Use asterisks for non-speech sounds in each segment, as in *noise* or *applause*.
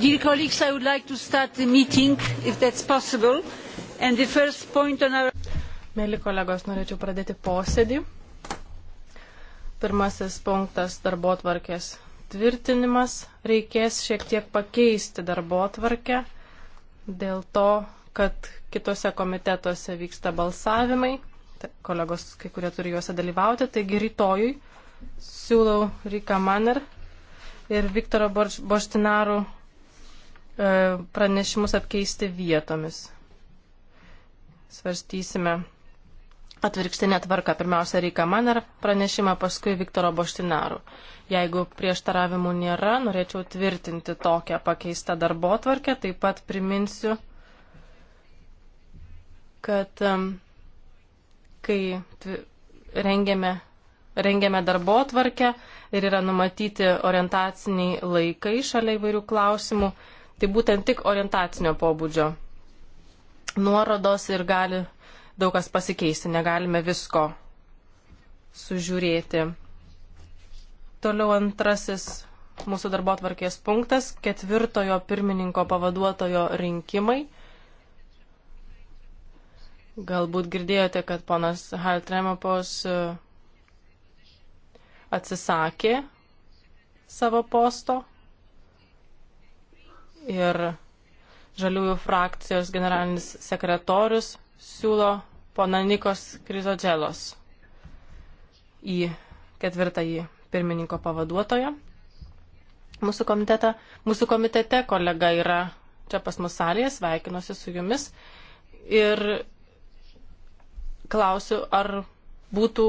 Dear colleagues, I would like to start the meeting, if that's possible. And the first point on our... Mėly kolegos, norėčiau pradėti posėdį. Pirmasis punktas - darbo tvarkės tvirtinimas. Reikės šiek tiek pakeisti darbo tvarkę dėl to, kad kitose komitetuose vyksta balsavimai. Kolegos, kai kurie turi juose dalyvauti, taigi rytojui siūlau Rika Maner ir Viktoro Boštinarų e, pranešimus apkeisti vietomis. Svarstysime atvirkštinę tvarką. Pirmiausia, Rika Maner pranešimą, paskui Viktoro Boštinarų. Jeigu prieštaravimų nėra, norėčiau tvirtinti tokią pakeistą darbo tvarkę. Taip pat priminsiu, kad kai rengėme rengėme darbo tvarkę ir yra numatyti orientaciniai laikai šalia įvairių klausimų. Tai būtent tik orientacinio pobūdžio nuorodos ir gali daug kas pasikeisti, negalime visko sužiūrėti. Toliau antrasis mūsų darbo tvarkės punktas - ketvirtojo pirmininko pavaduotojo rinkimai. Galbūt girdėjote, kad ponas Haltremopos atsisakė savo posto ir žaliųjų frakcijos generalinis sekretorius siūlo pona Nikos Krizodželos į ketvirtąjį pirmininko pavaduotoją. Mūsų, komiteta, mūsų komitete kolega yra čia pas mus salėje, sveikinuosi su jumis ir klausiu, ar būtų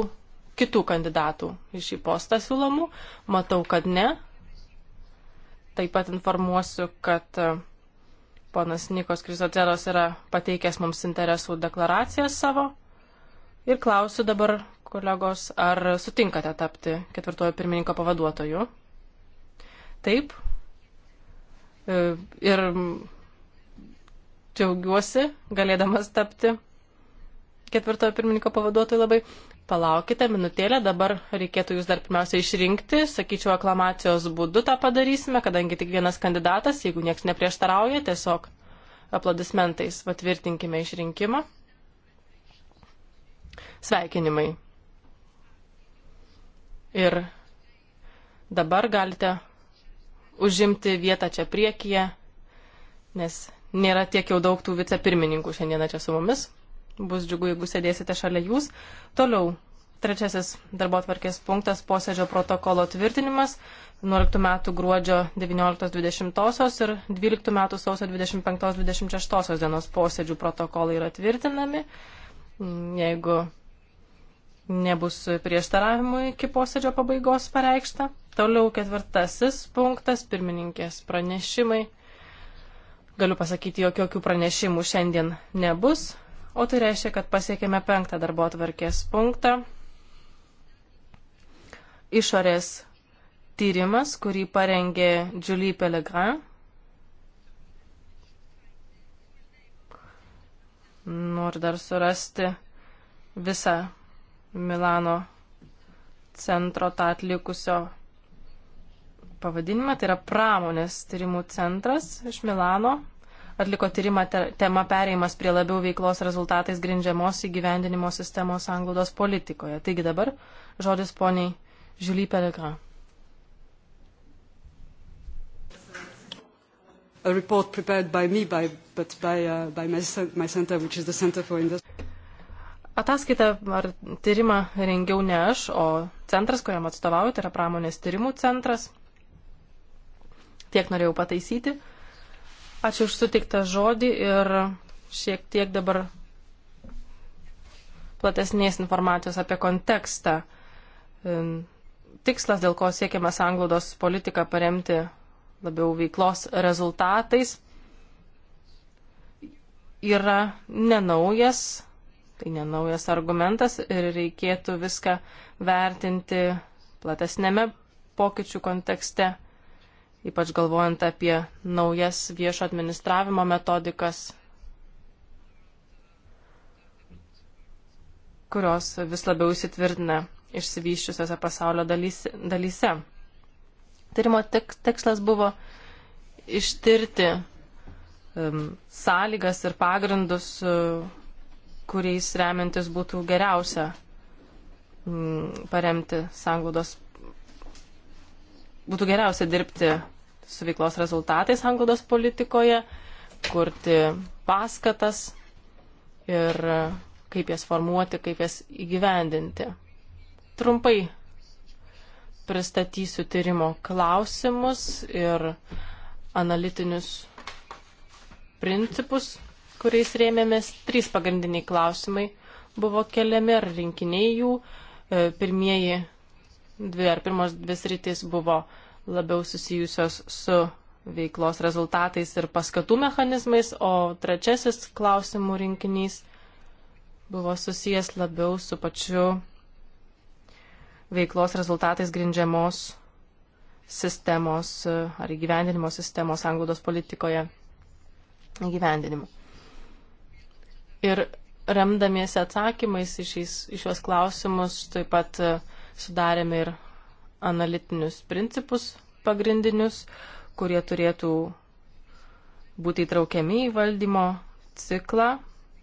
kitų kandidatų iš į postą siūlomų. Matau, kad ne. Taip pat informuosiu, kad e, ponas Nikos Krizoceros yra pateikęs mums interesų deklaracijas savo. Ir klausiu dabar kolegos, ar sutinkate tapti ketvirtojo pirmininko pavaduotoju? Taip. E, ir džiaugiuosi galėdamas tapti ketvirtojo pirmininko pavaduotoju labai. Palaukite minutėlę, dabar reikėtų jūs dar pirmiausia išrinkti, sakyčiau, aklamacijos būdu tą padarysime, kadangi tik vienas kandidatas, jeigu nieks neprieštarauja, tiesiog aplodismentais patvirtinkime išrinkimą. Sveikinimai. Ir dabar galite užimti vietą čia priekyje, nes nėra tiek jau daug tų vicepirmininkų šiandieną čia su mumis. Bus džiugu, jeigu sėdėsite šalia jūs. Toliau, trečiasis darbo atvarkės punktas - posėdžio protokolo tvirtinimas 11 metų gruodžio 19-20 ir 12 metų sausio 25-26 dienos posėdžių protokolai yra tvirtinami. Jeigu nebus prieštaravimų iki posėdžio pabaigos pareikšta. Toliau ketvirtasis punktas - pirmininkės pranešimai. Galiu pasakyti, jog jokių pranešimų šiandien nebus. O tai reiškia, kad pasiekėme penktą darbo atvarkės punktą. Išorės tyrimas, kurį parengė Julie Pellegrin. Noriu dar surasti visą Milano centro tą atlikusio pavadinimą. Tai yra pramonės tyrimų centras iš Milano atliko tyrimą te, tema pereimas prie labiau veiklos rezultatais grindžiamos įgyvendinimo sistemos anglodos politikoje. Taigi dabar žodis poniai Julie Pelegrin. A report prepared by me, by, but by, uh, by my, my center, which is the Center for Industry. Ataskaitą ar tyrimą rengiau ne aš, o centras, kuriam atstovauju, tai yra pramonės tyrimų centras. Tiek norėjau pataisyti. Uh, Ačiū už suteiktą žodį ir šiek tiek dabar platesnės informacijos apie kontekstą. Tikslas, dėl ko siekiama sanglaudos politiką paremti labiau veiklos rezultatais, yra nenaujas, tai nenaujas argumentas ir reikėtų viską vertinti platesnėme pokyčių kontekste ypač galvojant apie naujas viešo administravimo metodikas, kurios vis labiau įsitvirtina išsivyščiusiose pasaulio dalyse. Tyrimo tikslas buvo ištirti um, sąlygas ir pagrindus, uh, kuriais remiantis būtų geriausia um, paremti sanglaudos, būtų geriausia dirbti su veiklos rezultatais anglodos politikoje, kurti paskatas ir kaip jas formuoti, kaip jas įgyvendinti. Trumpai pristatysiu tyrimo klausimus ir analitinius principus, kuriais rėmėmės. Trys pagrindiniai klausimai buvo keliami ar rinkiniai jų. E, pirmieji dvi ar pirmos dvi sritys buvo uh, labiau susijusios su veiklos rezultatais ir paskatų mechanizmais, o trečiasis klausimų rinkinys buvo susijęs labiau su pačiu veiklos rezultatais grindžiamos sistemos e, ar įgyvendinimo sistemos anglodos politikoje įgyvendinimu. Ir remdamiesi atsakymais į šios klausimus taip pat e, sudarėme ir analitinius principus pagrindinius, kurie turėtų būti įtraukiami į valdymo ciklą.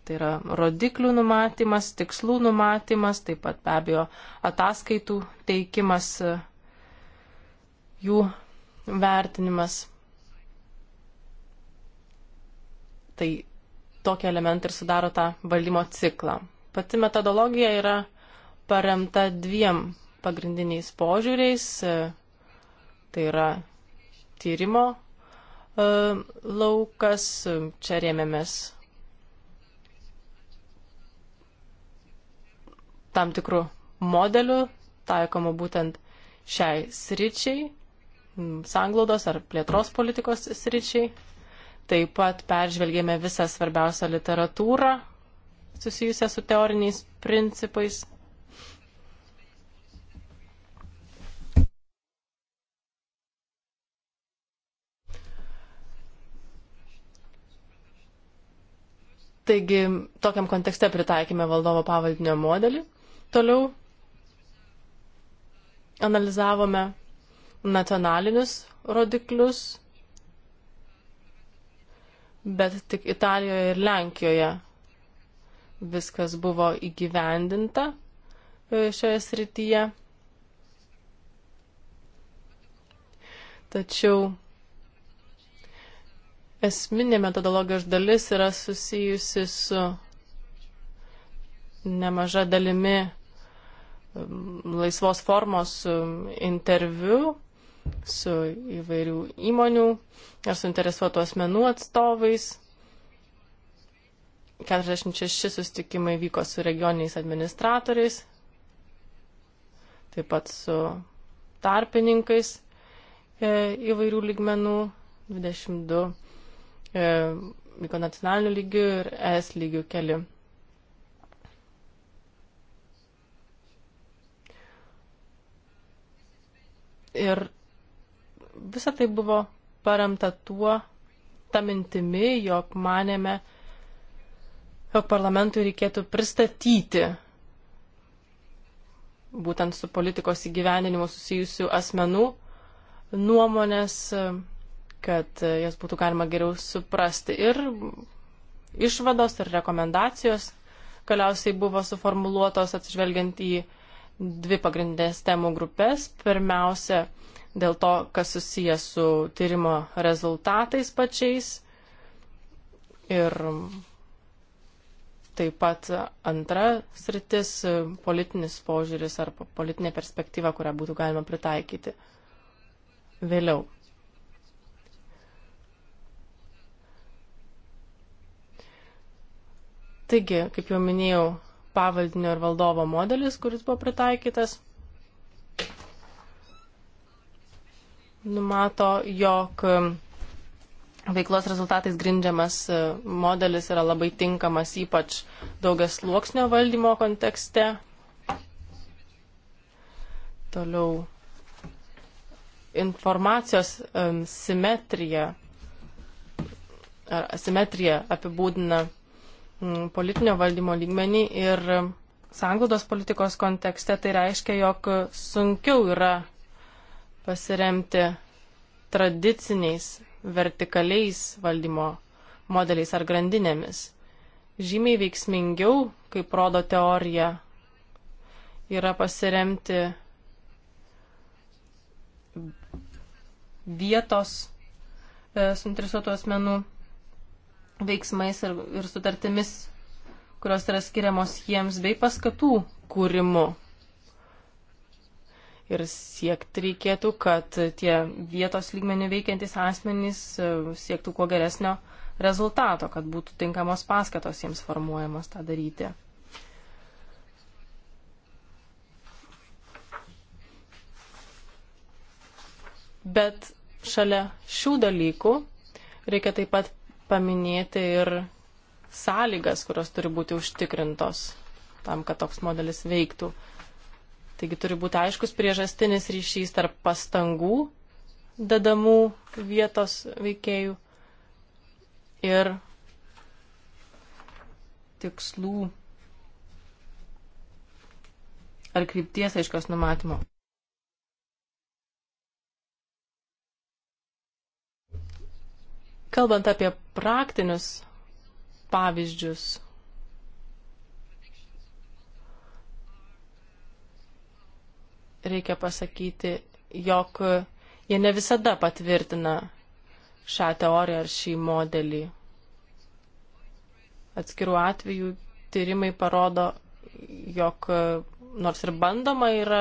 Tai yra rodiklių numatymas, tikslų numatymas, taip pat be abejo ataskaitų teikimas, jų vertinimas. Tai tokie elementai ir sudaro tą valdymo ciklą. Pati metodologija yra paremta dviem pagrindiniais požiūriais. E, tai yra tyrimo e, laukas, e, čia rėmėmės tam tikrų modelių, taikomų būtent šiai sričiai, sanglaudos ar plėtros politikos sričiai. Taip pat peržvelgėme visą svarbiausią literatūrą susijusią su teoriniais principais Taigi, tokiam kontekste pritaikėme valdovo pavaldinio modelį. Toliau analizavome nacionalinius rodiklius, bet tik Italijoje ir Lenkijoje viskas buvo įgyvendinta e, šioje srityje. Tačiau esminė metodologijos dalis yra susijusi su nemaža dalimi mm, laisvos formos mm, interviu su įvairių įmonių ir suinteresuotų asmenų atstovais. 46 sustikimai vyko su regioniniais administratoriais, taip pat su tarpininkais e, įvairių ligmenų, 22 E, vyko nacionaliniu lygiu ir ES lygiu keli. Ir visa tai buvo paremta tuo, tą mintimį, jog manėme, jog parlamentui reikėtų pristatyti būtent su politikos įgyveninimu susijusių asmenų nuomonės kad e, jas būtų galima geriau suprasti. Ir išvados ir rekomendacijos galiausiai buvo suformuluotos atsižvelgiant į dvi pagrindinės temų grupės. Pirmiausia, dėl to, kas susijęs su tyrimo rezultatais pačiais. Ir taip pat antra sritis - politinis požiūris ar politinė perspektyva, kurią būtų galima pritaikyti vėliau. Taigi, kaip jau minėjau, pavaldinio ir valdovo modelis, kuris buvo pritaikytas, numato, jog um, veiklos rezultatais grindžiamas uh, modelis yra labai tinkamas ypač daugias sluoksnio valdymo kontekste. Toliau informacijos um, simetrija ar asimetrija apibūdina Mm, politinio valdymo lygmenį ir sanglaudos politikos kontekste tai reiškia, jog sunkiau yra pasiremti tradiciniais vertikaliais valdymo modeliais ar grandinėmis. Žymiai veiksmingiau, kaip rodo teorija, yra pasiremti vietos e, suinteresuotų asmenų veiksmais ir, ir sutartimis, kurios yra skiriamos jiems, bei paskatų kūrimu. Ir siekti reikėtų, kad tie vietos lygmenių veikiantys asmenys e, siektų kuo geresnio rezultato, kad būtų tinkamos paskatos jiems formuojamos tą daryti. Bet šalia šių dalykų reikia taip pat paminėti ir sąlygas, kurios turi būti užtikrintos tam, kad toks modelis veiktų. Taigi turi būti aiškus priežastinis ryšys tarp pastangų dedamų vietos veikėjų ir tikslų ar krypties aiškios numatymo. Kalbant apie praktinius pavyzdžius, reikia pasakyti, jog jie ne visada patvirtina šią teoriją ar šį modelį. Atskirų atvejų tyrimai parodo, jog nors ir bandoma yra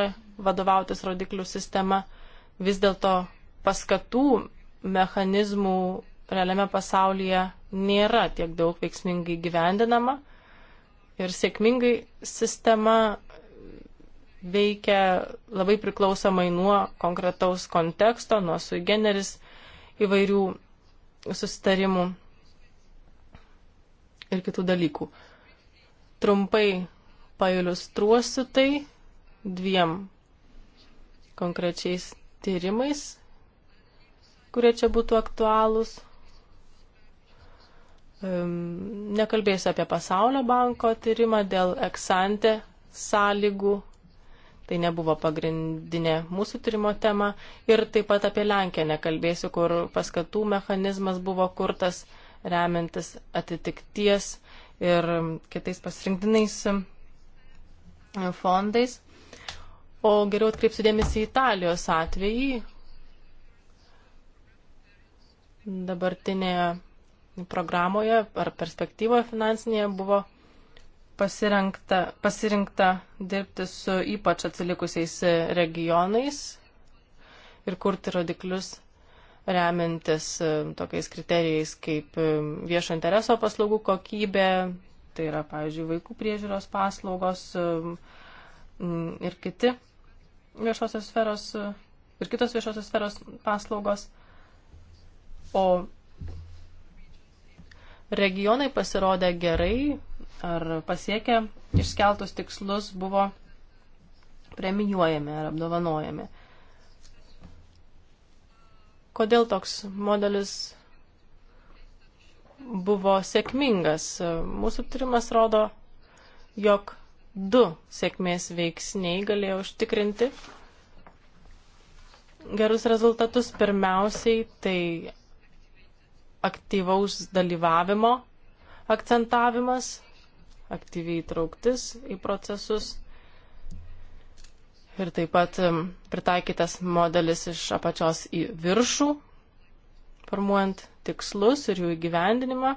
vadovautis rodiklių sistema, vis dėlto paskatų mechanizmų realiame pasaulyje nėra tiek daug veiksmingai gyvendinama ir sėkmingai sistema veikia labai priklausomai nuo konkretaus konteksto, nuo sui generis įvairių susitarimų ir kitų dalykų. Trumpai pailustruosiu tai dviem konkrečiais tyrimais, kurie čia būtų aktualūs. Nekalbėsiu apie pasaulio banko tyrimą dėl eksante sąlygų. Tai nebuvo pagrindinė mūsų tyrimo tema. Ir taip pat apie Lenkiją nekalbėsiu, kur paskatų mechanizmas buvo kurtas remiantis atitikties ir kitais pasirinktiniais fondais. O geriau atkreipsiu dėmesį į Italijos atvejį. Dabartinėje programoje ar perspektyvoje finansinėje buvo pasirinkta, pasirinkta dirbti su ypač atsilikusiais regionais ir kurti rodiklius remintis e, tokiais kriterijais kaip e, viešo intereso paslaugų kokybė, tai yra, pavyzdžiui, vaikų priežiūros paslaugos e, ir kiti viešosios sferos ir kitos viešosios sferos paslaugos. O regionai pasirodė gerai ar pasiekė iškeltus tikslus, buvo premijuojami ar apdovanojami. Kodėl toks modelis buvo sėkmingas? Mūsų tyrimas rodo, jog du sėkmės veiksniai galėjo užtikrinti gerus rezultatus. Pirmiausiai tai aktyvaus dalyvavimo akcentavimas, aktyviai trauktis į procesus ir taip pat pritaikytas modelis iš apačios į viršų, formuojant tikslus ir jų įgyvendinimą.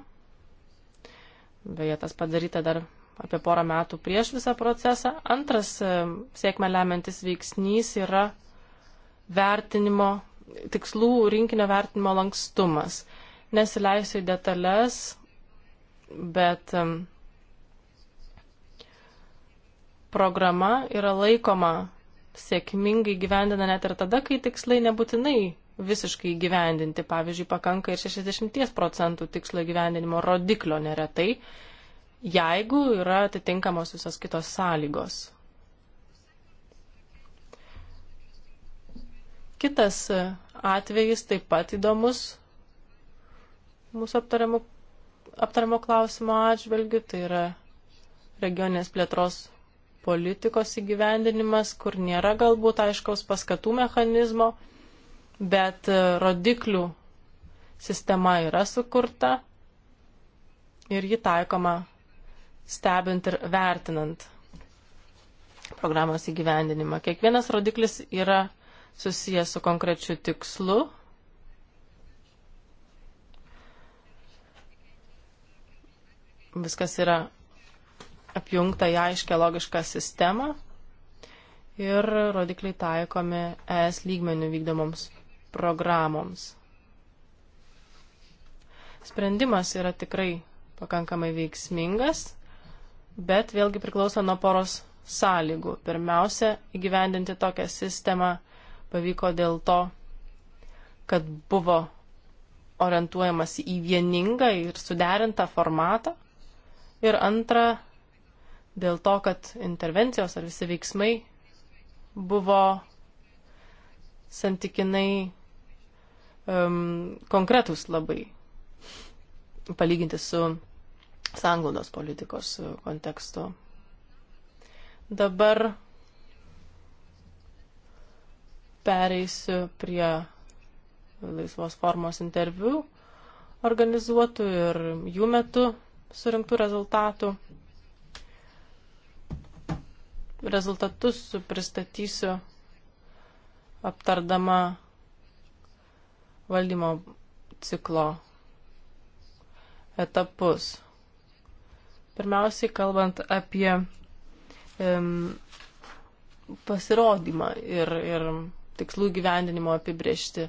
Beje, tas padaryta dar apie porą metų prieš visą procesą. Antras sėkmę lemiantis veiksnys yra vertinimo, tikslų rinkinio vertinimo lankstumas. Nesileisiu į detalės, bet programa yra laikoma sėkmingai gyvendina net ir tada, kai tikslai nebūtinai visiškai gyvendinti. Pavyzdžiui, pakanka ir 60 procentų tikslo gyvendinimo rodiklio neretai, jeigu yra atitinkamos visos kitos sąlygos. Kitas e, atvejis taip pat įdomus mūsų aptariamo, aptariamo klausimo atžvilgių, tai yra regioninės plėtros politikos įgyvendinimas, kur nėra galbūt aiškaus paskatų mechanizmo, bet e, rodiklių sistema yra sukurta ir ji taikoma stebint ir vertinant programos įgyvendinimą. Kiekvienas rodiklis yra susijęs su konkrečiu tikslu viskas yra apjungta į aiškę logišką sistemą ir rodikliai taikomi ES lygmenių vykdomoms programoms. Sprendimas yra tikrai pakankamai veiksmingas, bet vėlgi priklauso nuo poros sąlygų. Pirmiausia, įgyvendinti tokią sistemą pavyko dėl to, kad buvo orientuojamas į vieningą ir suderintą formatą, Ir antra, dėl to, kad intervencijos ar visi veiksmai buvo santykinai um, konkretus labai, palyginti su sanglaudos politikos uh, kontekstu. Dabar pereisiu prie laisvos formos interviu organizuotų ir jų metu surinktų rezultatų. Rezultatus pristatysiu aptardama valdymo ciklo etapus. Pirmiausiai kalbant apie um, pasirodymą ir, ir tikslų gyvendinimo apibriežti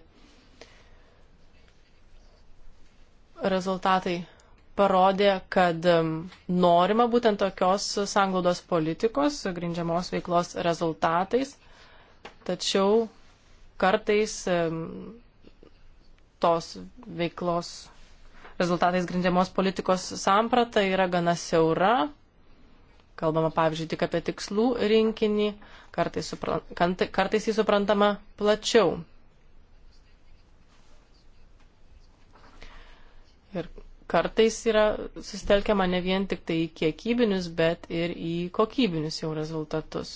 rezultatai parodė, kad um, norima būtent tokios sanglaudos politikos, grindžiamos veiklos rezultatais, tačiau kartais um, tos veiklos rezultatais grindžiamos politikos samprata yra gana siaura. Kalbama, pavyzdžiui, tik apie tikslų rinkinį, kartais, supra, kartais jį suprantama plačiau. Ir kartais yra sustelkiama ne vien tik tai į kiekybinius, bet ir į kokybinius jau rezultatus.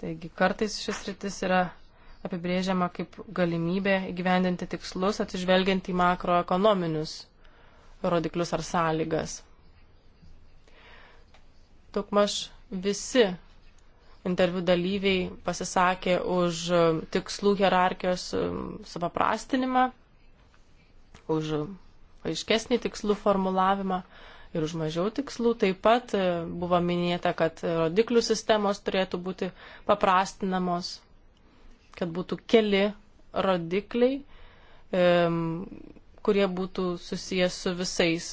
Taigi kartais šis rytis yra apibrėžiama kaip galimybė įgyvendinti tikslus atsižvelgiant į makroekonominius rodiklius ar sąlygas. Daugmaž visi interviu dalyviai pasisakė už e, tikslų hierarchijos e, supaprastinimą, už aiškesnį tikslų formulavimą ir už mažiau tikslų. Taip pat e, buvo minėta, kad rodiklių sistemos turėtų būti paprastinamos, kad būtų keli rodikliai, kurie būtų susijęs su visais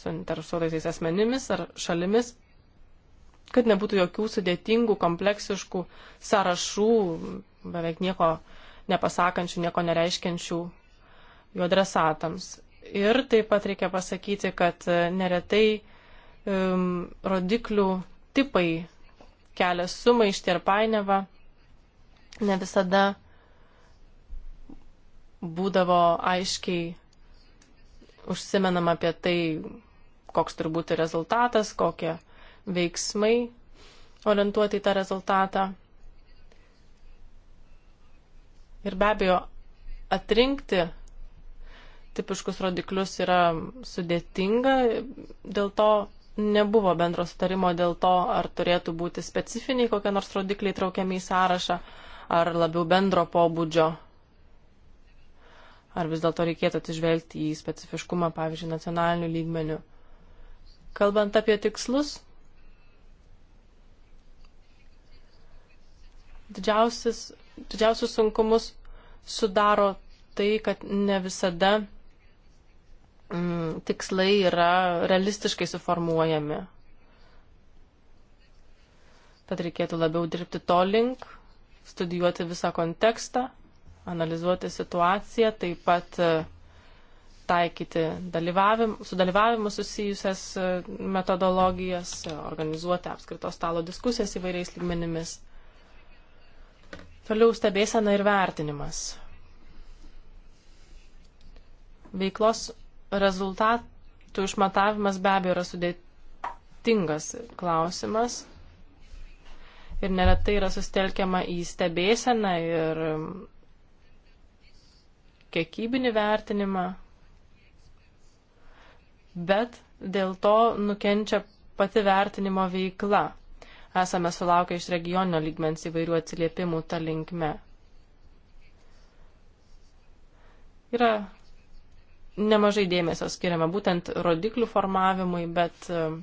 suinteresuotaisiais asmenimis ar šalimis kad nebūtų jokių sudėtingų, kompleksiškų sąrašų, beveik nieko nepasakančių, nieko nereiškiančių jų adresatams. Ir taip pat reikia pasakyti, kad e, neretai um, rodiklių tipai kelia sumaištį ir painiavą, ne visada būdavo aiškiai užsimenama apie tai, koks turi būti rezultatas, kokie veiksmai orientuoti į tą rezultatą. Ir be abejo, atrinkti tipiškus rodiklius yra sudėtinga, dėl to nebuvo bendro sutarimo dėl to, ar turėtų būti specifiniai kokie nors rodikliai traukiami į sąrašą, ar labiau bendro pobūdžio, ar vis dėlto reikėtų atsižvelgti į specifiškumą, pavyzdžiui, nacionalinių lygmenių. Kalbant apie tikslus, Didžiausius sunkumus sudaro tai, kad ne visada mm, tikslai yra realistiškai suformuojami. Tad reikėtų labiau dirbti to link, studijuoti visą kontekstą, analizuoti situaciją, taip pat e, taikyti dalyvavim, su dalyvavimu susijusias e, metodologijas, organizuoti apskrito stalo diskusijas įvairiais lygmenimis. Toliau stebėsena ir vertinimas. Veiklos rezultatų išmatavimas be abejo yra sudėtingas klausimas ir neretai yra sustelkiama į stebėseną ir kiekybinį vertinimą, bet dėl to nukenčia pati vertinimo veikla esame sulaukę iš regioninio lygmens įvairių atsiliepimų tą linkme. Yra nemažai dėmesio skiriama būtent rodiklių formavimui, bet um,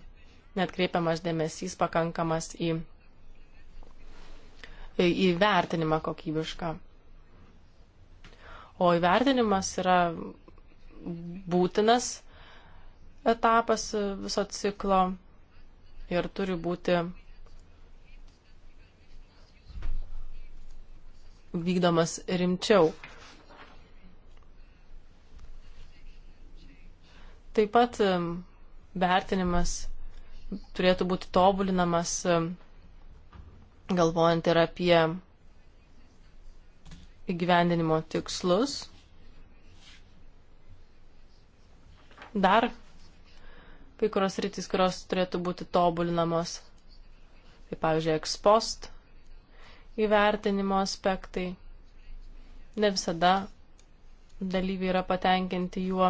net kreipiamas dėmesys pakankamas į, į vertinimą kokybišką. O įvertinimas yra būtinas etapas viso ciklo ir turi būti vykdomas rimčiau. Taip pat vertinimas turėtų būti tobulinamas, galvojant ir apie įgyvendinimo tikslus. Dar kai kurios rytis, kurios turėtų būti tobulinamos, kaip pavyzdžiui, ekspost įvertinimo aspektai. Ne visada dalyviai yra patenkinti juo.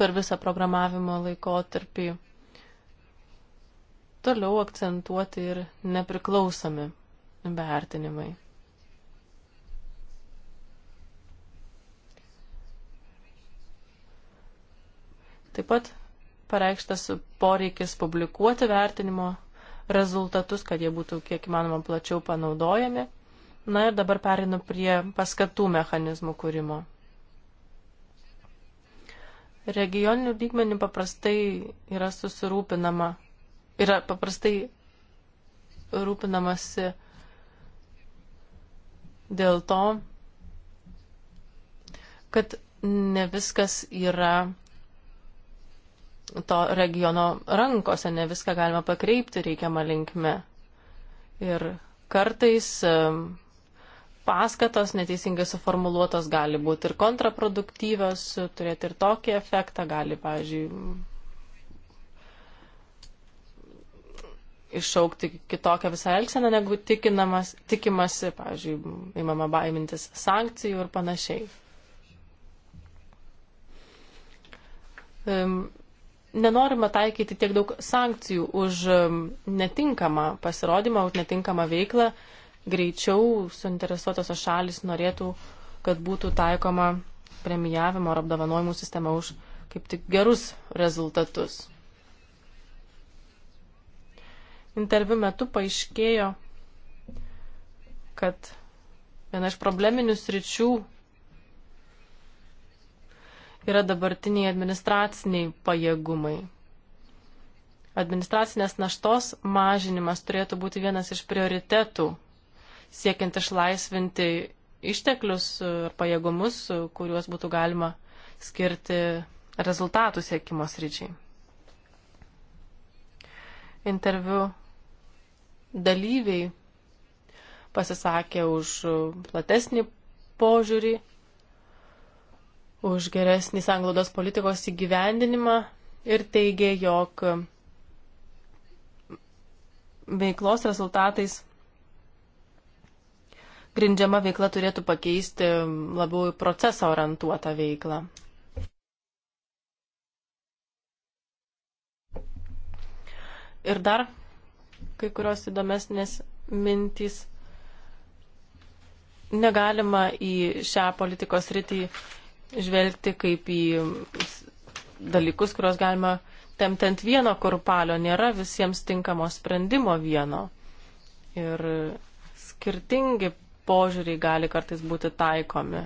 Per visą programavimo laikotarpį toliau akcentuoti ir nepriklausomi vertinimai. Taip pat pareikštas poreikis publikuoti vertinimo rezultatus, kad jie būtų kiek įmanoma plačiau panaudojami. Na ir dabar perinu prie paskatų mechanizmų kūrimo. Regioninių lygmenių paprastai yra susirūpinama, yra paprastai rūpinamasi dėl to, kad ne viskas yra to regiono rankose, ne viską galima pakreipti reikiamą linkme. Ir kartais paskatos neteisingai suformuluotos gali būti ir kontraproduktyvios, turėti ir tokį efektą, gali, pavyzdžiui, iššaukti kitokią visą elgseną, negu tikinamas, tikimasi, pavyzdžiui, įmama baimintis sankcijų ir panašiai nenorima taikyti tiek daug sankcijų už um, netinkamą pasirodymą, už netinkamą veiklą. Greičiau suinteresuotosios šalis norėtų, kad būtų taikoma premijavimo ar apdovanojimų sistema už kaip tik gerus rezultatus. Interviu metu paaiškėjo, kad viena iš probleminių sričių yra dabartiniai administraciniai pajėgumai. Administracinės naštos mažinimas turėtų būti vienas iš prioritetų, siekiant išlaisvinti išteklius e, ar pajėgumus, e, kuriuos būtų galima skirti rezultatų siekimo sryčiai. Interviu dalyviai pasisakė už platesnį požiūrį už geresnį sanglaudos politikos įgyvendinimą ir teigė, jog veiklos rezultatais grindžiama veikla turėtų pakeisti labiau į procesą orientuotą veiklą. Ir dar kai kurios įdomesnės mintys. Negalima į šią politikos rytį žvelgti kaip į dalykus, kuriuos galima temti ant vieno kurpalio. Nėra visiems tinkamo sprendimo vieno. Ir skirtingi požiūriai gali kartais būti taikomi.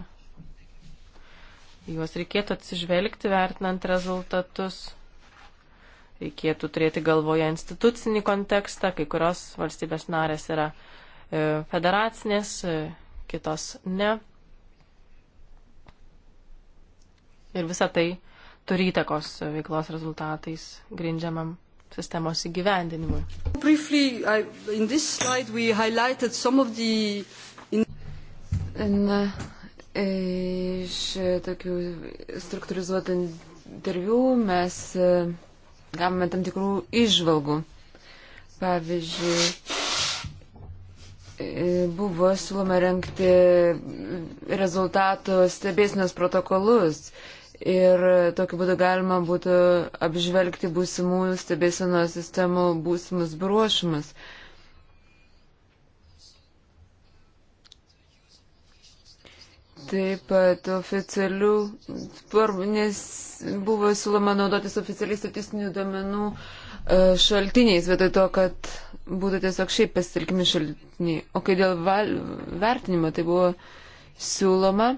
Juos reikėtų atsižvelgti vertinant rezultatus. Reikėtų turėti galvoje institucinį kontekstą, kai kurios valstybės narės yra e, federacinės, e, kitos ne. Ir visa tai turi įtakos veiklos rezultatais grindžiamam sistemos įgyvendinimui. Briefly, I, in this slide we highlighted some of the... In... Na, iš tokių struktūrizuotų interviu mes e, gavome tam tikrų išvalgų. Pavyzdžiui, e, buvo siūloma renkti rezultatų stebėsnios protokolus ir tokiu būdu galima būtų apžvelgti būsimų stebėsenos sistemų būsimus bruošumus. Taip pat oficialių, nes buvo siūloma naudotis oficialiai statistinių duomenų e, šaltiniais, vietoj to, kad būtų tiesiog šiaip pasitelkimi šaltiniai. O kai dėl val, vertinimo tai buvo siūloma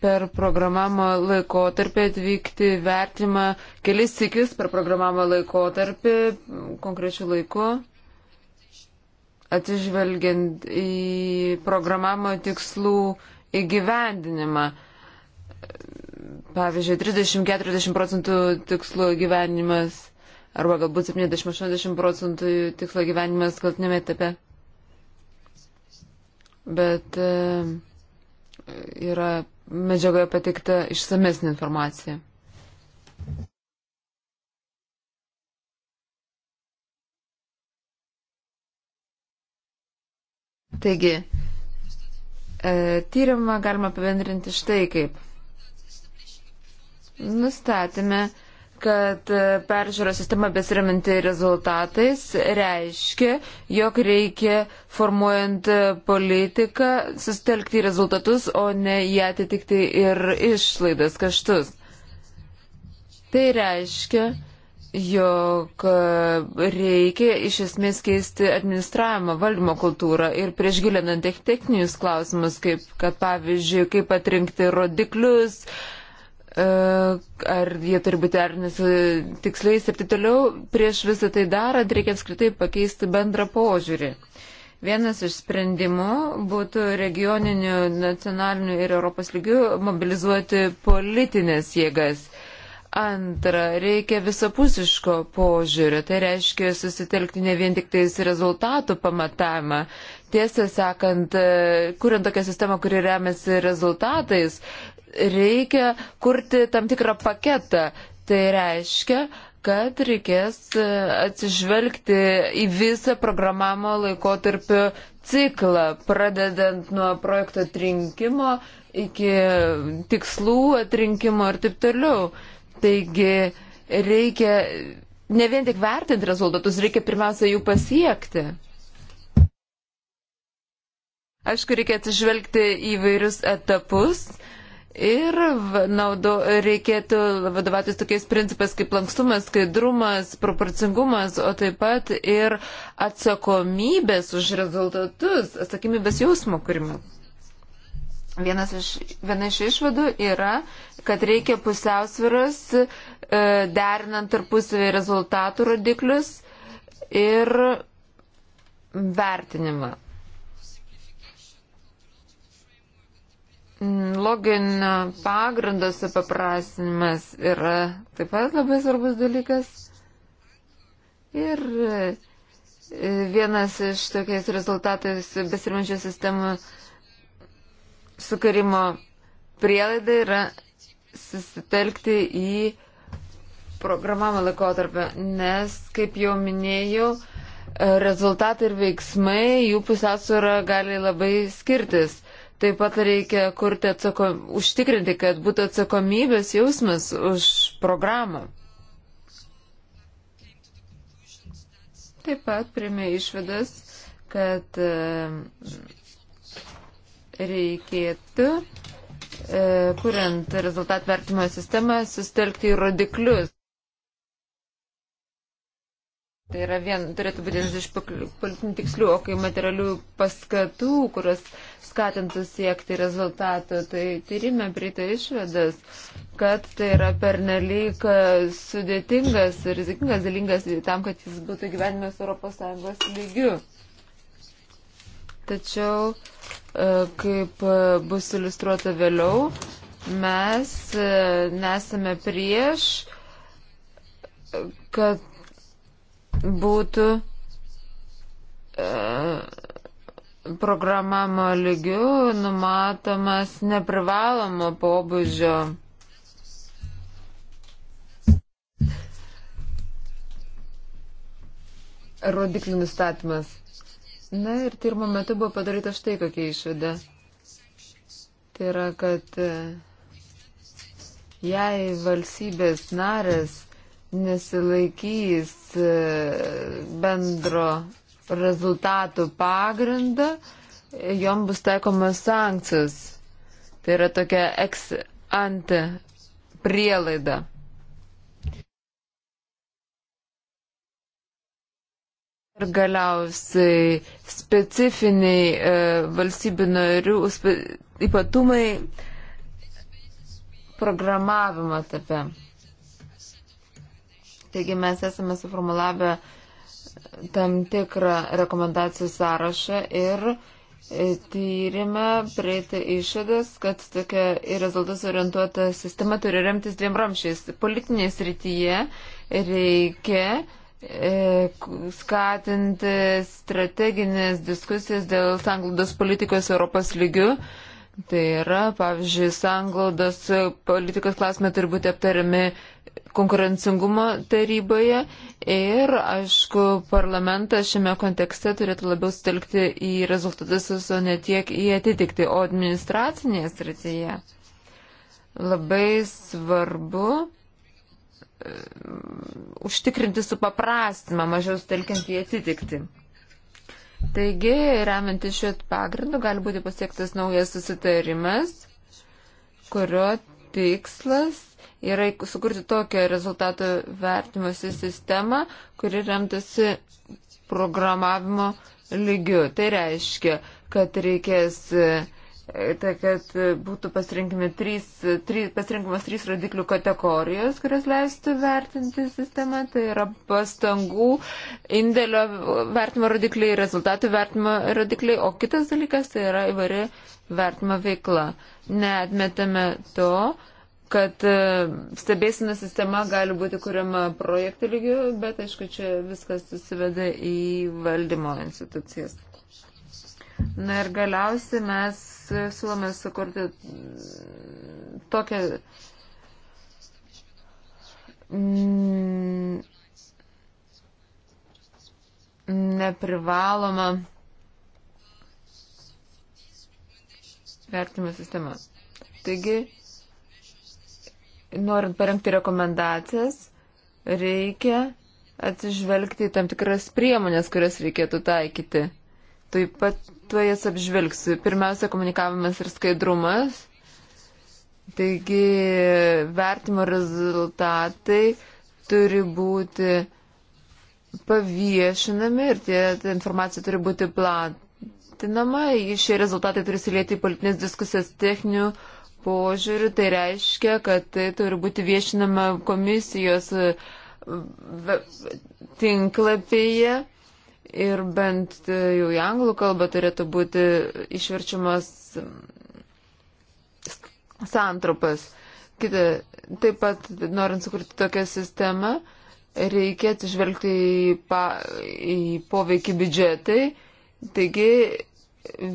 per programavimo laikotarpį atvykti vertimą kelis sikis per programavimo laikotarpį konkrečių laikų, atsižvelgiant į programavimo tikslų įgyvendinimą. Pavyzdžiui, 30-40 procentų tikslo gyvenimas arba galbūt 70-80 procentų tikslo gyvenimas galtinėme etape. Bet e, yra medžiagoje patikta išsamesnė informacija. Taigi, e, tyrimą galima apibendrinti štai kaip. Nustatėme, kad e, peržiūros sistema besiriminti rezultatais reiškia, jog reikia formuojant e, politiką sustelkti rezultatus, o ne ją atitikti ir išlaidas kaštus. Tai reiškia, jog e, reikia iš esmės keisti administravimą, valdymo kultūrą ir prieš gilinant techninius klausimus, kaip, kad pavyzdžiui, kaip atrinkti rodiklius, uh, E, ar jie turi būti derinami su tiksliais ir taip toliau, prieš visą tai darant reikia apskritai pakeisti bendrą požiūrį. Vienas iš sprendimų būtų regioninių, nacionalinių ir Europos lygių mobilizuoti politinės jėgas. Antra, reikia visapusiško požiūrio, tai reiškia susitelkti ne vien tik tais rezultatų pamatavimą. Tiesą sakant, e, kuriant tokią sistemą, kuri remiasi rezultatais, reikia kurti tam tikrą paketą. Tai reiškia, kad reikės e, atsižvelgti į visą programavimo laikotarpio ciklą, pradedant nuo projekto atrinkimo iki tikslų atrinkimo ir taip toliau. Taigi reikia ne vien tik vertinti rezultatus, reikia pirmiausia jų pasiekti. Aišku, reikia atsižvelgti į vairius etapus, Ir naudo, reikėtų vadovautis tokiais principais kaip lankstumas, skaidrumas, proporcingumas, o taip pat ir atsakomybės už rezultatus, atsakomybės jausmo kūrimas. Vienas iš, viena iš išvadų yra, kad reikia pusiausviras e, derinant tarpusavį rezultatų rodiklius ir vertinimą. Mm, loginio pagrindo supaprasinimas yra taip pat labai svarbus dalykas. Ir e, vienas iš tokiais rezultatais besirimančių sistemų sukarimo prielaida yra susitelkti į programavimo laikotarpį, nes, kaip jau minėjau, e, rezultatai ir veiksmai, jų pusiausvėra gali labai skirtis. Taip pat reikia kurti atsako, užtikrinti, kad būtų atsakomybės jausmas už programą. Taip pat primė išvadas, kad e, reikėtų, e, kuriant rezultat vertimo sistemą, sustelkti į rodiklius. Tai yra vien, turėtų būti vienas iš politinių tikslių, o kai materialių paskatų, kurios uh, skatintų siekti rezultatų. Tai tyrimė prita išvedas, kad tai yra pernelyg e, sudėtingas ir rizikingas dalykas tam, kad jis būtų gyvenimas ES lygiu. Tačiau, e, kaip e, bus iliustruota vėliau, mes nesame prieš, kad būtų uh, programavimo lygių numatomas neprivalomo pobūdžio. Rodiklių nustatymas. Na ir tyrimo metu buvo padaryta štai kokia išvada. Tai yra, kad e, jei valstybės narės nesilaikys e, bendro rezultatų pagrindą jom bus taikomas sankcijas. Tai yra tokia ex ante prielaida. Ir galiausiai specifiniai e, valstybių narių spe, ypatumai programavimo etape. Taigi mes esame suformulavę e, tam tikrą rekomendacijų sąrašą ir e, tyrime prieita išvadas, kad tokia į rezultatus orientuota sistema turi remtis dviem ramšiais. Politinėje srityje reikia e, skatinti strateginės diskusijas dėl sanglaudos politikos Europos lygių Tai yra, pavyzdžiui, sanglaudos politikos klausimai turi būti aptariami konkurencingumo taryboje ir, aišku, parlamentas šiame kontekste turėtų labiau sutelkti į rezultatus, o ne tiek į atitikti, o administracinėje srityje labai svarbu e, užtikrinti supaprastimą, mažiau stelkiant į atitikti. Taigi, remiantis šiuo pagrindu, gali būti pasiektas naujas susitarimas, kurio tikslas yra sukurti tokią rezultatų vertimusi sistemą, kuri remtasi programavimo lygiu. Tai reiškia, kad reikės uh, Tai kad būtų trys, trys, pasirinkimas trys rodiklių kategorijos, kurios leistų vertinti sistemą. Tai yra pastangų, indėlio vertimo rodikliai, rezultatų vertimo rodikliai, o kitas dalykas tai yra įvairi vertimo veikla. Neatmetame to, kad e, stebėsina sistema gali būti kuriama projektų lygių, bet aišku, čia viskas susiveda į valdymo institucijas. Na ir galiausiai mes siūlome sukurti tokią mm, neprivaloma vertimo sistema. Taigi, norint parengti rekomendacijas, reikia atsižvelgti į tam tikras priemonės, kurias reikėtų taikyti. Taip pat tuo jas apžvelgsiu. Pirmiausia, komunikavimas ir skaidrumas. Taigi, vertimo rezultatai turi būti paviešinami ir tie, ta informacija turi būti platinama. Šie rezultatai turi silieti į politinės diskusijas techninių požiūrių. Tai reiškia, kad tai turi būti viešinama komisijos tinklapyje ir bent jau į anglų kalbą turėtų būti išverčiamas mm, santrupas. Kita, taip pat, norint sukurti tokią sistemą, reikia atsižvelgti į, pa, į poveikį biudžetai. Taigi,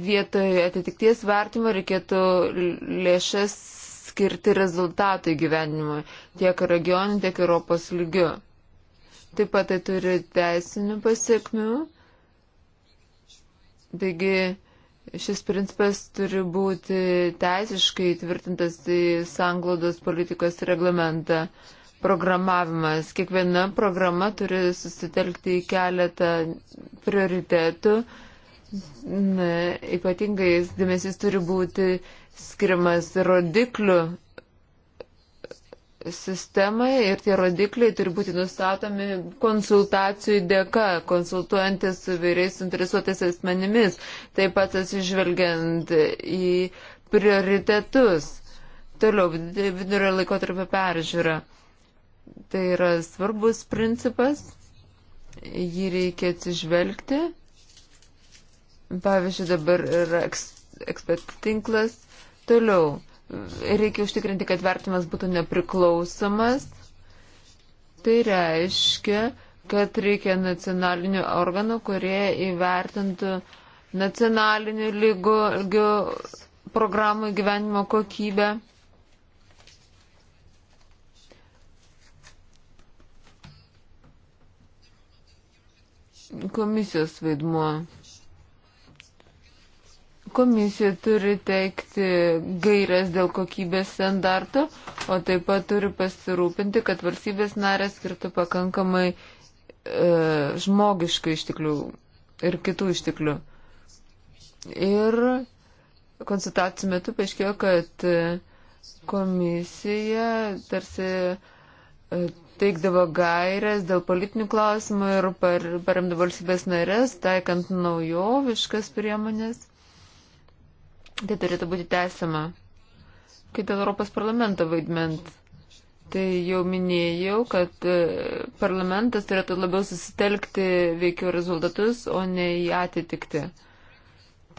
vietoj atitikties vertimo reikėtų lėšas skirti rezultatų įgyvenimui tiek regionų, tiek Europos lygių. Taip pat tai turi teisinių pasiekmių. Taigi šis principas turi būti teisiškai tvirtintas į sanglaudos politikos reglamentą. Programavimas. Kiekviena programa turi susitelkti į keletą prioritetų. Na, ypatingai dėmesys turi būti skiriamas rodiklių sistemai ir tie rodikliai turi būti nustatomi konsultacijų dėka, konsultuojantis su vairiais interesuotais asmenimis, taip pat atsižvelgiant į prioritetus. Toliau, vidurio laikotarpio peržiūra. Tai yra svarbus principas, jį reikia atsižvelgti. Pavyzdžiui, dabar yra ekspertų tinklas. Toliau reikia užtikrinti, kad vertimas būtų nepriklausomas. Tai reiškia, kad reikia nacionalinių organų, kurie įvertintų nacionalinių lygių programų gyvenimo kokybę. Komisijos vaidmuo. Komisija turi teikti gairias dėl kokybės standartų, o taip pat turi pasirūpinti, kad valstybės narės skirtų pakankamai e, žmogiškų išteklių ir kitų išteklių. Ir konsultacijų metu paaiškėjo, kad e, komisija tarsi e, teikdavo gairias dėl politinių klausimų ir par, paremdavo valstybės narės, taikant naujoviškas priemonės. Tai turėtų būti tęsiama. Kaip dėl Europos parlamento vaidment. Tai jau minėjau, kad e, parlamentas turėtų labiau susitelkti veikiau rezultatus, o ne į atitikti.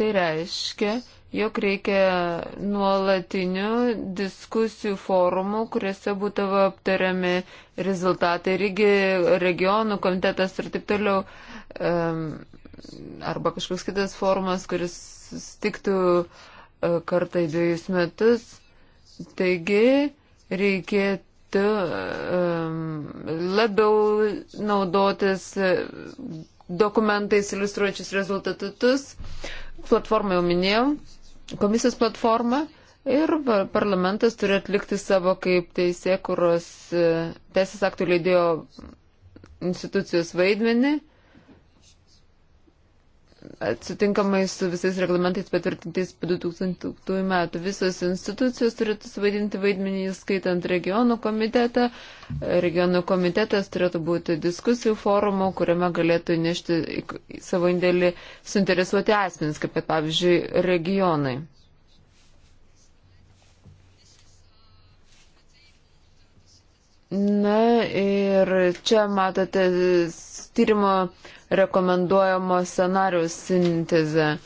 Tai reiškia, jog reikia nuolatinių diskusijų forumų, kuriuose būtų aptariami rezultatai, irgi regionų komitetas ir taip toliau, arba kažkoks kitas forumas, kuris sustiktų e, kartą į dviejus metus. Taigi reikėtų um, labiau naudotis e, dokumentais iliustruojančius rezultatus. Platformą jau minėjau, komisijos platformą ir parlamentas turi atlikti savo kaip teisė, kuros teisės aktų leidėjo institucijos vaidmenį atsitinkamai su visais reglamentais patvirtintais po 2000 metų. Visos institucijos turėtų suvaidinti vaidmenį, skaitant regionų komitetą. Regionų komitetas turėtų būti diskusijų forumo, kuriame galėtų nešti savo indėlį suinteresuoti asmenys, kaip pat pavyzdžiui regionai. Na ir čia matote tyrimo rekomenduojamo scenarius sintezę.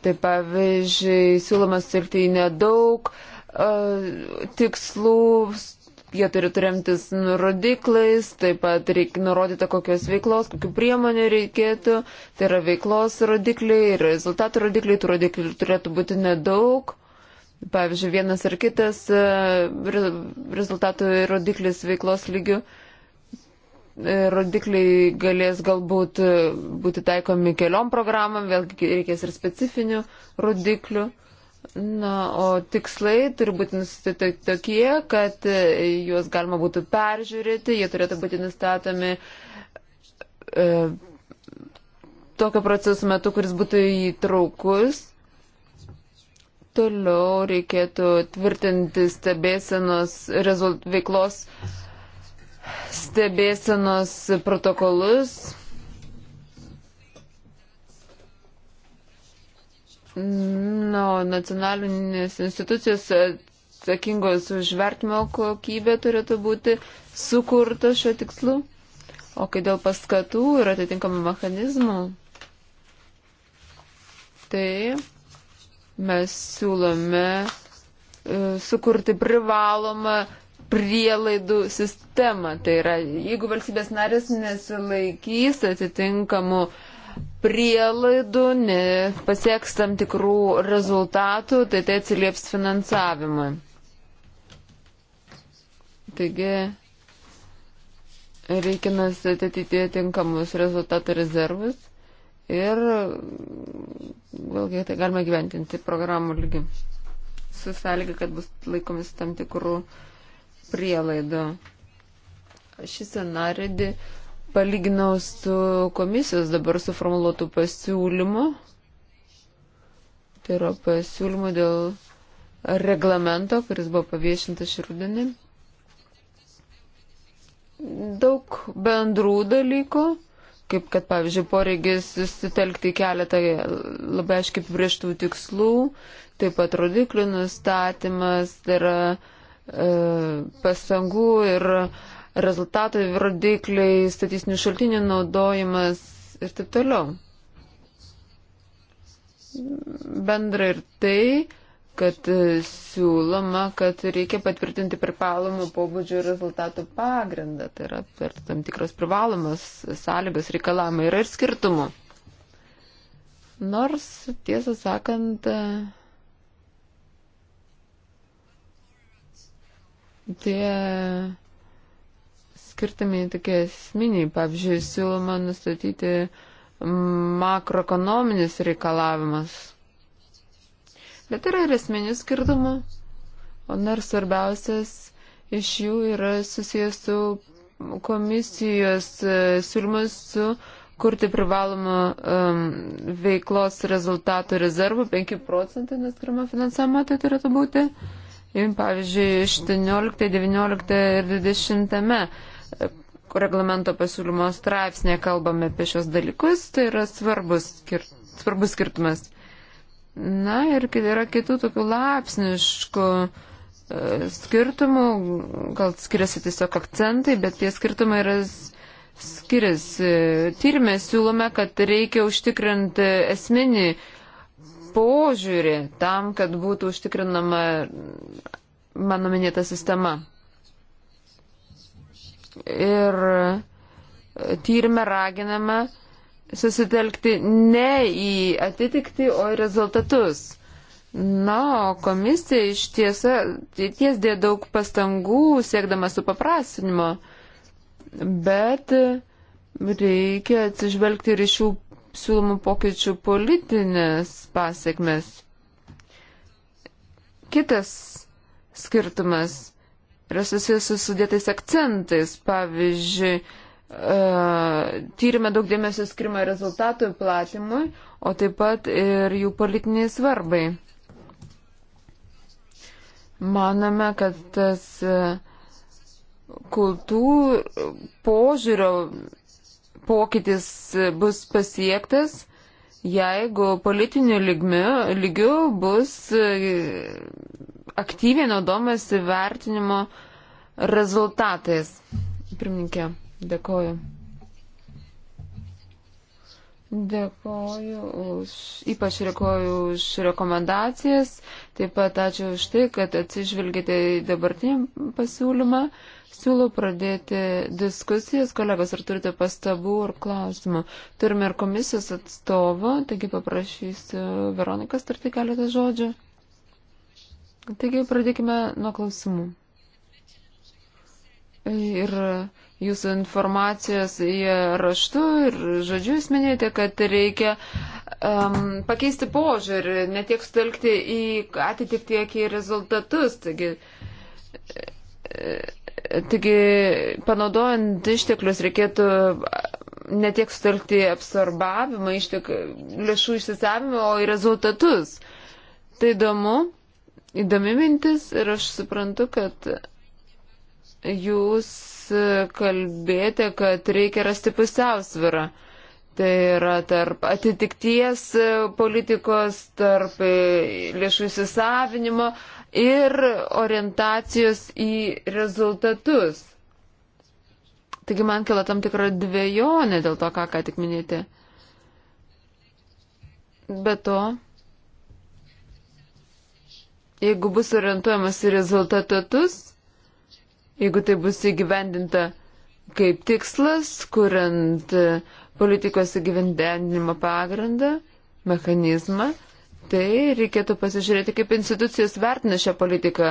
Tai pavyzdžiui, siūloma sutilpti į nedaug uh, tikslų, jie turi remtis rodiklais, taip pat reikia nurodyta, kokios veiklos, kokių priemonių reikėtų, tai yra veiklos rodikliai ir rezultatų rodikliai, tų rodiklių turėtų būti nedaug. Pavyzdžiui, vienas ar kitas uh, rezultatų rodiklis veiklos lygių. Uh, rodikliai galės galbūt būti taikomi keliom programam, vėlgi reikės ir specifinių rodiklių. Na, o tikslai turi būti nustatyti tokie, kad juos galima būtų peržiūrėti, jie turėtų būti nustatomi e, tokio proceso metu, kuris būtų įtraukus. Toliau reikėtų tvirtinti stebėsenos rezult, veiklos stebėsenos protokolus. No, nu, nacionalinės institucijos atsakingos už vertimo kokybę turėtų būti sukurta šio tikslu. O kai dėl paskatų ir atitinkamų mechanizmų, tai mes siūlome e, sukurti privalomą prielaidų sistemą. Tai yra, jeigu valstybės narės nesilaikys atitinkamų prielaidų, pasieks tam tikrų rezultatų, tai tai atsilieps finansavimui. Taigi reikia nustatyti tinkamus rezultatų rezervus ir vėlgi tai galima gyventinti programų lygių su sąlyga, kad bus laikomis tam tikrų uh, prielaidų. Šį scenarijį palyginau su komisijos dabar suformuoluotų pasiūlymų. Tai yra pasiūlymų dėl reglamento, kuris buvo paviešintas šį rudenį. Daug bendrų dalykų, kaip kad, pavyzdžiui, poreigis susitelkti keletą labai aiškiai apibrieštų tikslų, taip pat rodiklių nustatymas, tai yra uh, E, pasangų ir rezultatai, rodikliai, statistinių šaltinių naudojimas ir taip toliau. Bendra ir tai, kad e, siūloma, kad reikia patvirtinti privalomų pobūdžių rezultatų pagrindą, tai yra per tam tikros privalomas sąlygos reikalavimai yra ir skirtumų. Nors, tiesą sakant, tie skirtami tokie esminiai. Pavyzdžiui, siūloma nustatyti makroekonominis reikalavimas. Bet yra ir esminių skirtumų. O dar svarbiausias iš jų yra susijęs su komisijos e, siūlymas su kurti privalomą um, veiklos rezultatų rezervų 5 procentai neskirimo finansavimo tai turėtų būti. Uh, pavyzdžiui, 18, 19 ir 20 reglamento pasiūlymo straipsnėje kalbame apie šios dalykus, tai yra svarbus, skir svarbus skirtumas. Na ir yra kitų tokių lapsniškų e, skirtumų, gal skiriasi tiesiog akcentai, bet tie skirtumai yra skiriasi. Tyrimė siūlome, kad reikia užtikrinti esminį požiūrį tam, kad būtų užtikrinama mano minėta sistema. Ir tyrimę raginame susitelkti ne į atitikti, o į rezultatus. Na, o komisija iš tiesa, ties dėjo daug pastangų siekdama supaprastinimo, bet reikia atsižvelgti ir iš šių siūlomų pokyčių politinės pasiekmes. Kitas skirtumas yra susijęs su sudėtais akcentais. Pavyzdžiui, e, tyrimė daug dėmesio skirima rezultatų platimui, o taip pat ir jų politiniai svarbai. Manome, kad tas e, kultūr požiūrio pokytis bus pasiektas, jeigu politiniu lygmiu, lygiu bus e, aktyviai naudomasi vertinimo rezultatais. Pirmininkė, dėkoju. Dėkoju už, ypač dėkoju už rekomendacijas, taip pat ačiū už tai, kad atsižvelgėte į dabartinį pasiūlymą. Siūlau pradėti diskusijas. Kolegos, ar turite pastabų ar klausimų? Turime ir komisijos atstovą, taigi paprašysiu Veronikas tarti keletą žodžių. Taigi pradėkime nuo klausimų. Ir jūsų informacijos raštu ir žodžiu jūs minėjote, kad reikia um, pakeisti požiūrį, ne tiek sutelkti į atitikti, kiek į rezultatus. Taigi, Taigi, panaudojant išteklius, reikėtų ne tiek sutelkti absorbavimą ištek, lėšų išsisavimą, o į rezultatus. Tai įdomu, įdomi mintis ir aš suprantu, kad jūs kalbėjote, kad reikia rasti pusiausvirą. Tai yra tarp atitikties politikos, tarp lėšų įsisavinimo, ir orientacijos į rezultatus. Taigi man kila tam tikra dviejonė dėl to, ką ką tik minėti. Be to, jeigu bus orientuojamas į rezultatus, jeigu tai bus įgyvendinta kaip tikslas, kuriant politikos įgyvendinimo pagrindą, mechanizmą, tai reikėtų pasižiūrėti, kaip institucijos vertina šią politiką.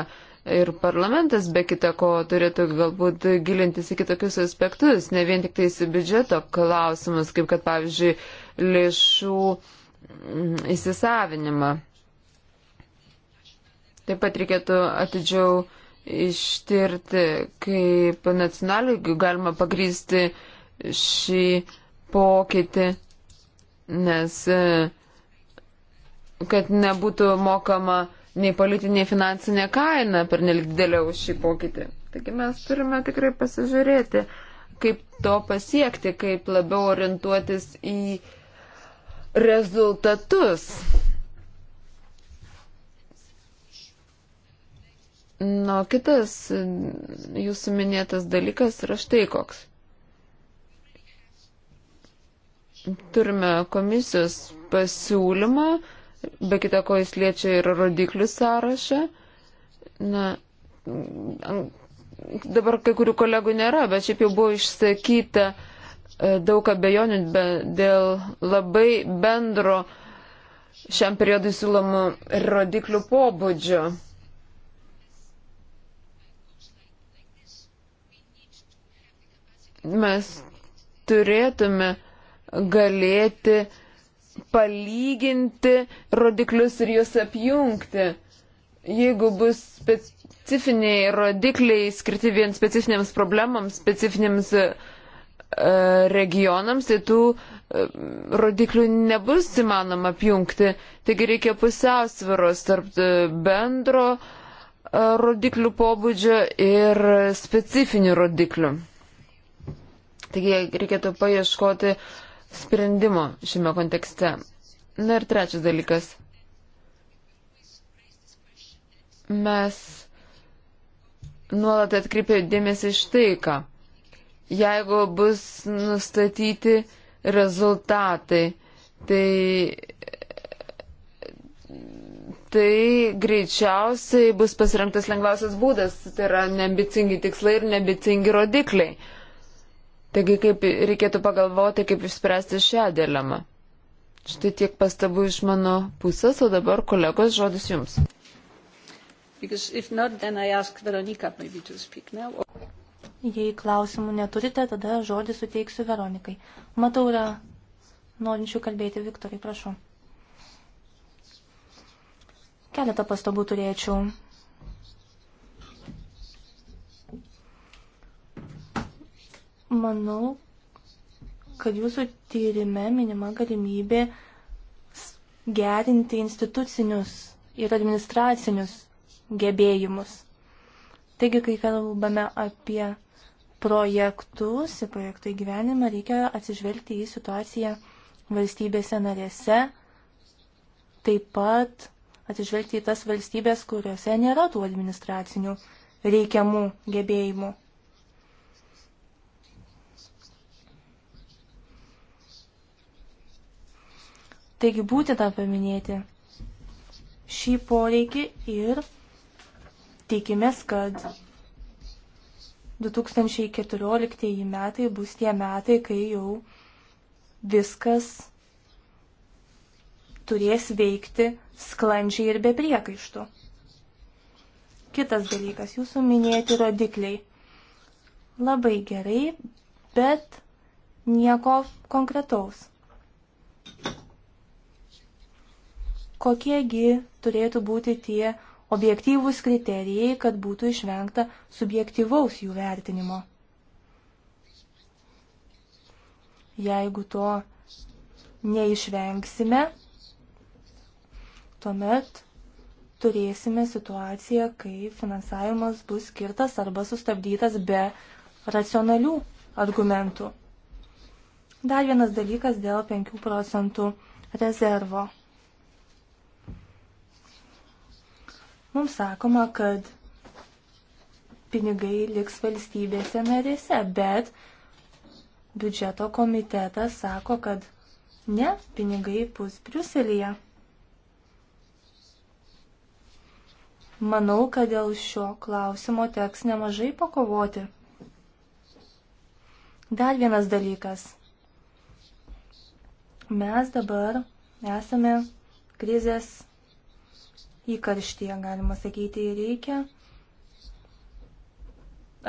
Ir parlamentas be kita ko turėtų galbūt gilintis į kitokius aspektus, ne vien tik tais biudžeto klausimus, kaip kad pavyzdžiui lėšų mm, įsisavinimą. Taip pat reikėtų atidžiau ištirti, kaip nacionaliai galima pagrysti šį pokytį, nes uh, kad nebūtų mokama nei politinė, finansinė kaina per nelik didelę už šį pokytį. Taigi mes turime tikrai pasižiūrėti, kaip to pasiekti, kaip labiau orientuotis į rezultatus. Na, kitas jūsų minėtas dalykas yra štai koks. Turime komisijos pasiūlymą, be kita ko jis liečia ir rodiklių sąrašą. Na, dabar kai kurių kolegų nėra, bet šiaip jau buvo išsakyta e, daug abejonių dėl labai bendro šiam periodui siūlomų rodiklių pobūdžio. Mes turėtume galėti uh, palyginti rodiklius ir juos apjungti. Jeigu bus specifiniai rodikliai skirti vien specifinėms problemams, specifinėms e, regionams, tai tų e, rodiklių nebus įmanoma apjungti. Taigi reikia pusiausviros tarp e, bendro rodiklių pobūdžio ir specifinių rodiklių. Taigi reikėtų paieškoti uh, sprendimo šiame kontekste. Na ir trečias dalykas. Mes nuolat atkreipė dėmesį iš tai, ką jeigu bus nustatyti rezultatai, tai, tai greičiausiai bus pasirinktas lengviausias būdas, tai yra neambicingi tikslai ir neambicingi rodikliai. Taigi kaip reikėtų pagalvoti, kaip išspręsti šią dilemą. Štai tiek pastabų iš mano pusės, o dabar kolegos žodis jums. Not, Veronika, Jei klausimų neturite, tada žodį suteiksiu Veronikai. Matau, yra norinčių kalbėti Viktorai, prašau. Keletą pastabų turėčiau. Manau, kad jūsų tyrime minima galimybė gerinti institucinius ir administracinius gebėjimus. Taigi, kai kalbame apie projektus ir projektų įgyvenimą, reikia atsižvelgti į situaciją valstybėse narėse, taip pat atsižvelgti į tas valstybės, kuriuose nėra tų administracinių reikiamų gebėjimų. Taigi būtina paminėti šį poreikį ir tikimės, kad 2014 metai bus tie metai, kai jau viskas turės veikti sklandžiai ir be priekaištų. Kitas dalykas, jūsų minėti rodikliai. Labai gerai, bet nieko konkretaus kokiegi turėtų būti tie objektyvūs kriterijai, kad būtų išvengta subjektyvaus jų vertinimo. Jeigu to neišvengsime, tuomet turėsime situaciją, kai finansavimas bus skirtas arba sustabdytas be racionalių argumentų. Dar vienas dalykas dėl 5 procentų rezervo. Mums sakoma, kad pinigai liks valstybėse narėse, bet biudžeto komitetas sako, kad ne, pinigai bus Briuselėje. Manau, kad dėl šio klausimo teks nemažai pakovoti. Dar vienas dalykas. Mes dabar esame krizės įkarštyje, galima sakyti, reikia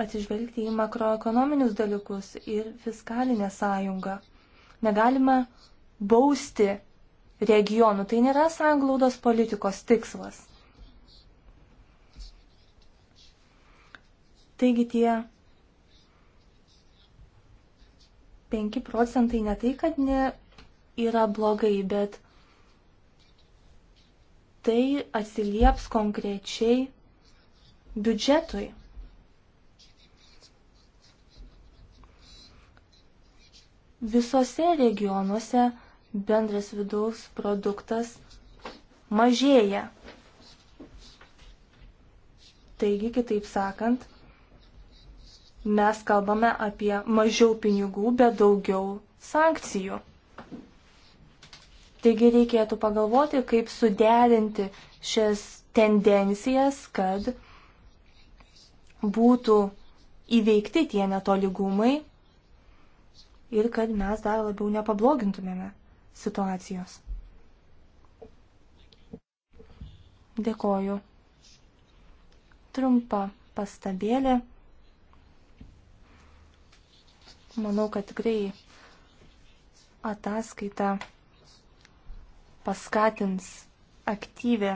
atsižvelgti į makroekonominius dalykus ir fiskalinę sąjungą. Negalima bausti regionų. Tai nėra sanglaudos politikos tikslas. Taigi tie 5 procentai ne tai, kad ne yra blogai, bet tai atsilieps konkrečiai biudžetui. Visose regionuose bendras vidaus produktas mažėja. Taigi, kitaip sakant, mes kalbame apie mažiau pinigų, bet daugiau sankcijų. Taigi reikėtų pagalvoti, kaip suderinti šias tendencijas, kad būtų įveikti tie netoligumai ir kad mes dar labiau nepablogintumėme situacijos. Dėkoju. Trumpa pastabėlė. Manau, kad tikrai ataskaita paskatins aktyvę,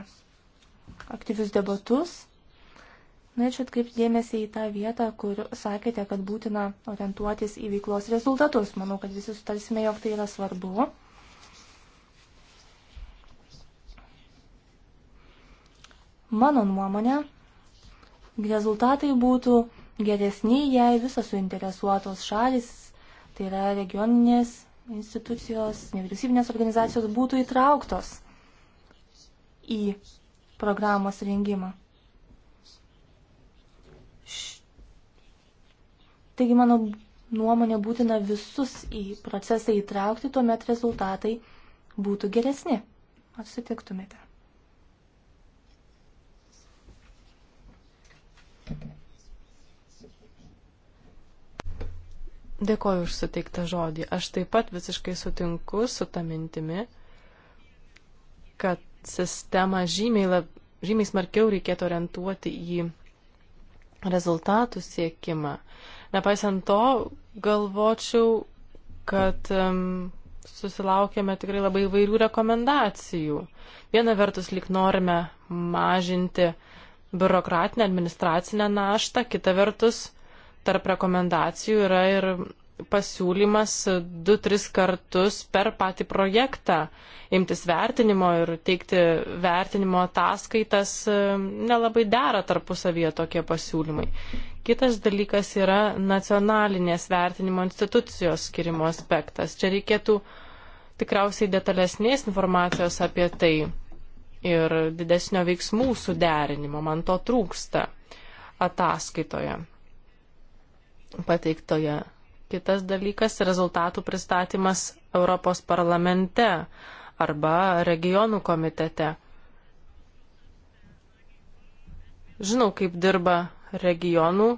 aktyvius debatus. Norėčiau atkreipti dėmesį į tą vietą, kur sakėte, kad būtina orientuotis į veiklos rezultatus. Manau, kad visi sutarsime, jog tai yra svarbu. Mano nuomonė, rezultatai būtų geresni, jei visos suinteresuotos šalis, tai yra regioninės institucijos, nevyriausybinės organizacijos būtų įtrauktos į programos rengimą. Taigi, mano nuomonė būtina visus į procesą įtraukti, tuomet rezultatai būtų geresni. Ar sutiktumėte? Dėkoju už suteiktą žodį. Aš taip pat visiškai sutinku su tą mintimi, kad sistemą žymiai, lab, žymiai smarkiau reikėtų orientuoti į rezultatų siekimą. Nepaisant to, galvočiau, kad um, susilaukėme tikrai labai įvairių rekomendacijų. Viena vertus, lik norime mažinti biurokratinę administracinę naštą, kita vertus, tarp rekomendacijų yra ir pasiūlymas 2-3 kartus per patį projektą imtis vertinimo ir teikti vertinimo ataskaitas e, nelabai dera tarpusavyje tokie pasiūlymai. Kitas dalykas yra nacionalinės vertinimo institucijos skirimo aspektas. Čia reikėtų tikriausiai detalesnės informacijos apie tai ir didesnio veiksmų suderinimo. Man to trūksta ataskaitoje pateiktoje. Kitas dalykas - rezultatų pristatymas Europos parlamente arba regionų komitete. Žinau, kaip dirba regionų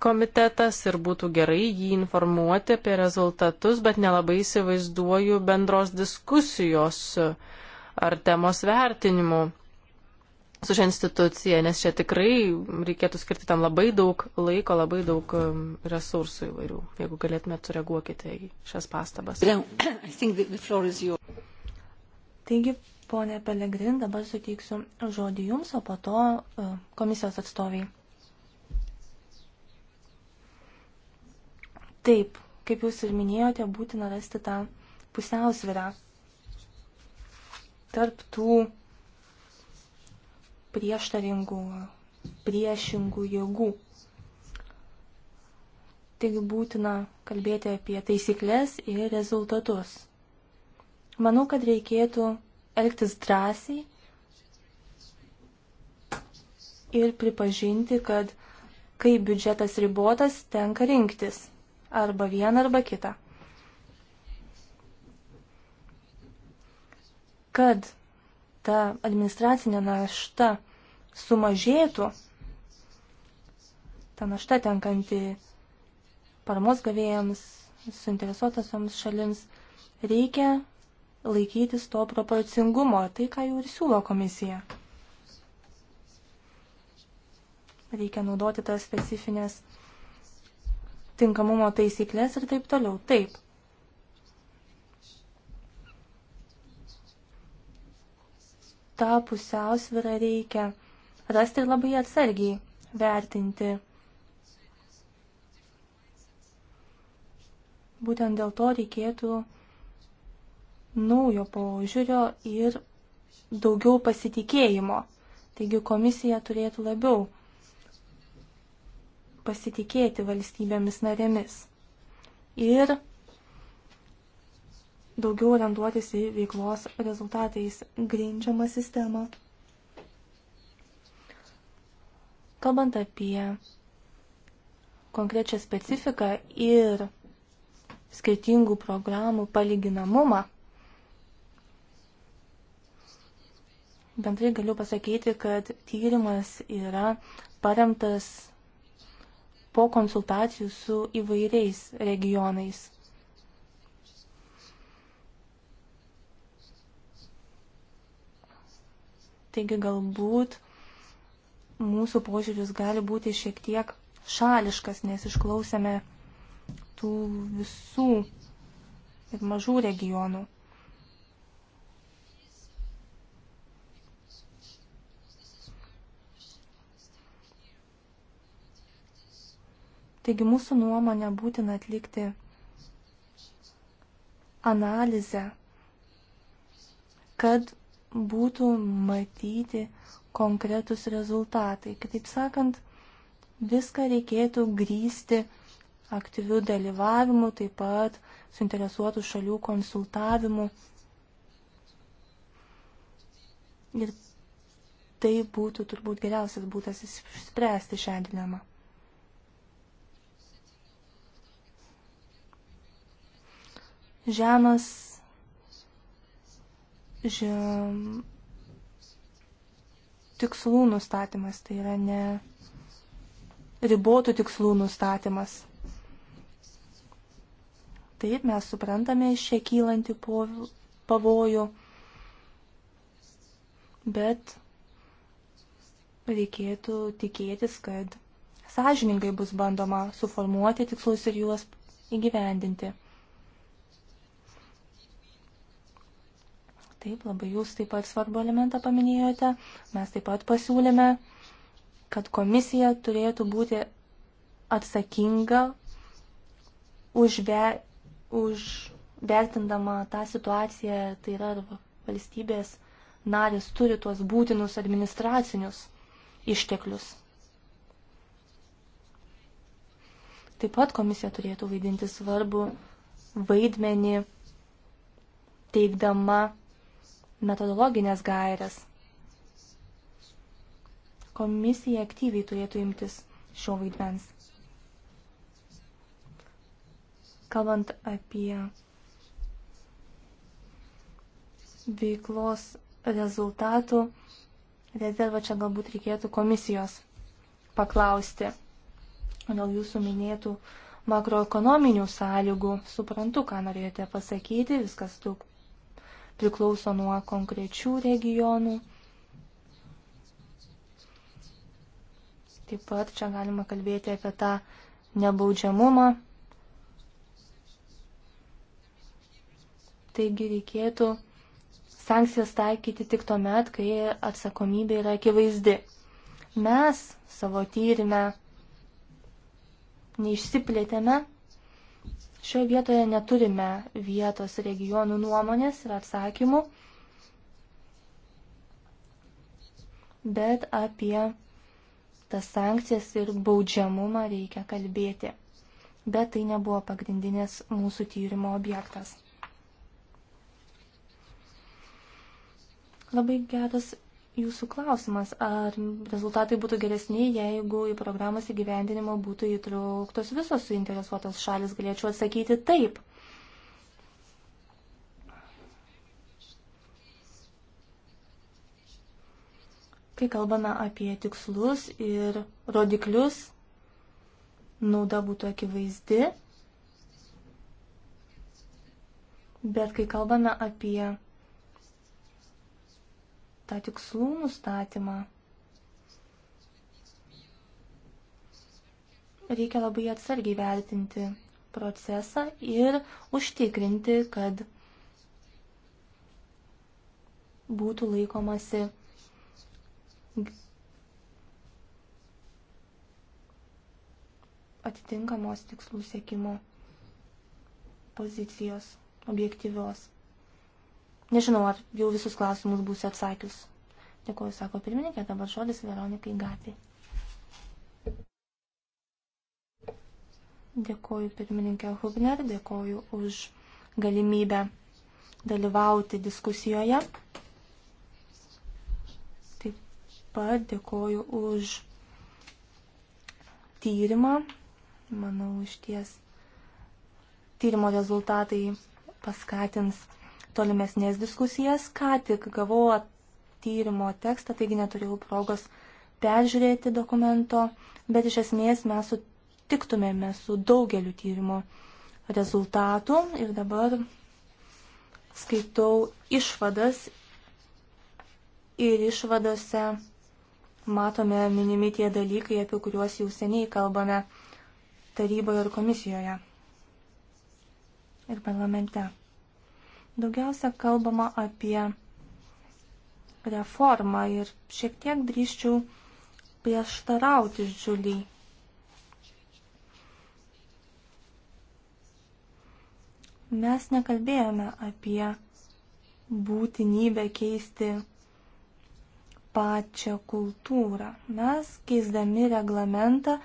komitetas ir būtų gerai jį informuoti apie rezultatus, bet nelabai įsivaizduoju bendros diskusijos ar temos vertinimu su šią instituciją, nes čia tikrai reikėtų skirti tam labai daug laiko, labai daug um, resursų įvairių. Jeigu galėtumėte, sureaguokite į šias pastabas. *clears throat* Taigi, ponė Pelegrin, dabar suteiksiu žodį jums, o po to uh, komisijos atstoviai. Taip, kaip jūs ir minėjote, būtina rasti tą pusiausvyrą tarp tų prieštaringų, priešingų jėgų. Taigi būtina kalbėti apie taisyklės ir rezultatus. Manau, kad reikėtų elgtis drąsiai ir pripažinti, kad kai biudžetas ribotas, tenka rinktis arba vieną arba kitą. Kad ta administracinė našta sumažėtų, ta našta tenkanti paramos gavėjams, suinteresuotosiams šalims, reikia laikytis to proporcingumo, tai ką jau ir siūlo komisija. Reikia naudoti tas specifines tinkamumo taisyklės ir taip toliau. Taip, tą pusiausvyrą reikia rasti ir labai atsargiai vertinti. Būtent dėl to reikėtų naujo požiūrio ir daugiau pasitikėjimo. Taigi komisija turėtų labiau pasitikėti valstybėmis narėmis. Ir daugiau orientuotis į veiklos rezultatais grindžiamą sistemą. Kalbant apie konkrečią specifiką ir skirtingų programų palyginamumą, bendrai galiu pasakyti, kad tyrimas yra paremtas po konsultacijų su įvairiais regionais. Taigi galbūt mūsų požiūris gali būti šiek tiek šališkas, nes išklausėme tų visų ir mažų regionų. Taigi mūsų nuomonė būtina atlikti analizę, kad būtų matyti konkretus rezultatai. Kitaip sakant, viską reikėtų grįsti aktyvių dalyvavimų, taip pat suinteresuotų šalių konsultavimų. Ir tai būtų turbūt geriausias būtas išspręsti šią dilemą. Žemės žem... tikslų nustatymas, tai yra ne ribotų tikslų nustatymas. Taip mes suprantame šią kylantį pavojų, bet reikėtų tikėtis, kad sąžiningai bus bandoma suformuoti tikslus ir juos įgyvendinti. Taip, labai jūs taip pat svarbu elementą paminėjote. Mes taip pat pasiūlėme, kad komisija turėtų būti atsakinga už, ve, už vertindama tą situaciją, tai yra valstybės narės turi tuos būtinus administracinius išteklius. Taip pat komisija turėtų vaidinti svarbu vaidmenį teikdama metodologinės gairės. Komisija aktyviai turėtų imtis šio vaidmens. Kalbant apie veiklos rezultatų, rezervą čia galbūt reikėtų komisijos paklausti. Dėl jūsų minėtų makroekonominių sąlygų suprantu, ką norėjote pasakyti, viskas daug priklauso nuo konkrečių regionų. Taip pat čia galima kalbėti apie tą nebaudžiamumą. Taigi reikėtų sankcijas taikyti tik tuo met, kai atsakomybė yra akivaizdi. Mes savo tyrimę neišsiplėtėme Šioje vietoje neturime vietos regionų nuomonės ir atsakymų, bet apie tas sankcijas ir baudžiamumą reikia kalbėti. Bet tai nebuvo pagrindinis mūsų tyrimo objektas. Labai geras jūsų klausimas, ar rezultatai būtų geresni, jeigu į programos įgyvendinimą būtų įtrauktos visos suinteresuotos šalis, galėčiau atsakyti taip. Kai kalbame apie tikslus ir rodiklius, nauda būtų akivaizdi, bet kai kalbame apie tą tikslų nustatymą reikia labai atsargiai vertinti procesą ir užtikrinti, kad būtų laikomasi atitinkamos tikslų sėkimo pozicijos objektyvios. Nežinau, ar jau visus klausimus būsiu atsakius. Dėkuoju, sako pirmininkė, dabar žodis Veronikai Gatį. Dėkuoju pirmininkė Hubner, dėkuoju už galimybę dalyvauti diskusijoje. Taip pat dėkuoju už tyrimą. Manau, iš ties tyrimo rezultatai paskatins tolimesnės diskusijas. Ką tik gavau tyrimo tekstą, taigi neturėjau progos peržiūrėti dokumento, bet iš esmės mes sutiktumėme su daugeliu tyrimo rezultatų ir dabar skaitau išvadas ir išvadose matome minimi tie dalykai, apie kuriuos jau seniai kalbame taryboje ir komisijoje ir parlamente. Daugiausia kalbama apie reformą ir šiek tiek drįščiau prieštarauti Džiuliai. Mes nekalbėjome apie būtinybę keisti pačią kultūrą. Mes, keisdami reglamentą,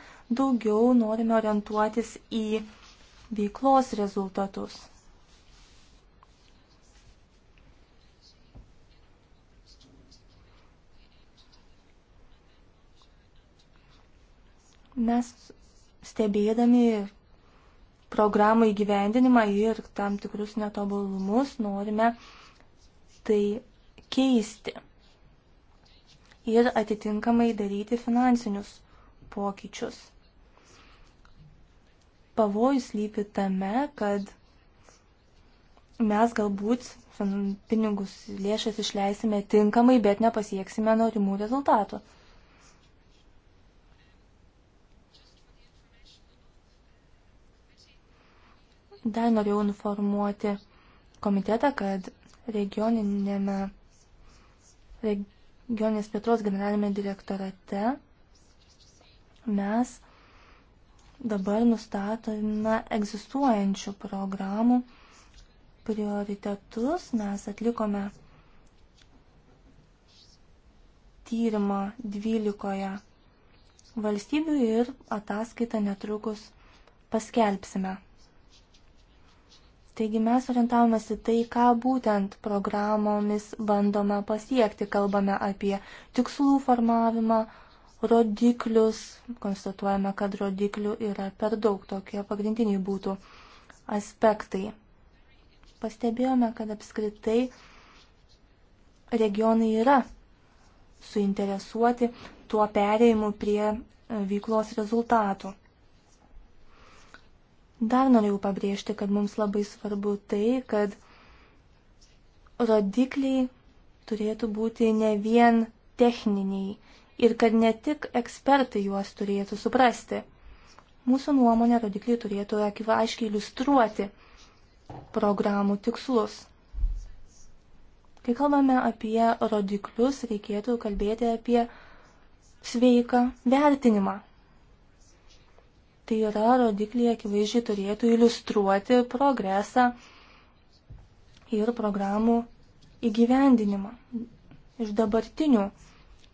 daugiau norime orientuotis į veiklos rezultatus. Mes stebėdami programų įgyvendinimą ir tam tikrus netobulumus norime tai keisti ir atitinkamai daryti finansinius pokyčius. Pavojus lypi tame, kad mes galbūt pinigus lėšas išleisime tinkamai, bet nepasieksime norimų rezultatų. Dar norėjau informuoti komitetą, kad regioninėme regioninės plėtros generalinėme direktorate mes dabar nustatome egzistuojančių programų prioritetus. Mes atlikome tyrimą 12 valstybių ir ataskaitą netrukus paskelbsime. Taigi mes orientavomės į tai, ką būtent programomis bandome pasiekti. Kalbame apie tikslų formavimą, rodiklius, konstatuojame, kad rodiklių yra per daug, tokie pagrindiniai būtų aspektai. Pastebėjome, kad apskritai regionai yra suinteresuoti tuo perėjimu prie veiklos rezultatų. Dar norėjau pabrėžti, kad mums labai svarbu tai, kad rodikliai turėtų būti ne vien techniniai ir kad ne tik ekspertai juos turėtų suprasti. Mūsų nuomonė rodikliai turėtų akivaiškiai iliustruoti programų tikslus. Kai kalbame apie rodiklius, reikėtų kalbėti apie sveiką vertinimą. Tai yra, rodikliai akivaizdžiai turėtų iliustruoti progresą ir programų įgyvendinimą. Iš dabartinių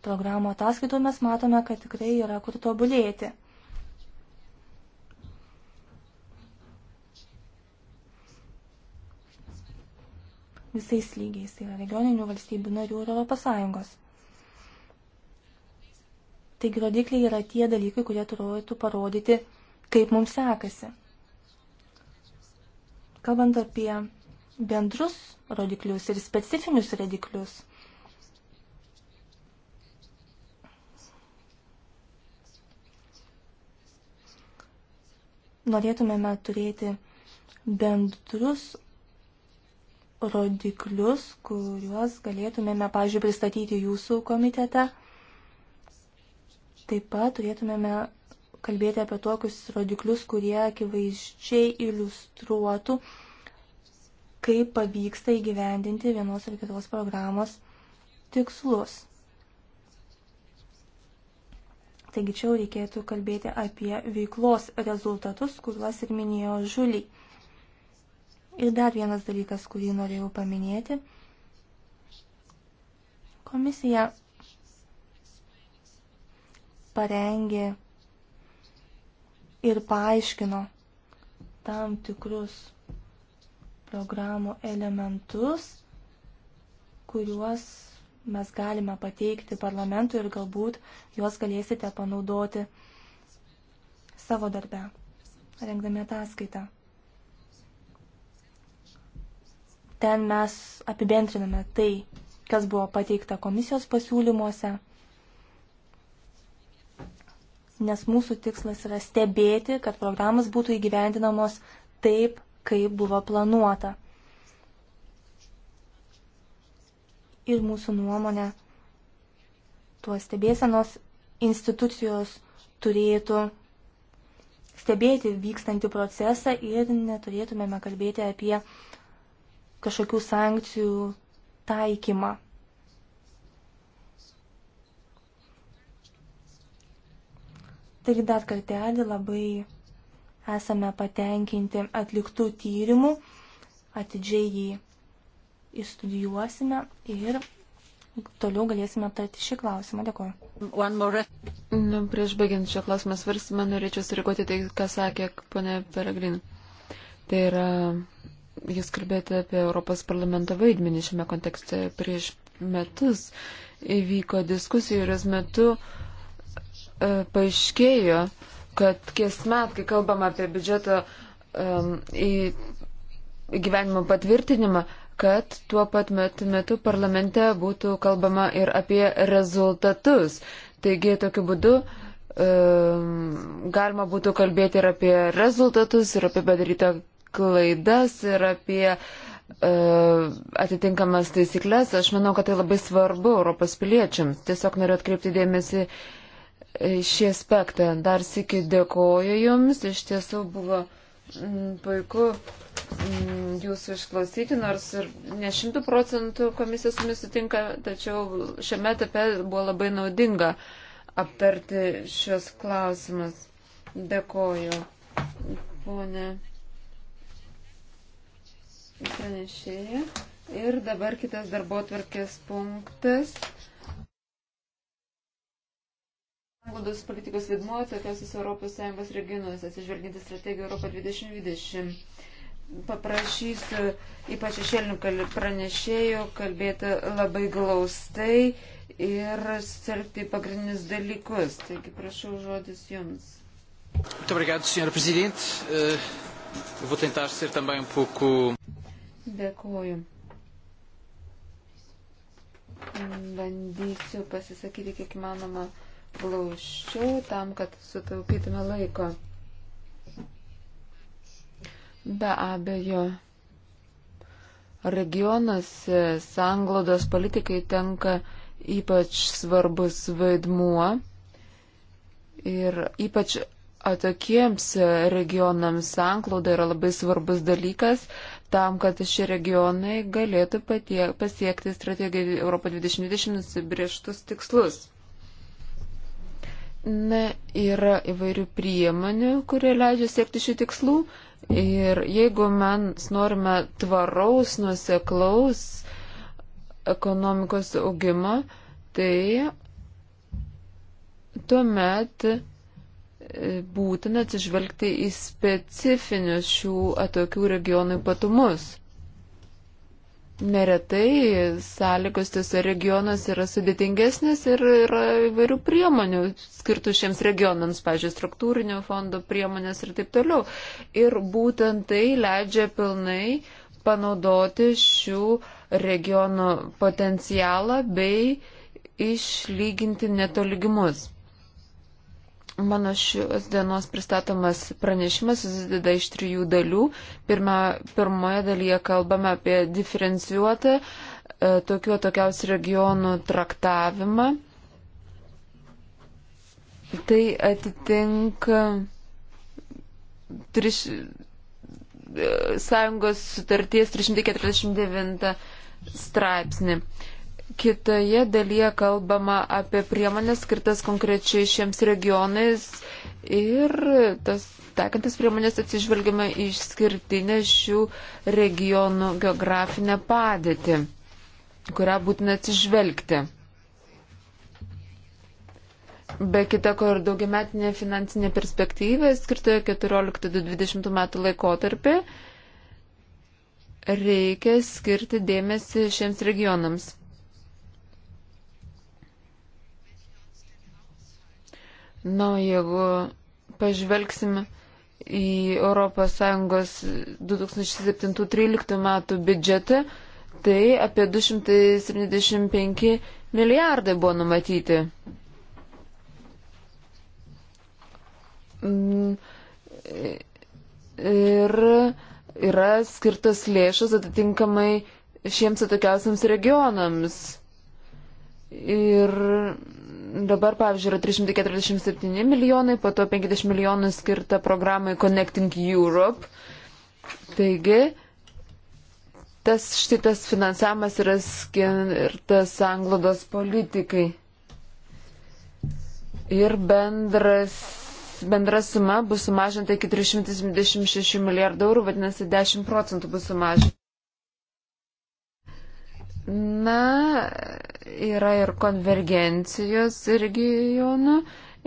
programų ataskaitų mes matome, kad tikrai yra kur tobulėti. Visais lygiais, tai yra regioninių valstybių narių ir Europos Sąjungos. Taigi rodikliai yra tie dalykai, kurie turėtų parodyti kaip mums sekasi. Kalbant apie bendrus rodiklius ir specifinius rodiklius, norėtumėme turėti bendrus rodiklius, kuriuos galėtumėme, pavyzdžiui, pristatyti jūsų komitete. Taip pat turėtumėme kalbėti apie tokius rodiklius, kurie akivaizdžiai iliustruotų, kaip pavyksta įgyvendinti vienos ar kitos programos tikslus. Taigi čia reikėtų kalbėti apie veiklos rezultatus, kuriuos ir minėjo Žuliai. Ir dar vienas dalykas, kurį norėjau paminėti. Komisija parengė ir paaiškino tam tikrus programų elementus, kuriuos mes galime pateikti parlamentui ir galbūt juos galėsite panaudoti savo darbe, rengdami ataskaitą. Ten mes apibendriname tai, kas buvo pateikta komisijos pasiūlymuose nes mūsų tikslas yra stebėti, kad programas būtų įgyvendinamos taip, kaip buvo planuota. Ir mūsų nuomonė, tuo stebėsenos institucijos turėtų stebėti vykstantį procesą ir neturėtumėme kalbėti apie kažkokių sankcijų taikymą. Taigi dar kartelį labai esame patenkinti atliktų tyrimų, atidžiai jį įstudijuosime ir toliau galėsime aptarti šį klausimą. Dėkuoju. Nu, prieš baigiant šio klausimą svarstymą, norėčiau sureaguoti tai, ką sakė ponė Peregrin. Tai yra, jūs kalbėjote apie Europos parlamento vaidmenį šiame kontekste prieš metus. Įvyko diskusijų ir jos metu uh, E, paaiškėjo, kad kiesmet, kai kalbam apie biudžeto um, į, gyvenimo patvirtinimą, kad tuo pat metu, metu parlamente būtų kalbama ir apie rezultatus. Taigi tokiu būdu um, galima būtų kalbėti ir apie rezultatus, ir apie padarytą klaidas, ir apie uh, atitinkamas taisyklės. Aš manau, kad tai labai svarbu Europos piliečiams. Tiesiog noriu atkreipti dėmesį uh, šį aspektą. Dar sėki dėkoju Jums, iš tiesų buvo mm, puiku mm, Jūsų išklausyti, nors ir ne šimtų procentų komisija su jumis sutinka, tačiau šiame etape buvo labai naudinga aptarti šios klausimus. Dėkoju, ponė pranešėja. Ir dabar kitas darbo tvarkės punktas. Sanglaudos politikos vidmuo tokiosios ES regionuose, atsižvelginti strategiją Europą 2020. Paprašysiu ypač išėlinių pranešėjų kalbėti labai glaustai ir sirgti pagrindinius dalykus. Taigi prašau žodis jums. Muito obrigado, Sr. Presidente. Eh, eu vou tentar ser também um pouco. Dėkuoju. Bandysiu pasisakyti kiek įmanoma glaušiau tam, kad sutaupytume laiko. Be abejo, regionuose sanglodos politikai tenka ypač svarbus vaidmuo ir ypač atokiems regionams sanklauda yra labai svarbus dalykas tam, kad šie regionai galėtų patie, pasiekti strategiją Europo 2020 nusibrieštus tikslus. Na, yra įvairių priemonių, kurie leidžia siekti šių tikslų. Ir jeigu mes norime tvaraus, nuseklaus ekonomikos augimo, tai tuomet e, būtina atsižvelgti į specifinius šių atokių regionų ypatumus. Neretai sąlygos tuose regionuose yra sudėtingesnės ir yra įvairių priemonių skirtų šiems regionams, pažiūrėjau, struktūrinio fondo priemonės ir taip toliau. Ir būtent tai leidžia pilnai panaudoti šių regionų potencialą bei išlyginti netoligimus. Mano šios dienos pristatomas pranešimas susideda iš trijų dalių. Pirma, pirmoje dalyje kalbame apie diferencijuotą e, tokių atokiausių regionų traktavimą. Tai atitinka triš, e, sąjungos sutarties 349 straipsnį. Kitoje dalyje kalbama apie priemonės skirtas konkrečiai šiems regionais ir tas taikantis priemonės atsižvelgiame į išskirtinę šių regionų geografinę padėtį, kurią būtina atsižvelgti. Be kita ko ir daugiametinė finansinė perspektyva skirtoje 14-20 metų laikotarpį reikia skirti dėmesį šiems regionams. Na, jeigu pažvelgsime į ES 2007-2013 metų biudžetą, tai apie 275 milijardai buvo numatyti. Mm, ir yra skirtas lėšas atitinkamai šiems atokiausiams regionams. Ir dabar, pavyzdžiui, yra 347 milijonai, po to 50 milijonų skirta programai Connecting Europe. Taigi, tas šitas finansavimas yra skirtas anglodos politikai. Ir bendras, bendra suma bus sumažinta iki 326 milijardų eurų, vadinasi 10 procentų bus sumažinta. Na, yra ir konvergencijos regionų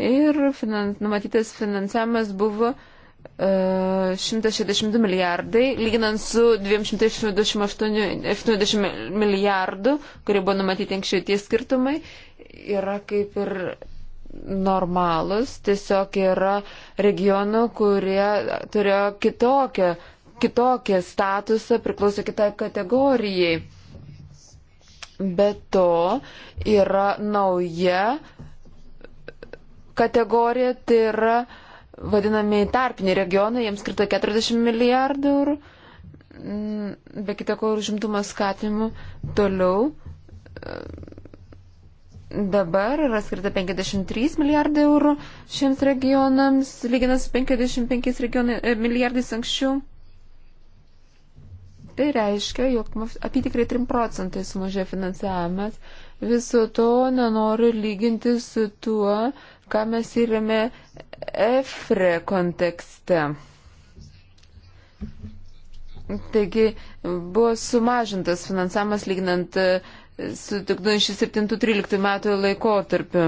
ir finan, numatytas finansavimas buvo e, uh, 162 milijardai, lyginant su 288 milijardų, kurie buvo numatyti anksčiau tie skirtumai, yra kaip ir normalus, tiesiog yra regionų, kurie turėjo kitokią, kitokią statusą, priklauso kitai kategorijai. Be to yra nauja kategorija, tai yra vadinami tarpiniai regionai, jiems skirta 40 milijardų eurų, mm, be kita ko užimtumas skatinimu toliau. E, dabar yra skirta 53 milijardai eurų šiems regionams, lyginant su 55 regionai, e, milijardais anksčiau. Tai reiškia, jog apytikrai 3 procentai sumažė finansavimas. Viso to nenoriu lyginti su tuo, ką mes įrėmė EFRE kontekste. Taigi buvo sumažintas finansavimas lyginant e, su tik 2007-2013 metų laikotarpiu.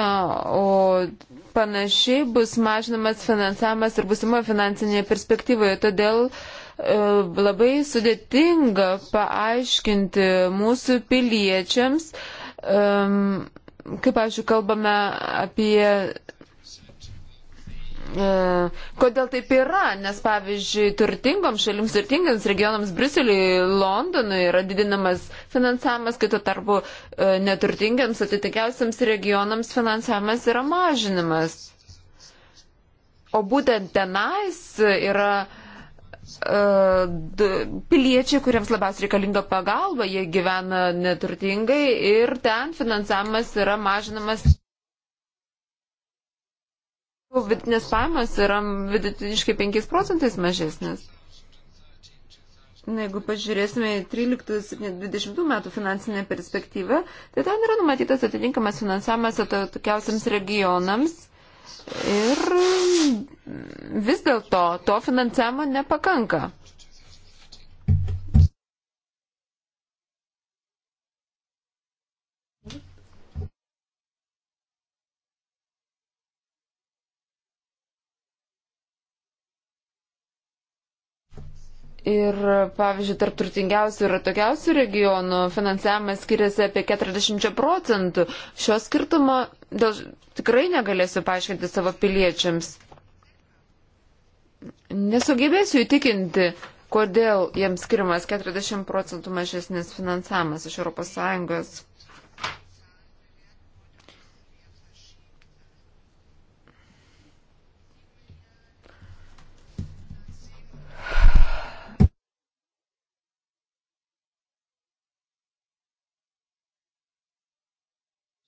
Na, o panašiai bus mažinamas finansavimas ir busimo finansinėje perspektyvoje. Todėl uh, E, labai sudėtinga paaiškinti mūsų piliečiams, kaip, aišku, kalbame apie e, Kodėl taip yra? Nes, pavyzdžiui, turtingoms šalims, turtingoms regionams Briseliui, Londonui yra didinamas finansavimas, kai tuo tarpu e, neturtingiams, atitikiausiams regionams finansavimas yra mažinimas. O būtent tenais yra E, piliečiai, kuriems labiausiai reikalinga pagalba, jie gyvena neturtingai ir ten finansavimas yra mažinamas. Vidutinės pajamos yra vidutiniškai 5 procentais mažesnės. Na, jeigu pažiūrėsime 13-20 metų finansinę perspektyvą, tai ten yra numatytas atitinkamas finansavimas atokiausiams regionams Ir vis dėlto to finansavimo nepakanka. Ir, pavyzdžiui, tarp turtingiausių ir atokiausių regionų finansavimas skiriasi apie 40 procentų. Šio skirtumo dėl, tikrai negalėsiu paaiškinti savo piliečiams. Nesugebėsiu įtikinti, kodėl jiems skirimas 40 procentų mažesnis finansavimas iš ES.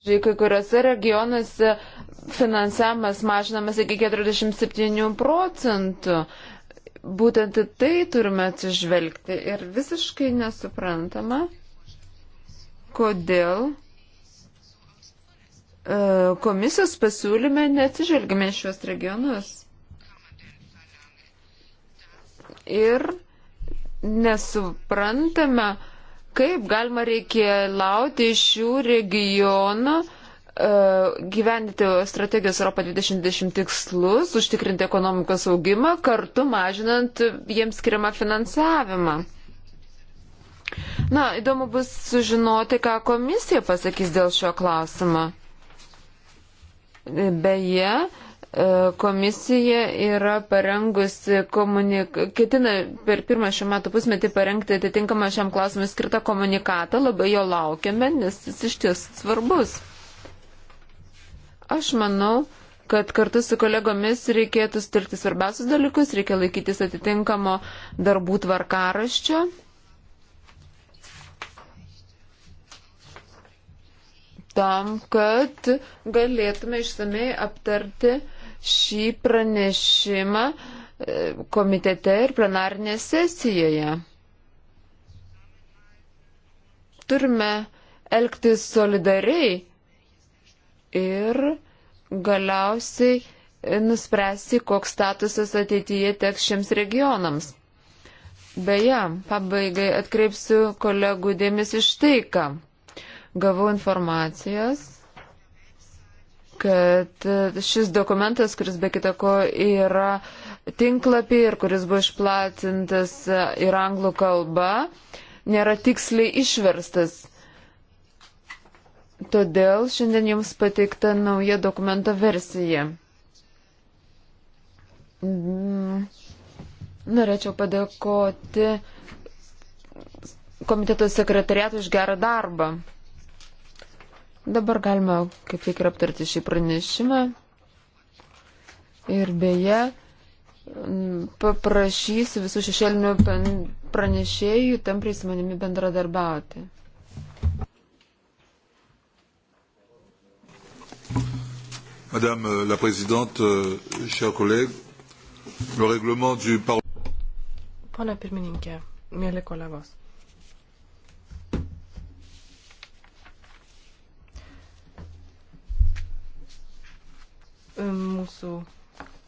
Kai kuriuose regionuose finansavimas mažinamas iki 47 procentų. Būtent į tai turime atsižvelgti ir visiškai nesuprantama, kodėl e, komisijos pasiūlyme neatsižvelgime šios regionus. Ir nesuprantame, kaip galima reikalauti iš šių regionų e, gyventi strategijos Europą 2020 tikslus, užtikrinti ekonomikos augimą, kartu mažinant jiems skiriamą finansavimą. Na, įdomu bus sužinoti, ką komisija pasakys dėl šio klausimo. Beje, E, komisija yra parengusi, komunik... ketina per pirmą šių metų pusmetį parengti atitinkamą šiam klausimui skirtą komunikatą, labai jo laukiame, nes jis iš ties svarbus. Aš manau, kad kartu su kolegomis reikėtų stilti svarbiausius dalykus, reikia laikytis atitinkamo darbų tvarkaraščio. Tam, kad galėtume išsamei aptarti uh, šį pranešimą e, komitete ir plenarinėje sesijoje. Turime elgtis solidariai ir galiausiai e, nuspręsti, koks statusas ateityje teks šiems regionams. Beje, pabaigai atkreipsiu kolegų dėmesį iš tai, ką gavau informacijos kad šis dokumentas, kuris be kitako yra tinklapį ir kuris buvo išplatintas e, ir anglų kalba, nėra tiksliai išverstas. Todėl šiandien jums pateikta nauja dokumento versija. Mm. Norėčiau padėkoti komiteto sekretariatui už gerą darbą. Dabar galima kaip tik ir aptarti šį pranešimą. Ir beje, paprašysiu visų šešėlinių pranešėjų tampriai su manimi bendradarbiauti. Madame la Présidente, euh, chers collègues, le règlement du Parlement. Pone pirmininkė, mėly kolegos. mūsų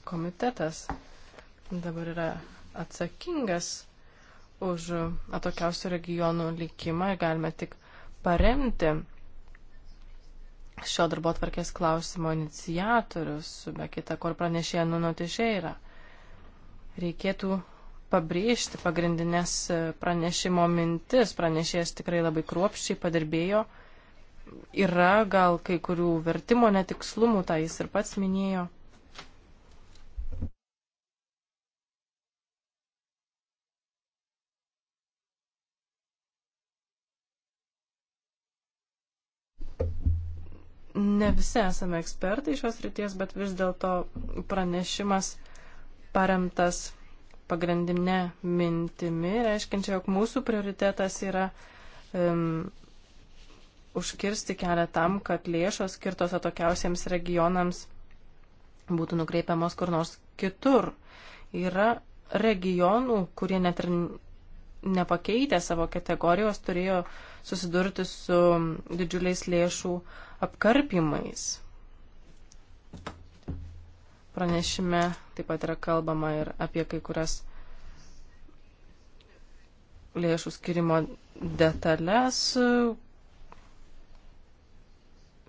komitetas dabar yra atsakingas už atokiausių regionų likimą ir galime tik paremti šio darbo atvarkės klausimo inicijatorius, be kita, kur pranešėja nunotešė yra. Reikėtų pabrėžti pagrindinės pranešimo mintis. Pranešėjas tikrai labai kruopščiai padirbėjo yra gal kai kurių vertimo netikslumų, tą tai jis ir pats minėjo. Ne visi esame ekspertai šios ryties, bet vis dėlto pranešimas paremtas pagrindinė mintimi, reiškinčia, jog mūsų prioritetas yra um, užkirsti kelią tam, kad lėšos skirtos atokiausiems regionams būtų nukreipiamos kur nors kitur. Yra regionų, kurie net ir nepakeitę savo kategorijos turėjo susidurti su didžiuliais lėšų apkarpimais. Pranešime taip pat yra kalbama ir apie kai kurias lėšų skirimo detalės,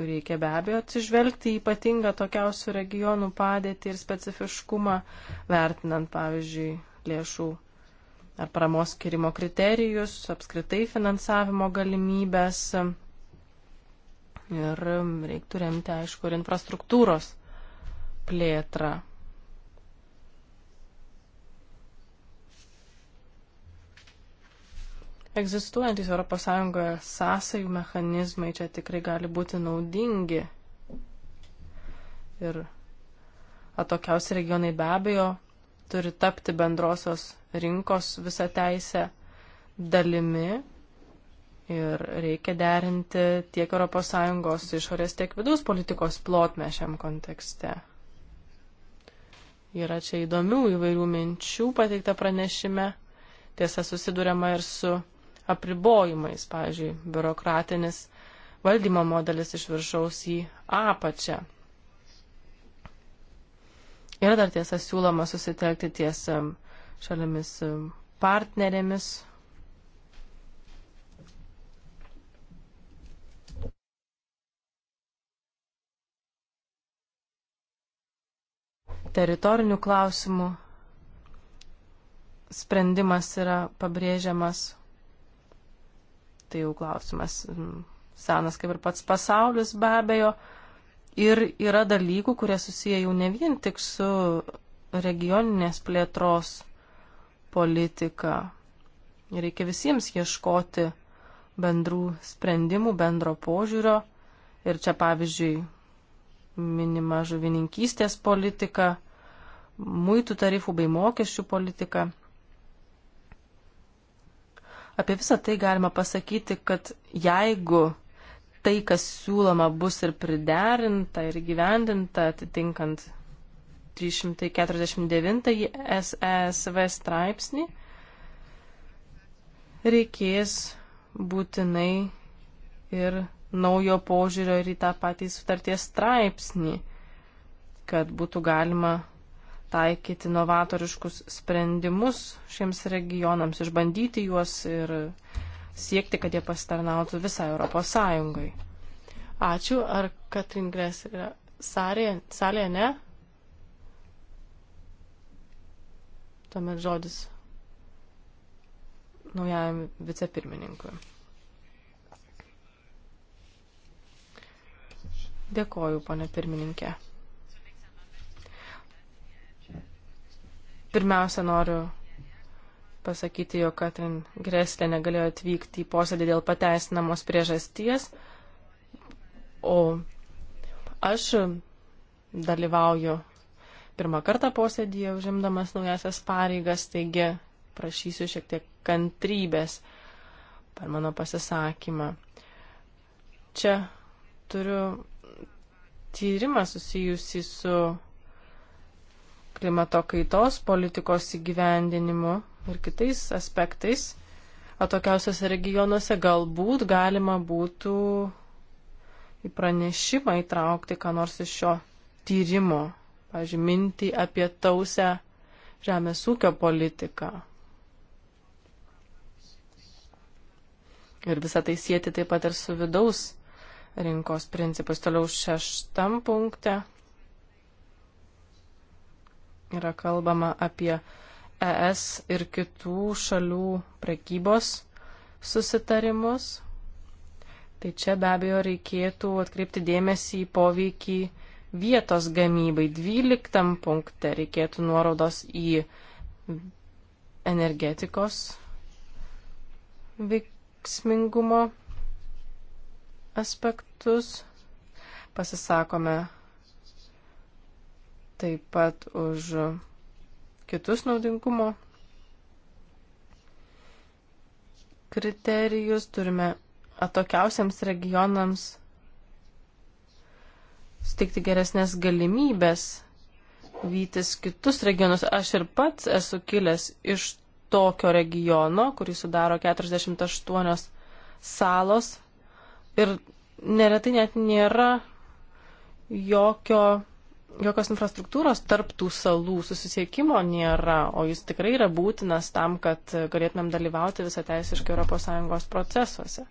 reikia be abejo atsižvelgti ypatingą tokiausių regionų padėtį ir specifiškumą, vertinant, pavyzdžiui, lėšų ar paramos skirimo kriterijus, apskritai finansavimo galimybės. Ir reiktų remti, aišku, ir infrastruktūros plėtrą. Egzistuojantys ES sąsajų mechanizmai čia tikrai gali būti naudingi. Ir atokiausi regionai be abejo turi tapti bendrosios rinkos visą teisę dalimi ir reikia derinti tiek ES išorės, tiek vidaus politikos plotmę šiam kontekste. Yra čia įdomių įvairių minčių pateikta pranešime. Tiesa, susidurėma ir su apribojimais, pavyzdžiui, biurokratinis valdymo modelis iš viršaus į apačią. Yra dar tiesa siūloma susitelkti ties šalimis partnerėmis. Teritorinių klausimų sprendimas yra pabrėžiamas tai jau klausimas mm, senas kaip ir pats pasaulis be abejo. Ir yra dalykų, kurie susiję jau ne vien tik su regioninės plėtros politika. Reikia visiems ieškoti bendrų sprendimų, bendro požiūrio. Ir čia pavyzdžiui minima žuvininkystės politika, muitų tarifų bei mokesčių politika. Apie visą tai galima pasakyti, kad jeigu tai, kas siūloma, bus ir priderinta, ir gyvendinta atitinkant 349 SESV straipsnį, reikės būtinai ir naujo požiūrio ir į tą patį sutarties straipsnį, kad būtų galima taikyti novatoriškus sprendimus šiems regionams, išbandyti juos ir siekti, kad jie pasitarnautų visai Europos Sąjungai. Ačiū. Ar Katrin Gres yra salėje? Salėje ne? Tuomet žodis naujajam vicepirmininkui. Dėkoju, ponė pirmininkė. Pirmiausia, noriu pasakyti, jog Katrin Greslė negalėjo atvykti į posėdį dėl pateisinamos priežasties, o aš dalyvauju pirmą kartą posėdėje užimdamas naujasias pareigas, taigi prašysiu šiek tiek kantrybės per mano pasisakymą. Čia turiu tyrimą susijusi su klimato kaitos politikos įgyvendinimu ir kitais aspektais atokiausiose regionuose galbūt galima būtų į pranešimą įtraukti, ką nors iš šio tyrimo, pavyzdžiui, mintį apie tausią žemės ūkio politiką. Ir visą tai sieti taip pat ir su vidaus rinkos principais. Toliau šeštam punkte yra kalbama apie ES ir kitų šalių prekybos susitarimus. Tai čia be abejo reikėtų atkreipti dėmesį į poveikį vietos gamybai. 12 punkte reikėtų nuorodos į energetikos veiksmingumo aspektus. Pasisakome taip pat už kitus naudingumo kriterijus. Turime atokiausiams regionams steigti geresnės galimybės vytis kitus regionus. Aš ir pats esu kilęs iš tokio regiono, kurį sudaro 48 salos ir neretai net nėra jokio jokios infrastruktūros tarptų salų susisiekimo nėra, o jis tikrai yra būtinas tam, kad galėtumėm dalyvauti visateisiškai ES procesuose.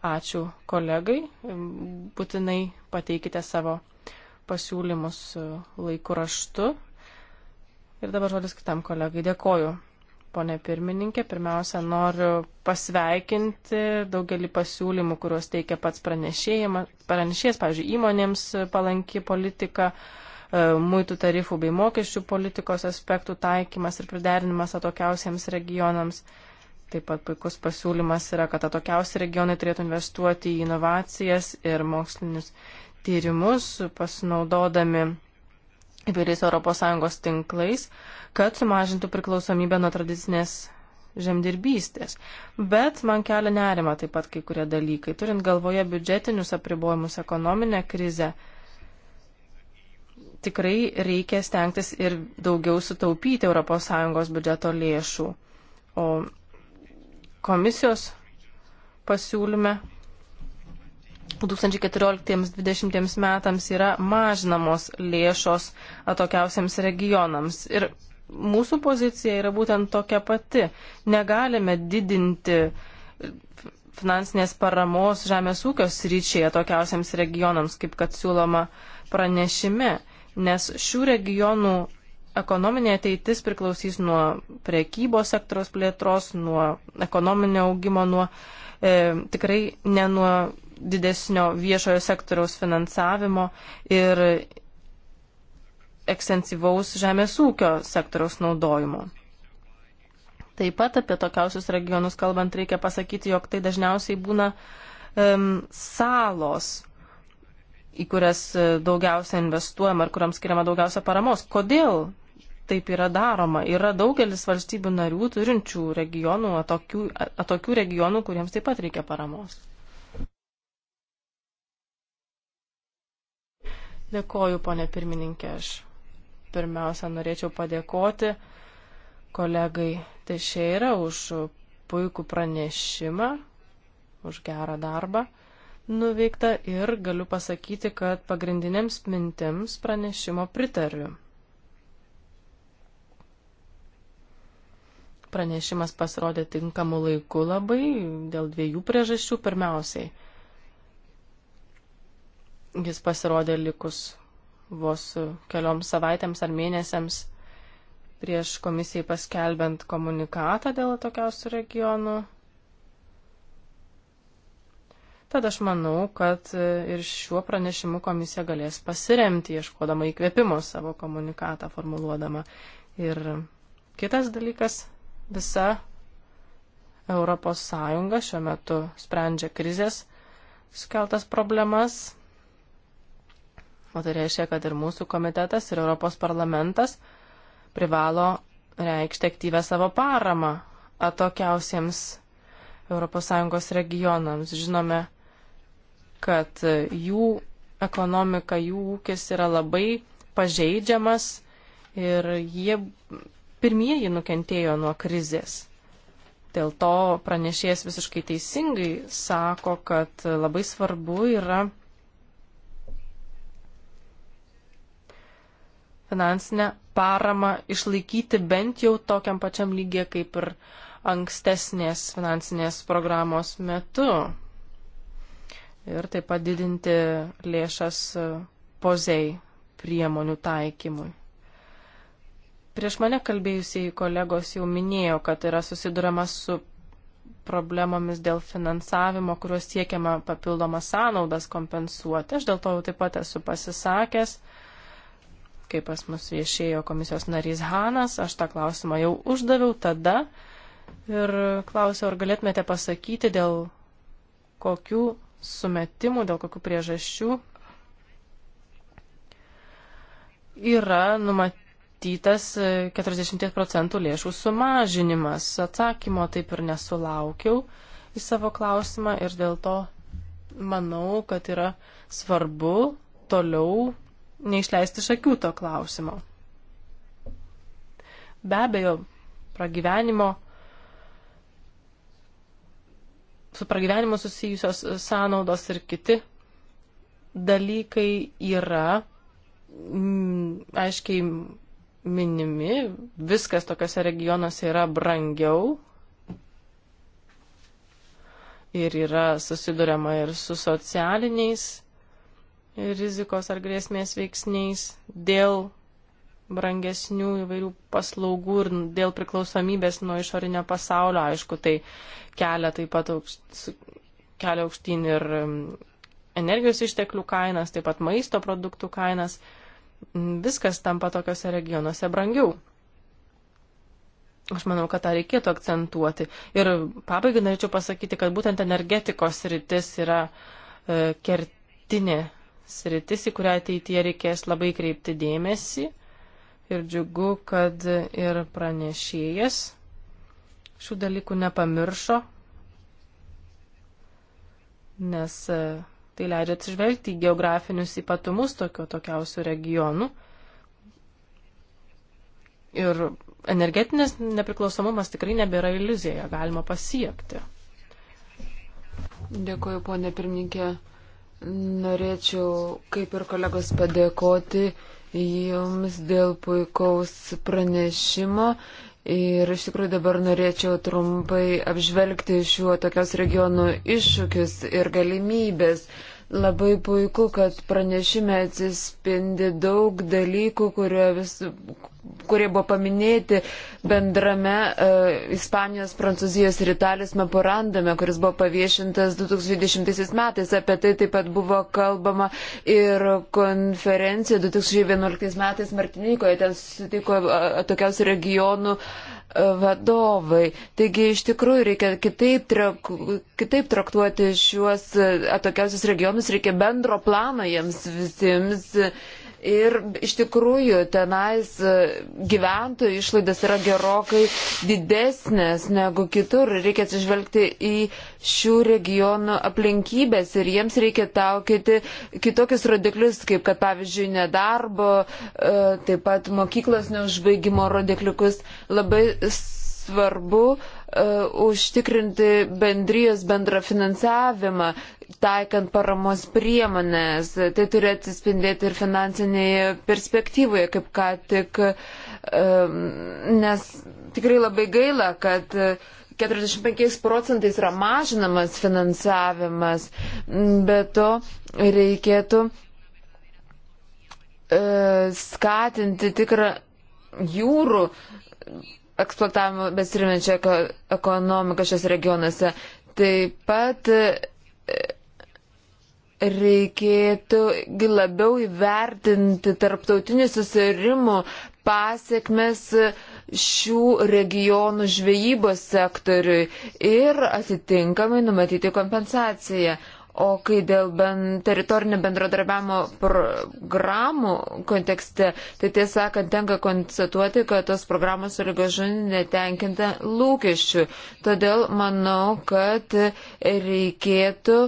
Ačiū kolegai, būtinai pateikite savo pasiūlymus laiku raštu. Ir dabar žodis kitam kolegai. Dėkoju. Pone pirmininkė, pirmiausia, noriu pasveikinti daugelį pasiūlymų, kuriuos teikia pats pranešėjas, pavyzdžiui, įmonėms palanki politika, uh, E, muitų tarifų bei mokesčių politikos aspektų taikymas ir priderinimas atokiausiems regionams. Taip pat puikus pasiūlymas yra, kad atokiausi regionai turėtų investuoti į inovacijas ir mokslinius tyrimus, pasinaudodami įvairiais ES tinklais, kad sumažintų priklausomybę nuo tradicinės žemdirbystės. Bet man kelia nerima taip pat kai kurie dalykai. Turint galvoje biudžetinius apribojimus, ekonominę krizę, tikrai reikia stengtis ir daugiau sutaupyti ES biudžeto lėšų. O komisijos pasiūlyme 2014-2020 metams yra mažinamos lėšos atokiausiams regionams. Ir mūsų pozicija yra būtent tokia pati. Negalime didinti finansinės paramos žemės ūkio sryčiai atokiausiams regionams, kaip kad siūloma pranešime nes šių regionų ekonominė ateitis priklausys nuo prekybos sektoriaus plėtros, nuo ekonominio augimo, nuo e, tikrai ne nuo didesnio viešojo sektoriaus finansavimo ir ekstensyvaus žemės ūkio sektoriaus naudojimo. Taip pat apie tokiausius regionus kalbant reikia pasakyti, jog tai dažniausiai būna um, salos, į kurias e, daugiausia investuojama ir kuriams skiriama daugiausia paramos. Kodėl taip yra daroma? Yra daugelis valstybių narių turinčių regionų, atokių, atokių regionų, kuriems taip pat reikia paramos. Dėkoju, ponė pirmininkė. Aš pirmiausia norėčiau padėkoti kolegai Tešeira už puikų pranešimą, už gerą darbą nuveikta ir galiu pasakyti, kad pagrindinėms mintims pranešimo pritariu. Pranešimas pasirodė tinkamu laiku labai dėl dviejų priežasčių. Pirmiausiai, jis pasirodė likus vos kelioms savaitėms ar mėnesiams prieš komisijai paskelbent komunikatą dėl atokiausių regionų Tad aš manau, kad e, ir šiuo pranešimu komisija galės pasiremti, ieškodama įkvėpimo savo komunikatą formuluodama. Ir kitas dalykas, visa Europos Sąjunga šiuo metu sprendžia krizės sukeltas problemas. O tai reiškia, kad ir mūsų komitetas, ir Europos parlamentas privalo reikšti aktyvę savo paramą atokiausiems ES regionams. Žinome, kad jų ekonomika, jų ūkis yra labai pažeidžiamas ir jie pirmieji nukentėjo nuo krizės. Dėl to pranešėjas visiškai teisingai sako, kad labai svarbu yra finansinę paramą išlaikyti bent jau tokiam pačiam lygiai kaip ir ankstesnės finansinės programos metu ir taip pat didinti lėšas e, pozei priemonių taikymui. Prieš mane kalbėjusiai kolegos jau minėjo, kad yra susidurama su problemomis dėl finansavimo, kuriuos siekiama papildomas sąnaudas kompensuoti. Aš dėl to jau taip pat esu pasisakęs, kai pas mus viešėjo komisijos narys Hanas, aš tą klausimą jau uždaviau tada ir klausiau, ar galėtumėte pasakyti, dėl kokių sumetimų, dėl kokių priežasčių yra numatytas 40 e, procentų lėšų sumažinimas. Atsakymo taip ir nesulaukiau į savo klausimą ir dėl to manau, kad yra svarbu toliau neišleisti šakių to klausimo. Be abejo, pragyvenimo su pragyvenimu susijusios sąnaudos ir kiti dalykai yra mm, aiškiai minimi, viskas tokiuose regionuose yra brangiau ir yra susidurima ir su socialiniais rizikos ar grėsmės veiksniais dėl brangesnių įvairių paslaugų ir dėl priklausomybės nuo išorinio pasaulio, aišku, tai kelia taip pat aukšt, kelia aukštyn ir um, energijos išteklių kainas, taip pat maisto produktų kainas. Viskas tampa tokiuose regionuose brangiau. Aš manau, kad tą reikėtų akcentuoti. Ir pabaigai norėčiau pasakyti, kad būtent energetikos sritis yra e, kertinė sritis, į kurią ateityje reikės labai kreipti dėmesį ir džiugu, kad ir pranešėjas šių dalykų nepamiršo, nes e, tai leidžia atsižvelgti į geografinius ypatumus tokio tokiausių regionų. Ir energetinės nepriklausomumas tikrai nebėra iliuzija, galima pasiekti. Dėkuoju, ponė pirmininkė. Norėčiau, kaip ir kolegos, padėkoti Jums dėl puikaus pranešimo. Ir iš tikrųjų dabar norėčiau trumpai apžvelgti šiuo tokios regionų iššūkius ir galimybės. Uh, Labai puiku, kad pranešime atsispindi daug dalykų, vis, kurie buvo paminėti bendrame uh, Ispanijos, Prancūzijos ir Italijos memorandume, kuris buvo paviešintas 2020 metais. Apie tai taip pat buvo kalbama ir konferencija 2011 metais Martinikoje. Ten susitiko uh, e, tokiausių regionų uh, vadovai. Taigi iš tikrųjų reikia kitaip, trak, kitaip traktuoti šiuos atokiausius regionus, reikia bendro plano jiems visiems Ir iš tikrųjų tenais e, gyventojų išlaidas yra gerokai didesnės negu kitur. Reikia atsižvelgti į šių regionų aplinkybės ir jiems reikia taukyti kitokius rodiklius, kaip kad pavyzdžiui nedarbo, e, taip pat mokyklos neužbaigimo rodikliukus. Labai svarbu uh, E, užtikrinti bendrijos bendrą finansavimą, taikant paramos priemonės. Tai turi atsispindėti ir finansinėje perspektyvoje, kaip ką tik, e, nes tikrai labai gaila, kad 45 procentais yra mažinamas finansavimas, bet to reikėtų e, skatinti tikrą jūrų eksploatavimu besirimenčią ekonomiką šiuose regionuose. Taip pat e, reikėtų labiau įvertinti tarptautinių susirimų pasiekmes šių regionų žvejybos sektoriui ir atitinkamai numatyti kompensaciją. O kai dėl ben, teritorinio bendradarbiavimo programų kontekste, tai tiesą sakant, tenka konstatuoti, kad tos programos ir gažun netenkinta lūkesčių. Todėl manau, kad reikėtų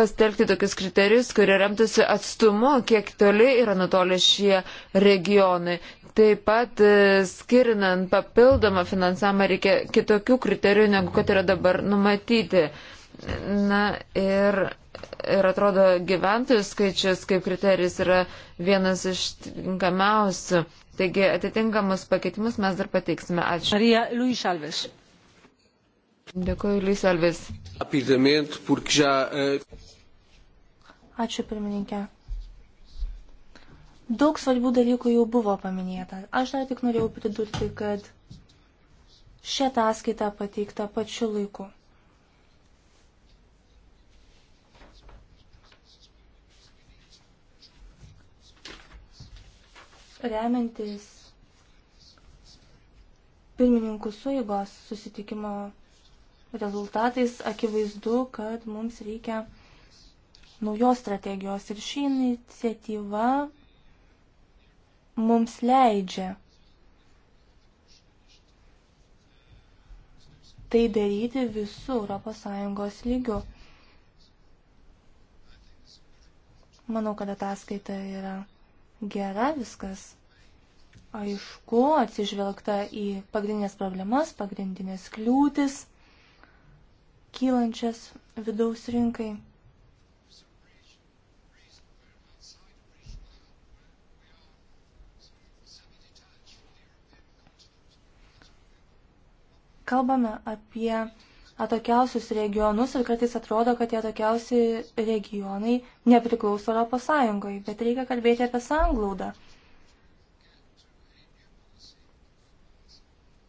pastelgti tokius kriterijus, kurie remtųsi atstumu, kiek toli yra nutolę šie regionai. Taip pat e, skirinant papildomą finansavimą reikia kitokių kriterijų, negu kad yra dabar numatyti. Na ir, ir atrodo, gyventojų skaičius kaip kriterijus yra vienas iš tinkamiausių. Taigi atitinkamus pakeitimus mes dar pateiksime. Ačiū. Marija Luis Alves. Dėkuoju, Luis Alves. Eh, Ačiū, pirmininkė. Daug svarbių dalykų jau buvo paminėta. Aš dar tik norėjau pridurti, kad šią ataskaitą pateikta pačiu laiku. remiantis pirmininkų suigos susitikimo rezultatais, akivaizdu, kad mums reikia naujos strategijos ir ši iniciatyva mums leidžia tai daryti visų ES lygių. Manau, kad ataskaita yra gera viskas. Aišku, atsižvelgta į pagrindinės problemas, pagrindinės kliūtis, kylančias vidaus rinkai. Kalbame apie atokiausius regionus ir kartais atrodo, kad tie atokiausi regionai nepriklauso Europos Sąjungoje, bet reikia kalbėti apie sanglaudą.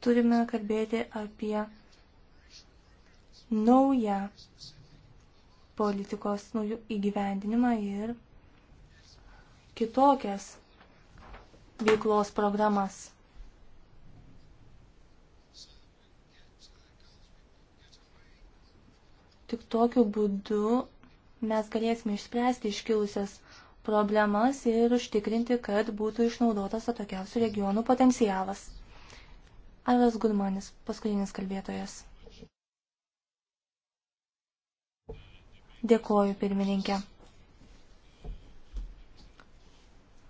Turime kalbėti apie naują politikos naujų įgyvendinimą ir kitokias veiklos programas. Tik tokiu būdu mes galėsime išspręsti iškilusias problemas ir užtikrinti, kad būtų išnaudotas atokiausių regionų potencialas. Arvas Gudmanis, paskutinis kalbėtojas. Dėkoju, pirmininkė.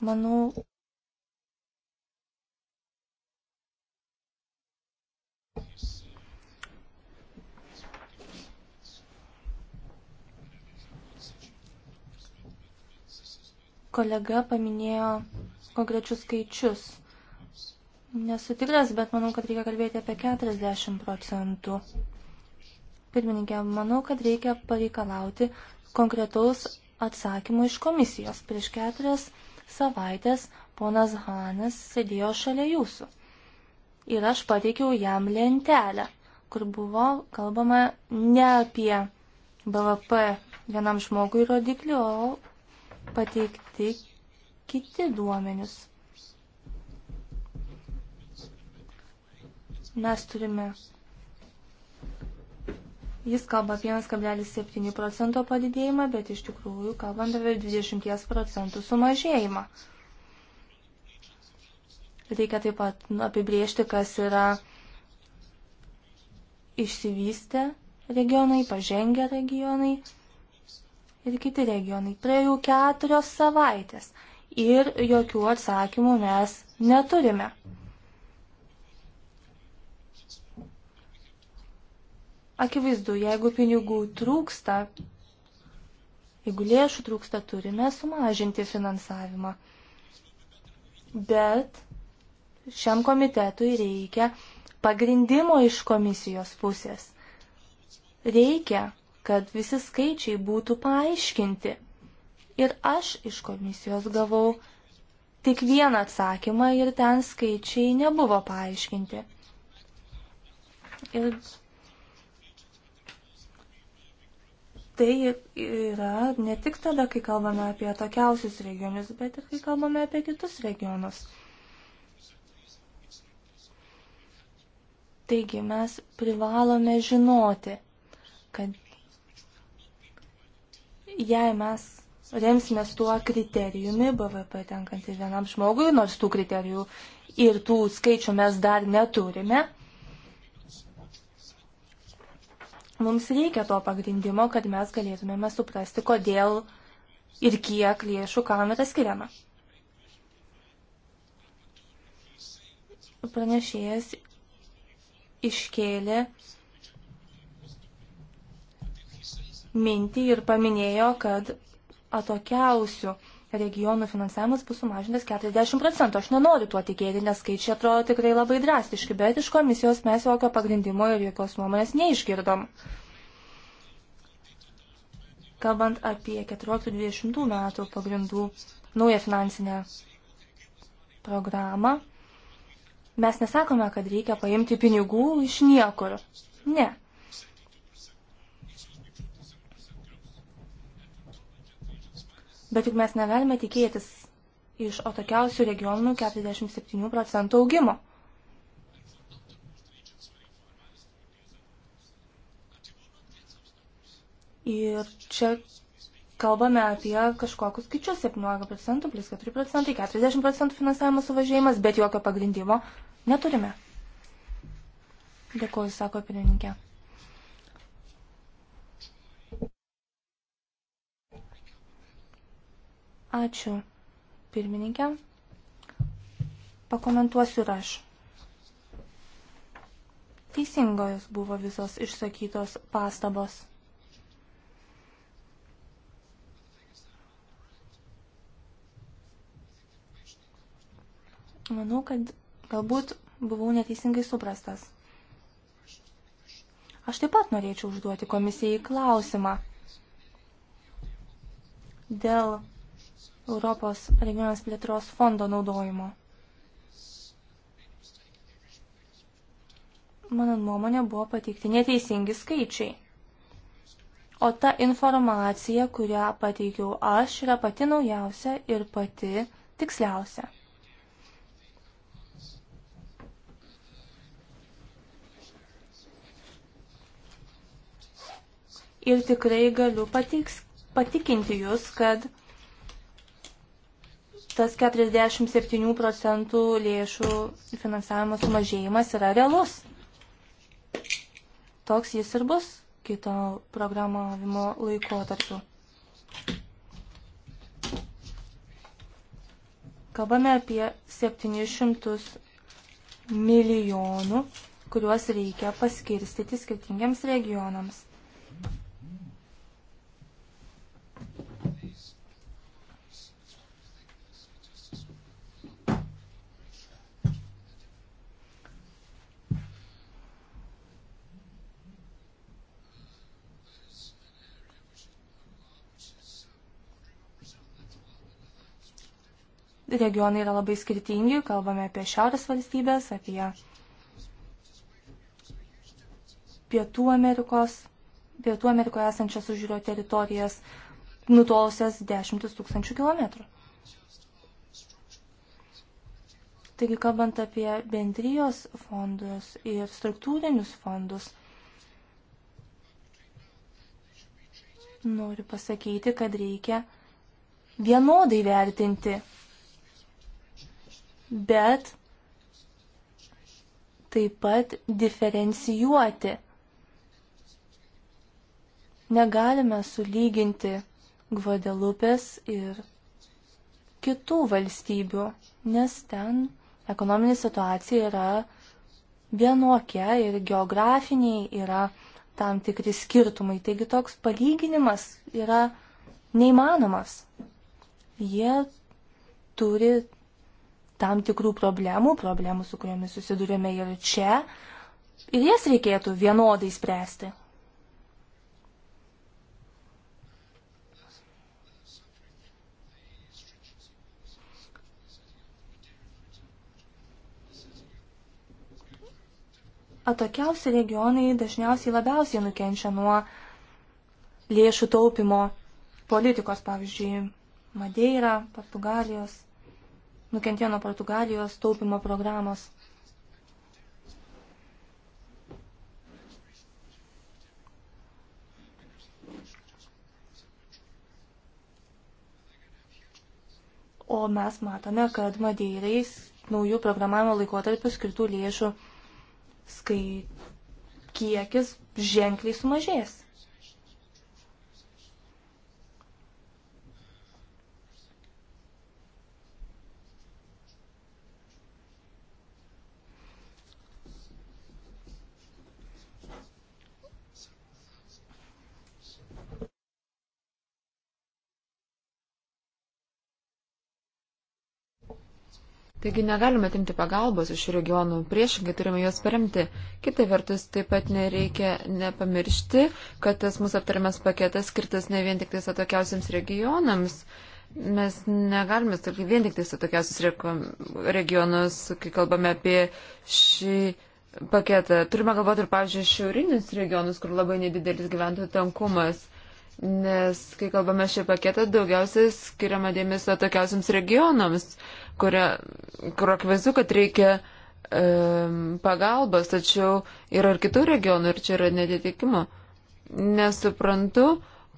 Manau, Kolega paminėjo konkrečius skaičius. Nesu tikras, bet manau, kad reikia kalbėti apie 40 procentų. Pirmininkė, manau, kad reikia pareikalauti konkretaus atsakymų iš komisijos. Prieš keturias savaitės ponas Hanas sėdėjo šalia jūsų. Ir aš pateikiau jam lentelę, kur buvo kalbama ne apie BVP vienam žmogui rodiklį, o pateikti kiti duomenys. Mes turime. Jis kalba 1,7 procento padidėjimą, bet iš tikrųjų kalbant apie 20 procentų sumažėjimą. Reikia taip pat apibriežti, kas yra išsivystę regionai, pažengę regionai ir kiti regionai. Praėjo keturios savaitės ir jokių atsakymų mes neturime. Akivaizdu, jeigu pinigų trūksta, jeigu lėšų trūksta, turime sumažinti finansavimą. Bet šiam komitetui reikia pagrindimo iš komisijos pusės. Reikia kad visi skaičiai būtų paaiškinti. Ir aš iš komisijos gavau tik vieną atsakymą ir ten skaičiai nebuvo paaiškinti. Ir tai yra ne tik tada, kai kalbame apie atokiausius regionus, bet ir kai kalbame apie kitus regionus. Taigi mes privalome žinoti, kad jei mes remsimės tuo kriterijumi, BVP tenkantį vienam žmogui, nors tų kriterijų ir tų skaičių mes dar neturime, mums reikia to pagrindimo, kad mes galėtumėme suprasti, kodėl ir kiek lėšų kam yra skiriama. Pranešėjas iškėlė mintį ir paminėjo, kad atokiausių regionų finansavimas bus sumažintas 40 procentų. Aš nenoriu tuo tikėti, nes skaičiai atrodo tikrai labai drastiški, bet iš komisijos mes jokio pagrindimo ir jokios nuomonės neišgirdom. Kalbant apie 14-20 metų pagrindų naują finansinę programą, mes nesakome, kad reikia paimti pinigų iš niekur. Ne, Bet juk mes negalime tikėtis iš atokiausių regionų 47 procentų augimo. Ir čia kalbame apie kažkokius skaičius 17 procentų, plus 4 procentai, 40 procentų finansavimo suvažėjimas, bet jokio pagrindimo neturime. Dėkuoju, sako pirmininkė. Ačiū, pirmininkė. Pakomentuosiu ir aš. Teisingos buvo visos išsakytos pastabos. Manau, kad galbūt buvau neteisingai suprastas. Aš taip pat norėčiau užduoti komisijai klausimą dėl Europos regionės plėtros fondo naudojimo. Mano nuomonė buvo pateikti neteisingi skaičiai. O ta informacija, kurią pateikiau aš, yra pati naujausia ir pati tiksliausia. Ir tikrai galiu patiks, patikinti jūs, kad tas 47 procentų lėšų finansavimo sumažėjimas yra realus. Toks jis ir bus kito programavimo laikotarpiu. Kalbame apie 700 milijonų, kuriuos reikia paskirstyti skirtingiams regionams. regionai yra labai skirtingi, kalbame apie šiaurės valstybės, apie pietų Amerikos, pietų Amerikoje esančias užžiūrio teritorijas, nutolusias dešimtis tūkstančių kilometrų. Taigi, kalbant apie bendrijos fondus ir struktūrinius fondus, noriu pasakyti, kad reikia vienodai vertinti bet taip pat diferencijuoti. Negalime sulyginti Gvadelupės ir kitų valstybių, nes ten ekonominė situacija yra vienokia ir geografiniai yra tam tikri skirtumai. Taigi toks palyginimas yra neįmanomas. Jie turi tam tikrų problemų, problemų, su kuriomis susidurėme ir čia, ir jas reikėtų vienodai spręsti. Atokiausi regionai dažniausiai labiausiai nukenčia nuo lėšų taupimo politikos, pavyzdžiui, Madeira, Portugalijos nukentėjo nuo Portugalijos taupimo programos. O mes matome, kad Madeirais naujų programavimo laikotarpių skirtų lėšų skai kiekis ženkliai sumažės. Taigi negalime atimti pagalbos iš regionų, priešingai turime juos paremti. Kita vertus, taip pat nereikia nepamiršti, kad tas mūsų aptariamas paketas skirtas ne vien tik tais atokiausiams regionams. Mes negalime stalkyti vien tik tais atokiausius regionus, kai kalbame apie šį paketą. Turime galvoti ir, pavyzdžiui, šiaurinius regionus, kur labai nedidelis gyventojų tankumas nes kai kalbame šią paketą, daugiausiai skiriama dėmesio tokiausiams regionams, kuria, kur akvezu, kad reikia um, pagalbos, tačiau yra ir kitų regionų ir čia yra netitikimo. Nesuprantu,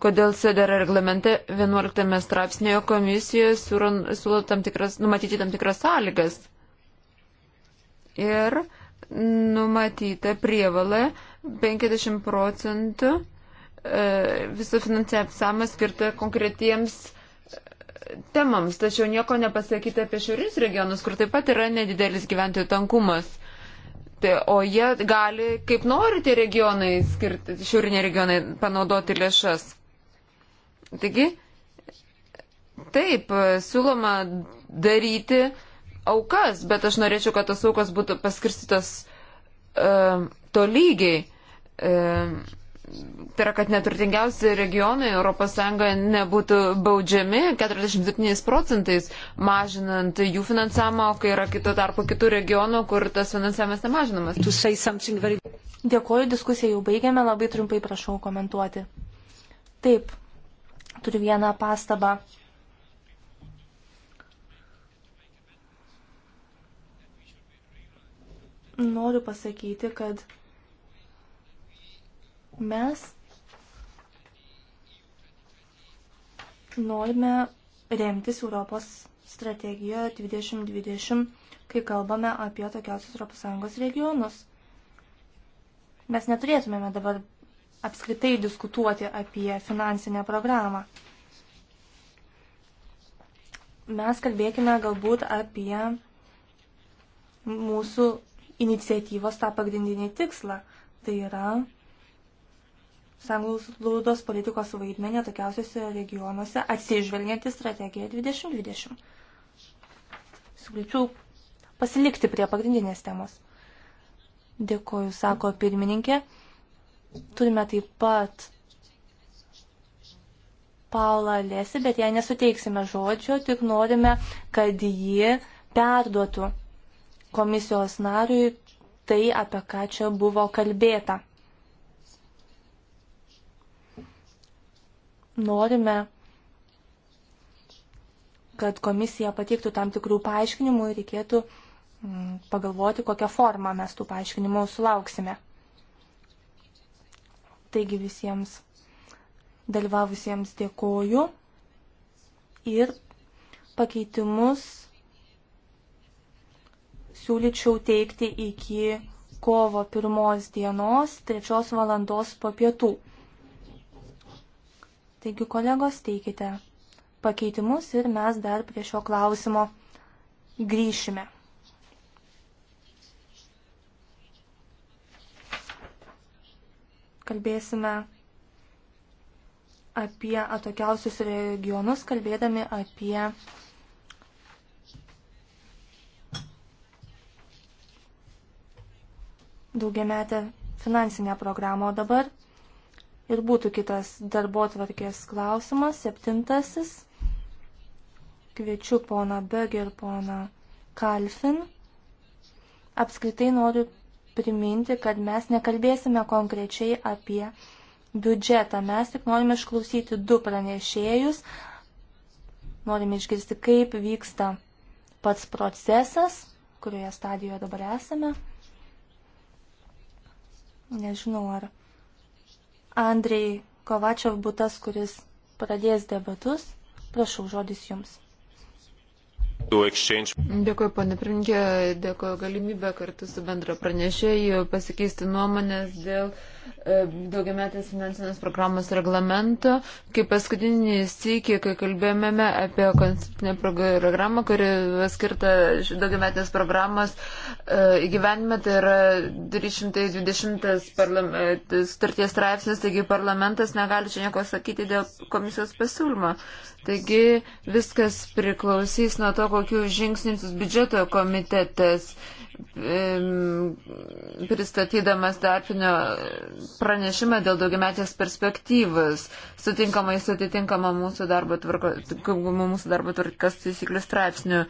kodėl CDR reglamente 11 straipsnėje komisija siūlo tam tikras, numatyti tam tikras sąlygas. Ir numatyta prievalė 50 procentų viso finansavimo skirta konkretiems e, temams, tačiau nieko nepasakyti apie šiaurinius regionus, kur taip pat yra nedidelis gyventojų tankumas. Tai, o jie gali, kaip nori tie regionai, skirti, šiauriniai regionai, panaudoti lėšas. Taigi, taip, e, siūloma daryti aukas, bet aš norėčiau, kad tos aukos būtų paskirstytos uh, tolygiai. Uh, tai yra, kad neturtingiausi regionai ES nebūtų baudžiami 47 procentais, mažinant jų finansavimą, o kai yra kito tarpo kitų regionų, kur tas finansavimas nemažinamas. Very... Dėkuoju, diskusiją jau baigėme, labai trumpai prašau komentuoti. Taip, turiu vieną pastabą. Noriu pasakyti, kad Mes norime remtis Europos strategijoje 2020, kai kalbame apie tokiausius ES regionus. Mes neturėtumėme dabar apskritai diskutuoti apie finansinę programą. Mes kalbėkime galbūt apie mūsų iniciatyvos tą pagrindinį tikslą. Tai yra sanglaudos politikos vaidmenį tokiausiuose regionuose atsižvelgiant į strategiją 2020. Siūlyčiau pasilikti prie pagrindinės temos. Dėkoju, sako pirmininkė. Turime taip pat Paula Lėsi, bet jai nesuteiksime žodžio, tik norime, kad ji perduotų komisijos nariui tai, apie ką čia buvo kalbėta. norime, kad komisija pateiktų tam tikrų paaiškinimų ir reikėtų mm, pagalvoti, kokią formą mes tų paaiškinimų sulauksime. Taigi visiems dalyvavusiems dėkoju ir pakeitimus siūlyčiau teikti iki kovo pirmos dienos, trečios valandos po pietų. Taigi, kolegos, teikite pakeitimus ir mes dar prie šio klausimo grįšime. Kalbėsime apie atokiausius regionus, kalbėdami apie daugiametę finansinę programą. O dabar ir būtų kitas darbo tvarkės klausimas, septintasis. Kviečiu pona Beg ir pona Kalfin. Apskritai noriu priminti, kad mes nekalbėsime konkrečiai apie biudžetą. Mes tik norime išklausyti du pranešėjus, norime išgirsti, kaip vyksta pats procesas, kurioje stadijoje dabar esame. Nežinau, ar Andrei Kovačiov būtas, kuris pradės debatus. Prašau, žodis jums. Dėkuoju, ponė Prinkė, dėkuoju galimybę kartu su bendra pranešėjai pasikeisti nuomonės dėl e, daugiametės finansinės programos reglamento. Kaip paskutinį sėkį, kai kalbėjome apie konceptinę programą, kuri skirta daugiametės programos E, įgyvenime, tai yra 320 e, starties straipsnis, taigi parlamentas negali čia nieko sakyti dėl komisijos pasiūlymo. Taigi viskas priklausys nuo to, kokiu žingsnius biudžeto komitetas pristatydamas tarpinio pranešimą dėl daugiametės perspektyvas, sutinkamai su atitinkama mūsų darbo, tvarko, mūsų darbo tvarkas teisiklių straipsnių.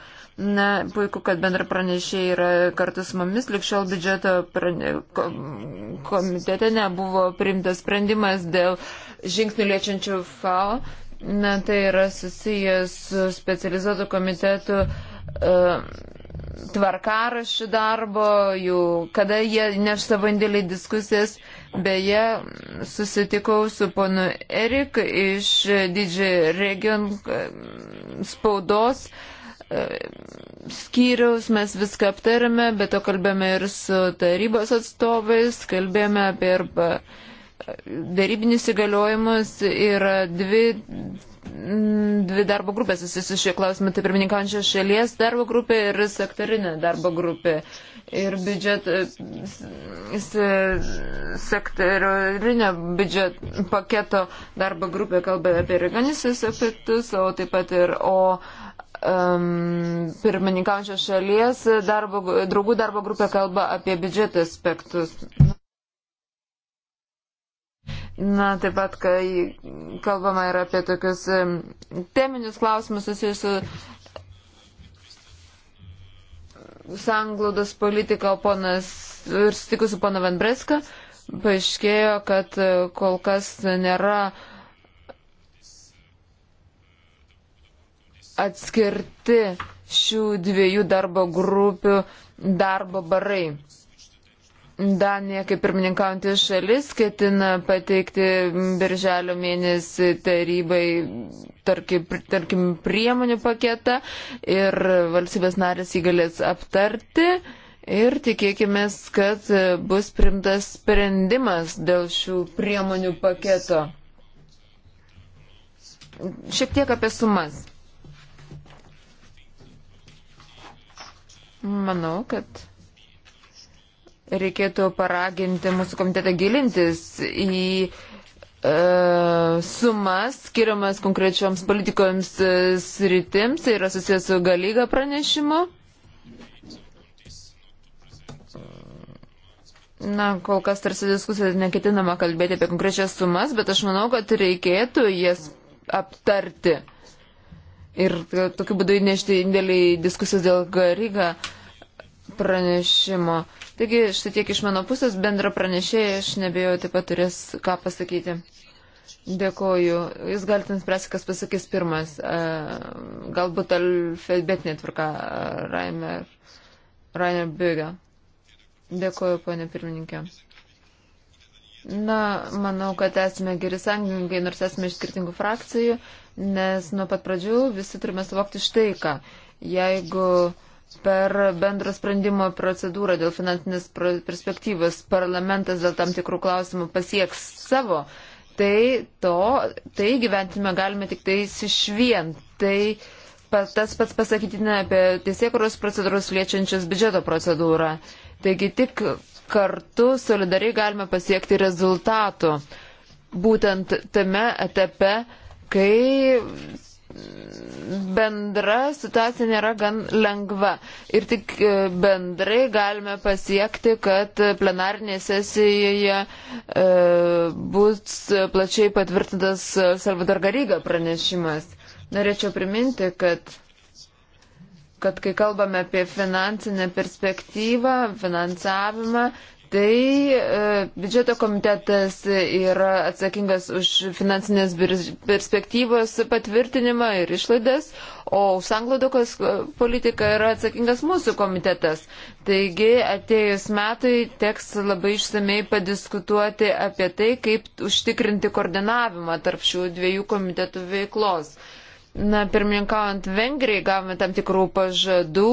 Na, puiku, kad bendra pranešė yra kartu su mumis, likščiau biudžeto prane, komitete nebuvo priimtas sprendimas dėl žingsnių liečiančių FAO. Na, tai yra susijęs su specializuotų komitetų. Uh, tvarkaraščių darbo, jų, kada jie neš savo indėlį diskusijas. Beje, susitikau su ponu Erik iš didžiai region e, spaudos e, skyriaus, mes viską aptarėme, bet to kalbėjome ir su tarybos atstovais, kalbėjome apie arba e, darybinius įgaliojimus ir dvi Mm, dvi darbo grupės susijusiu šio klausimu, tai pirmininkančios šalies darbo grupė ir sektorinė darbo grupė. Ir biudžeto, e, sektorinio biudžeto paketo darbo grupė kalba apie reganisius efektus, o taip pat ir o um, pirmininkaujančios šalies darbo, draugų darbo grupė kalba apie biudžeto aspektus. Na, taip pat, kai kalbama ir apie tokius teminius klausimus susijusius su sanglaudos politika, ponas ir sutikusi pono Vendbreska, paaiškėjo, kad e, kol kas nėra atskirti šių dviejų darbo grupių darbo barai. Danija, kaip pirmininkaujantis šalis, ketina pateikti birželio mėnesį tarybai, tarkim, tarkim priemonių paketą ir valstybės narės jį galės aptarti. Ir tikėkime, kad bus primtas sprendimas dėl šių priemonių paketo. Šiek tiek apie sumas. Manau, kad reikėtų paraginti mūsų komitetą gilintis į e, sumas skiriamas konkrečioms politikoms e, sritims, tai yra susijęs su galyga pranešimu. Na, kol kas tarsi diskusijos neketinama kalbėti apie konkrečias sumas, bet aš manau, kad reikėtų jas aptarti. Ir tokiu būdu įnešti indėlį diskusijos dėl garyga. Uh, pranešimo. Taigi, štai tiek iš mano pusės bendra pranešėja, aš nebėjau taip pat turės ką pasakyti. Dėkoju. Jūs galite nuspręsti, kas pasakys pirmas. Galbūt alfabetinė tvarka Rainer, Rainer Böge. Dėkoju, ponė pirmininkė. Na, manau, kad esame geri sąjungininkai, nors esame iš skirtingų frakcijų, nes nuo pat pradžių visi turime suvokti štai ką. Jeigu uh, per bendrą sprendimo procedūrą dėl finansinės perspektyvos parlamentas dėl tam tikrų klausimų pasieks savo, tai to, tai gyventime galime tik tais iš vien. Tai pa, tas pats pasakytina apie tiesiekuros procedūros liečiančias biudžeto procedūrą. Taigi tik kartu solidariai galime pasiekti rezultatų. Būtent tame etape, kai bendra situacija nėra gan lengva. Ir tik e, bendrai galime pasiekti, kad plenarinėje sesijoje e, bus plačiai patvirtintas Salvador Garyga pranešimas. Norėčiau priminti, kad kad kai kalbame apie finansinę perspektyvą, finansavimą, tai e, biudžeto komitetas yra atsakingas už finansinės perspektyvos patvirtinimą ir išlaidas, o sanglodokos politika yra atsakingas mūsų komitetas. Taigi atėjus metui teks labai išsamei padiskutuoti apie tai, kaip užtikrinti koordinavimą tarp šių dviejų komitetų veiklos. Na, pirmininkaujant Vengrijai gavome tam tikrų pažadų,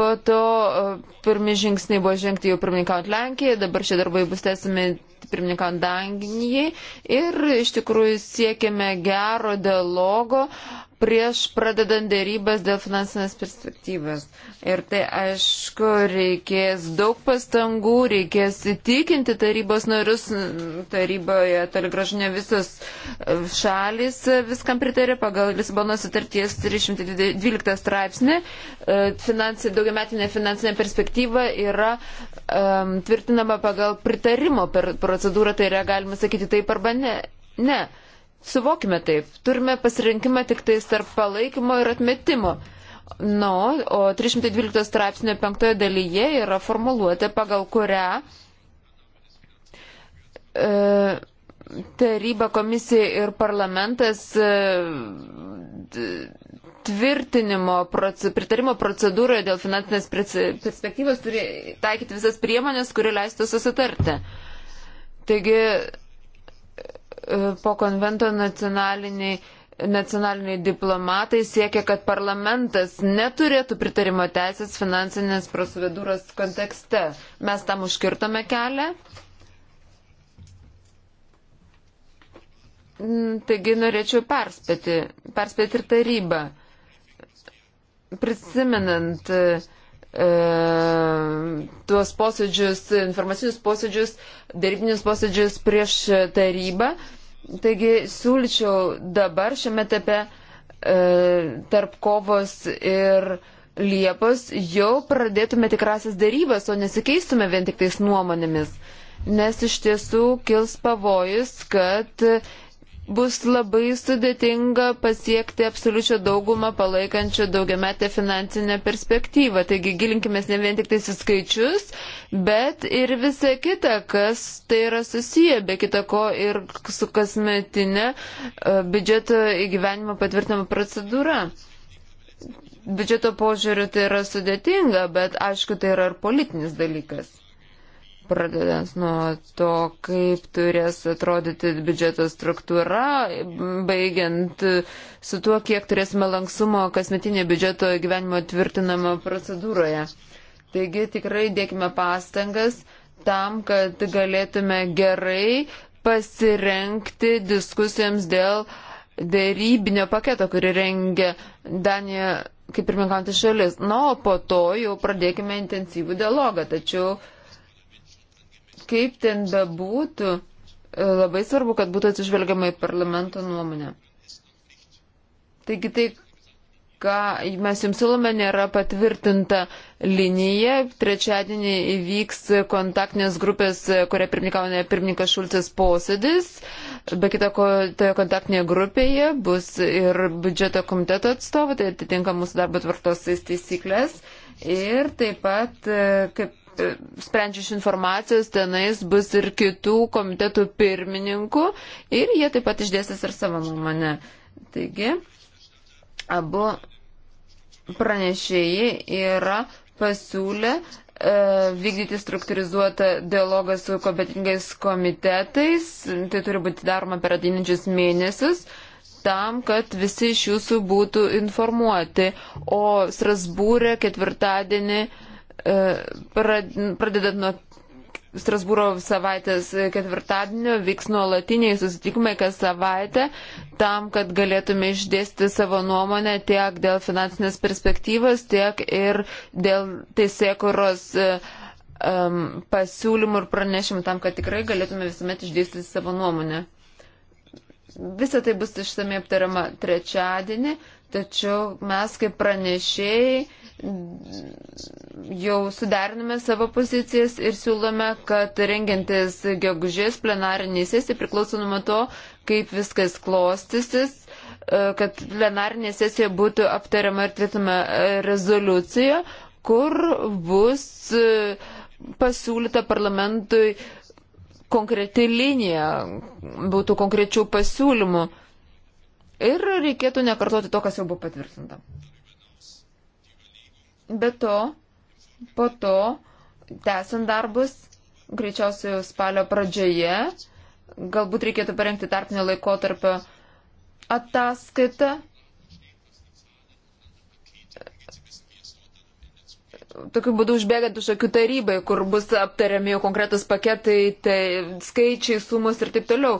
po to e, pirmi žingsniai buvo žengti jau pirmininkaujant Lenkijai, dabar šie darbai bus tęsiami pirmininkaujant Danijai ir iš tikrųjų siekėme gero dialogo prieš pradedant dėrybas dėl finansinės perspektyvas. Ir tai aišku, reikės daug pastangų, reikės įtikinti tarybos narius, taryboje toli gražu ne visos šalis viskam pritarė pagal Lisabono sutarties 312 straipsnį. E, finansi, daugiametinė finansinė perspektyva yra um, tvirtinama pagal pritarimo per procedūrą, tai yra galima sakyti taip arba ne. Ne. Suvokime taip, turime pasirinkimą tik tais tarp palaikymo ir atmetimo. Nu, o 312 straipsnio penktoje dalyje yra formuluotė, pagal kurią e, taryba, komisija ir parlamentas e, tvirtinimo, pritarimo procedūroje dėl finansinės perspektyvos turi taikyti visas priemonės, kuri leistų susitarti. Taigi E, po konvento nacionaliniai, nacionaliniai diplomatai siekia, kad parlamentas neturėtų pritarimo teisės finansinės procedūros kontekste. Mes tam užkirtome kelią. Mm, taigi norėčiau perspėti, perspėti ir tarybą. Prisimenant e, e tuos posėdžius, informacinius posėdžius, darybinius posėdžius prieš tarybą, e, Taigi siūlyčiau dabar šiame etape e, tarp kovos ir Liepos jau pradėtume tikrasias darybas, o nesikeistume vien tik tais nuomonėmis. Nes iš tiesų kils pavojus, kad bus labai sudėtinga pasiekti absoliučią daugumą palaikančią daugiametę finansinę perspektyvą. Taigi gilinkime ne vien tik tais į skaičius, bet ir visą kitą, kas tai yra susiję, be kita ko ir su kasmetinė e, biudžeto įgyvenimo patvirtinimo procedūra. Biudžeto požiūriu tai yra sudėtinga, bet aišku, tai yra ir politinis dalykas pradedant nuo to, kaip turės atrodyti biudžeto struktūra, baigiant su tuo, kiek turėsime lanksumo kasmetinė biudžeto gyvenimo tvirtinama procedūroje. Taigi tikrai dėkime pastangas tam, kad galėtume gerai pasirenkti diskusijams dėl dėrybinio paketo, kurį rengia Danija kaip pirmininkantys šalis. Na, o po to jau pradėkime intensyvų dialogą. Tačiau Kaip ten bebūtų, e, labai svarbu, kad būtų atsižvelgiama į parlamento nuomonę. Taigi tai, ką mes jums siūlome, nėra patvirtinta linija. Trečiadienį įvyks kontaktinės grupės, kurią pirmininkavo pirmininkas Šulcės posėdis. Be kita ko, toje kontaktinėje grupėje bus ir biudžeto komiteto atstovai, tai atitinka mūsų darbo tvarktos taisyklės. Ir taip pat, e, kaip E, sprendžia iš informacijos, tenais bus ir kitų komitetų pirmininkų ir jie taip pat išdėstys ir savo nuomonę. Taigi, abu pranešėjai yra pasiūlę e, vykdyti struktūrizuotą dialogą su kompetingais komitetais. Tai turi būti daroma per ateinančius mėnesius tam, kad visi iš jūsų būtų informuoti. O Strasbūrė ketvirtadienį uh, E, pradedant nuo Strasbūro savaitės ketvirtadienio vyks nuolatiniai susitikimai kas savaitę tam, kad galėtume išdėsti savo nuomonę tiek dėl finansinės perspektyvos, tiek ir dėl teisėkuros um, pasiūlymų ir pranešimų tam, kad tikrai galėtume visuomet išdėsti savo nuomonę. Visą tai bus išsamei aptariama trečiadienį, tačiau mes kaip pranešėjai jau suderiname savo pozicijas ir siūlome, kad rengiantis gegužės plenarinį sesiją priklauso nuo to, kaip viskas klostysis e, kad plenarinė sesija būtų aptariama ir tvirtama rezoliucija, kur bus e, pasiūlyta parlamentui konkreti linija, būtų konkrečių pasiūlymų. Ir reikėtų nekartoti to, kas jau buvo patvirtinta. Be to, po to, tęsiant darbus, greičiausiai spalio pradžioje, galbūt reikėtų parengti tarpinio laikotarpio ataskaitą. Tokiu būdu užbėgant už akių tarybai, kur bus aptariami jau konkretus paketai, tai skaičiai, sumos ir taip toliau.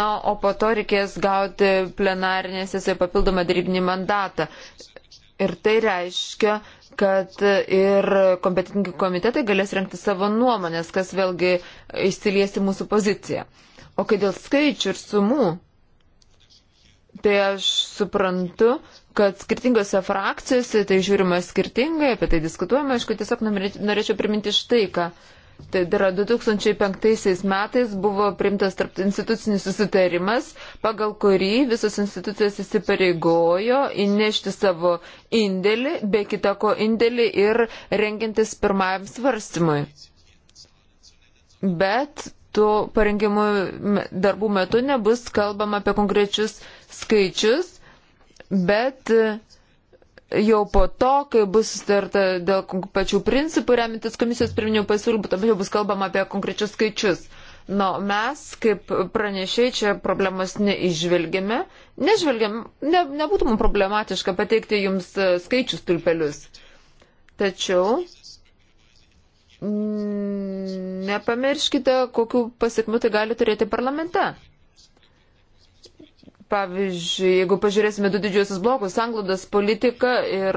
Na, o po to reikės gauti plenarinės jisai papildomą darybinį mandatą. Ir tai reiškia, kad ir kompetitingi komitetai galės renkti savo nuomonės, kas vėlgi išsiliesi mūsų poziciją. O kai dėl skaičių ir sumų, tai aš suprantu, kad skirtingose frakcijose tai žiūrima skirtingai, apie tai diskutuojama, aišku, tiesiog norėčiau priminti štai ką. Uh, Tai yra 2005 metais buvo primtas tarp institucinis susitarimas, pagal kurį visos institucijos įsipareigojo įnešti savo indėlį, be kitako indėlį ir rengintis pirmajam svarstymui. Bet tų parengimų darbų metu nebus kalbama apie konkrečius skaičius, bet uh, jau po to, kai bus sutarta dėl pačių principų remintis komisijos pirminių pasiūlymų, tam jau bus kalbama apie konkrečius skaičius. Na, nu, mes kaip pranešiai čia problemos neižvelgėme, nežvelgėme, ne, nebūtų mums problematiška pateikti jums e, skaičius tulpelius. Tačiau nepamirškite, kokiu pasiekmiu tai gali turėti parlamente. Pavyzdžiui, jeigu pažiūrėsime du didžiosius blokus, anglodos politika ir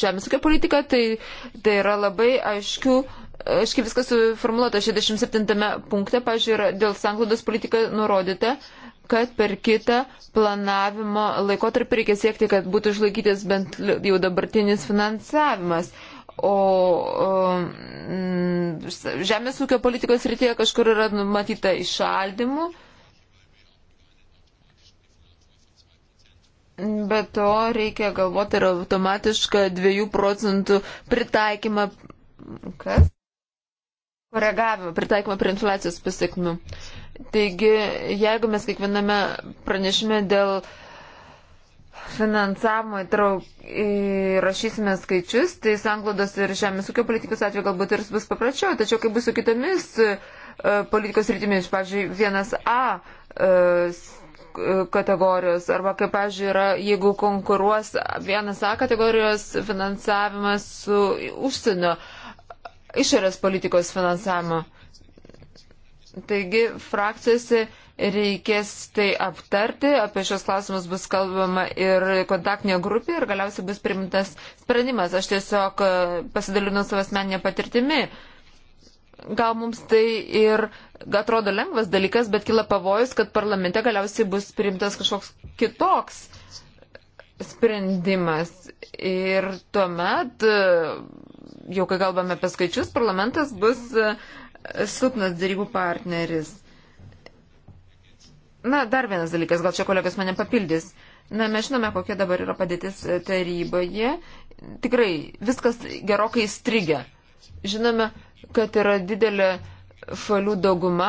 žemės ūkio politika, tai, tai yra labai aiškių aiškiai viskas suformuoluota 67 punkte, pažiūrėjau, dėl sanglaudos politiką nurodyta, kad per kitą planavimo laikotarpį reikia siekti, kad būtų išlaikytas bent jau dabartinis finansavimas. O, o m, mm, žemės ūkio politikos rytyje kažkur yra numatyta išaldimų. Iš Bet to reikia galvoti ir automatišką 2 procentų pritaikymą. Kas? koregavimą, pritaikymą prie infliacijos pasiekmių. Taigi, jeigu mes kiekviename pranešime dėl finansavimo įrašysime skaičius, tai sanglodos ir žemės ūkio politikos atveju galbūt ir bus paprasčiau, tačiau kaip bus su kitomis e, politikos rytimis, pavyzdžiui, vienas A e, kategorijos, arba kaip, pažiūrėjau, yra, jeigu konkuruos vienas A kategorijos finansavimas su užsienio išorės politikos finansavimo. Taigi frakcijose reikės tai aptarti, apie šios klausimus bus kalbama ir kontaktinė grupė ir galiausiai bus primtas sprendimas. Aš tiesiog e, pasidalinu savo asmeninę patirtimį. Uh, gal mums tai ir atrodo lengvas dalykas, bet kila pavojus, kad parlamente galiausiai bus priimtas kažkoks kitoks sprendimas. Ir tuomet, jau kai kalbame apie skaičius, parlamentas bus e, silpnas dėrybų partneris. Na, dar vienas dalykas, gal čia kolegos mane papildys. Na, mes žinome, kokia dabar yra padėtis e, taryboje. Tikrai viskas gerokai strigia. Žinome, kad yra didelė šalių dauguma,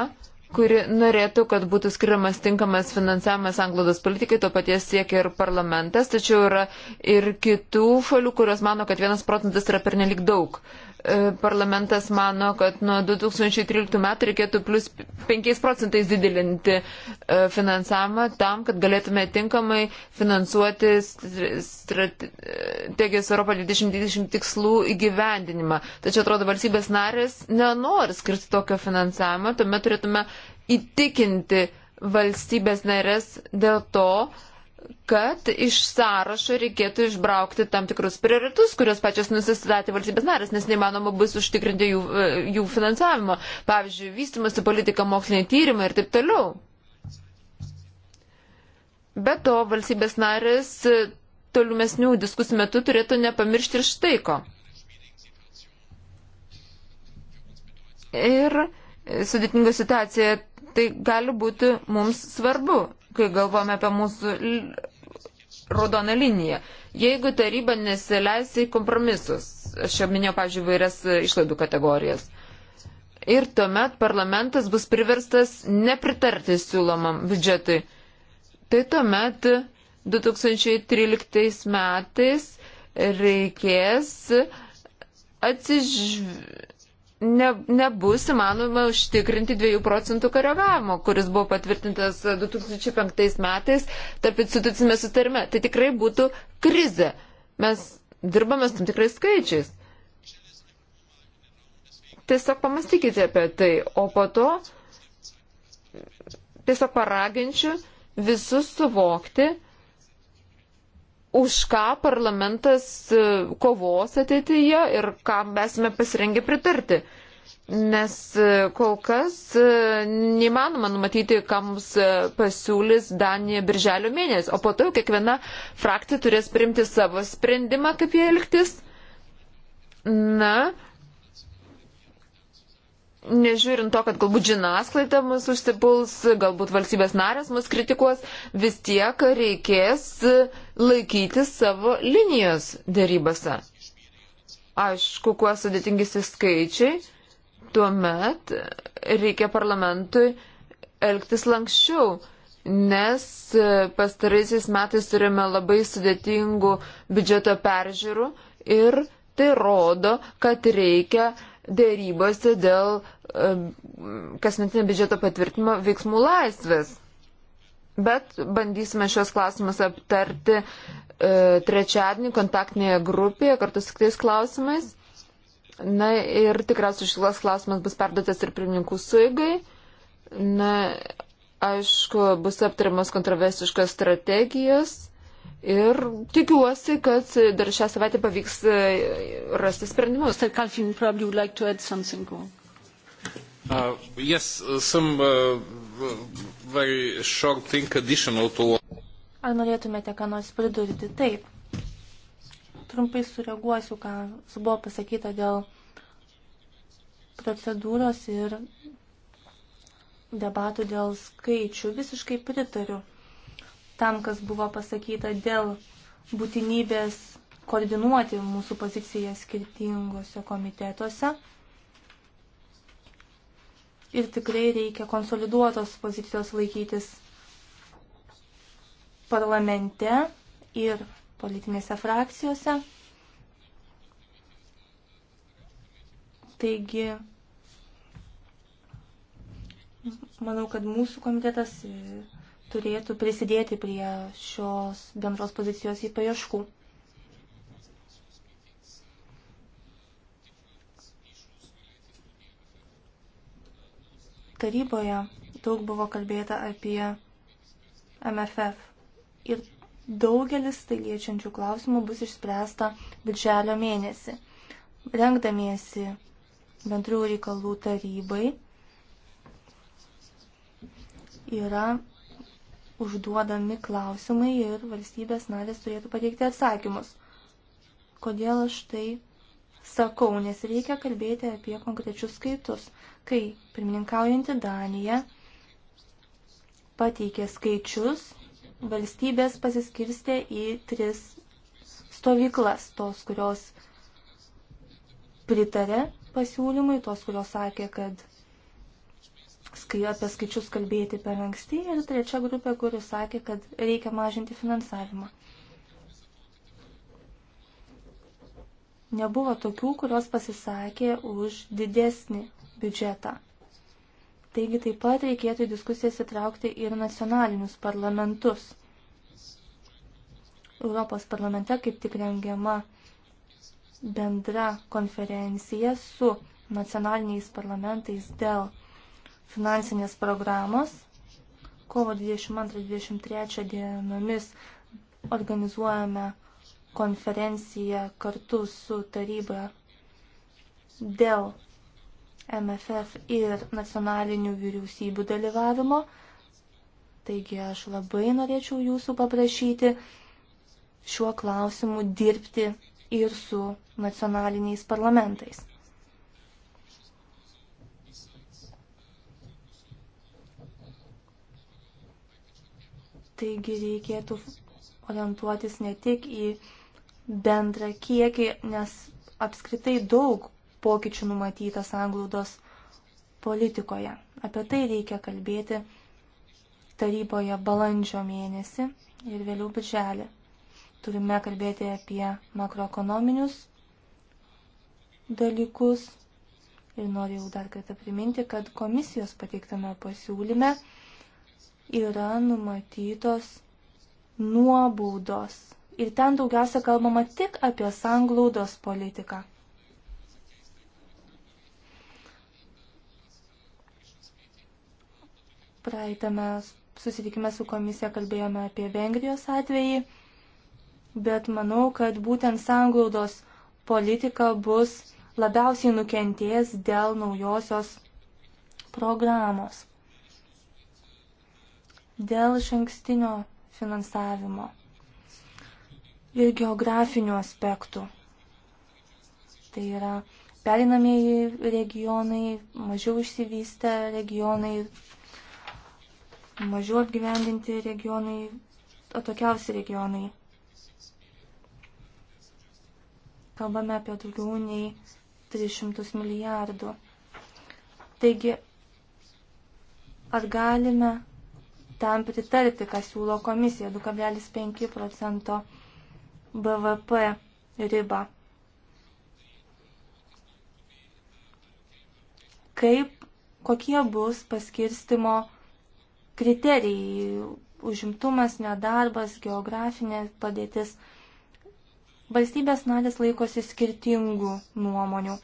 kuri norėtų, kad būtų skiriamas tinkamas finansavimas anglodos politikai, to paties siekia ir parlamentas, tačiau yra ir kitų šalių, kurios mano, kad vienas procentas yra pernelik daug. Uh, E, parlamentas mano, kad nuo 2013 metų reikėtų plus 5 procentais didelinti e, finansavimą tam, kad galėtume tinkamai finansuoti strategijos Europo 2020 tikslų įgyvendinimą. Tačiau atrodo, valstybės narės nenori skirti tokio finansavimo, tuomet turėtume įtikinti valstybės narės dėl to, kad iš sąrašo reikėtų išbraukti tam tikrus prioritus, kurios pačios nusistatė valstybės narės, nes neįmanoma bus užtikrinti jų, e, jų finansavimo. Pavyzdžiui, vystimasi politika, moksliniai tyrimai ir taip toliau. Be to, valstybės narės e, tolimesnių diskusijų metu turėtų nepamiršti ir štai ko. Ir sudėtinga situacija, tai gali būti mums svarbu kai galvojame apie mūsų raudoną liniją. Jeigu taryba nesileis į kompromisus, aš jau minėjau, pažiūrėjau, vairias išlaidų kategorijas. Ir tuomet parlamentas bus priverstas nepritarti siūlomam biudžetui. Tai tuomet 2013 metais reikės atsižvelgti ne, nebus įmanoma užtikrinti 2 procentų koregavimo, kuris buvo patvirtintas 2005 metais tarp institucinėme sutarime. Tai tikrai būtų krize. Mes dirbame su tam tikrais skaičiais. Tiesiog pamastykite apie tai, o po to tiesiog paraginčiau visus suvokti, už ką parlamentas e, kovos ateityje ir kam esame pasirengę pritarti. Nes e, kol kas e, neįmanoma numatyti, ką mums pasiūlys Danija birželio mėnesį, o po to kiekviena frakcija turės priimti savo sprendimą, kaip jie elgtis. Na, nežiūrint to, kad galbūt žiniasklaida mus užsipuls, galbūt valstybės narės mus kritikuos, vis tiek reikės laikytis savo linijos dėrybose. Aišku, kuo sudėtingisi skaičiai, tuomet reikia parlamentui elgtis lankščiau, nes pastaraisiais metais turime labai sudėtingų biudžeto peržiūrų ir tai rodo, kad reikia dėrybose dėl kasmetinio biudžeto patvirtimo veiksmų laisvės. Bet bandysime šios klausimus aptarti e, trečiadienį kontaktinėje grupėje kartu su kitais klausimais. Na ir tikriausiai šilas klausimas bus perduotas ir pirmininkų suigai. Na, aišku, bus aptarimas kontroversiškas strategijos Ir tikiuosi, kad dar šią savaitę pavyks e, rasti sprendimus. Mr. Kalfin, probably would like to add something. Uh, yes, uh, some uh, very short thing additional to. Ar norėtumėte ką nors pridurti? Taip. Trumpai sureaguosiu, ką buvo pasakyta dėl procedūros ir debatų dėl skaičių. Visiškai pritariu tam, kas buvo pasakyta dėl būtinybės koordinuoti mūsų poziciją skirtingose komitetuose. Ir tikrai reikia konsoliduotos pozicijos laikytis parlamente ir politinėse frakcijose. Taigi, manau, kad mūsų komitetas turėtų prisidėti prie šios bendros pozicijos į paieškų. Taryboje daug buvo kalbėta apie MFF ir daugelis tai liečiančių klausimų bus išspręsta birželio mėnesį. Rengdamiesi bendrų reikalų tarybai yra užduodami klausimai ir valstybės narės turėtų pateikti atsakymus. Kodėl aš tai sakau, nes reikia kalbėti apie konkrečius skaitus. Kai pirmininkaujanti Danija pateikė skaičius, valstybės pasiskirstė į tris stovyklas, tos, kurios pritarė pasiūlymui, tos, kurios sakė, kad skai, apie skaičius kalbėti per anksti ir trečia grupė, kuri sakė, kad reikia mažinti finansavimą. Nebuvo tokių, kurios pasisakė už didesnį biudžetą. Taigi taip pat reikėtų į diskusijas įtraukti ir nacionalinius parlamentus. Europos parlamente kaip tik rengiama bendra konferencija su nacionaliniais parlamentais dėl finansinės programos. Kovo 22-23 dienomis organizuojame konferenciją kartu su taryba dėl MFF ir nacionalinių vyriausybių dalyvavimo. Taigi aš labai norėčiau jūsų paprašyti šiuo klausimu dirbti ir su nacionaliniais parlamentais. Taigi reikėtų orientuotis ne tik į bendrą kiekį, nes apskritai daug pokyčių numatyta sanglaudos politikoje. Apie tai reikia kalbėti taryboje balandžio mėnesį ir vėliau birželį. Turime kalbėti apie makroekonominius dalykus ir noriu dar kartą priminti, kad komisijos pateiktame pasiūlyme yra numatytos nuobaudos. Ir ten daugiausia kalbama tik apie sanglaudos politiką. Praeitame susitikime su komisija kalbėjome apie Vengrijos atvejį, bet manau, kad būtent sanglaudos politika bus labiausiai nukentės dėl naujosios programos dėl šankstinio finansavimo ir geografinių aspektų. Tai yra perinamieji regionai, mažiau išsivystę regionai, mažiau apgyvendinti regionai, atokiausi regionai. Kalbame apie daugiau nei 300 milijardų. Taigi, ar galime tam pritarti, ką siūlo komisija 2,5 procento BVP ribą. Kaip, kokie bus paskirstimo kriterijai, užimtumas, nedarbas, geografinė padėtis. Valstybės narės laikosi skirtingų nuomonių.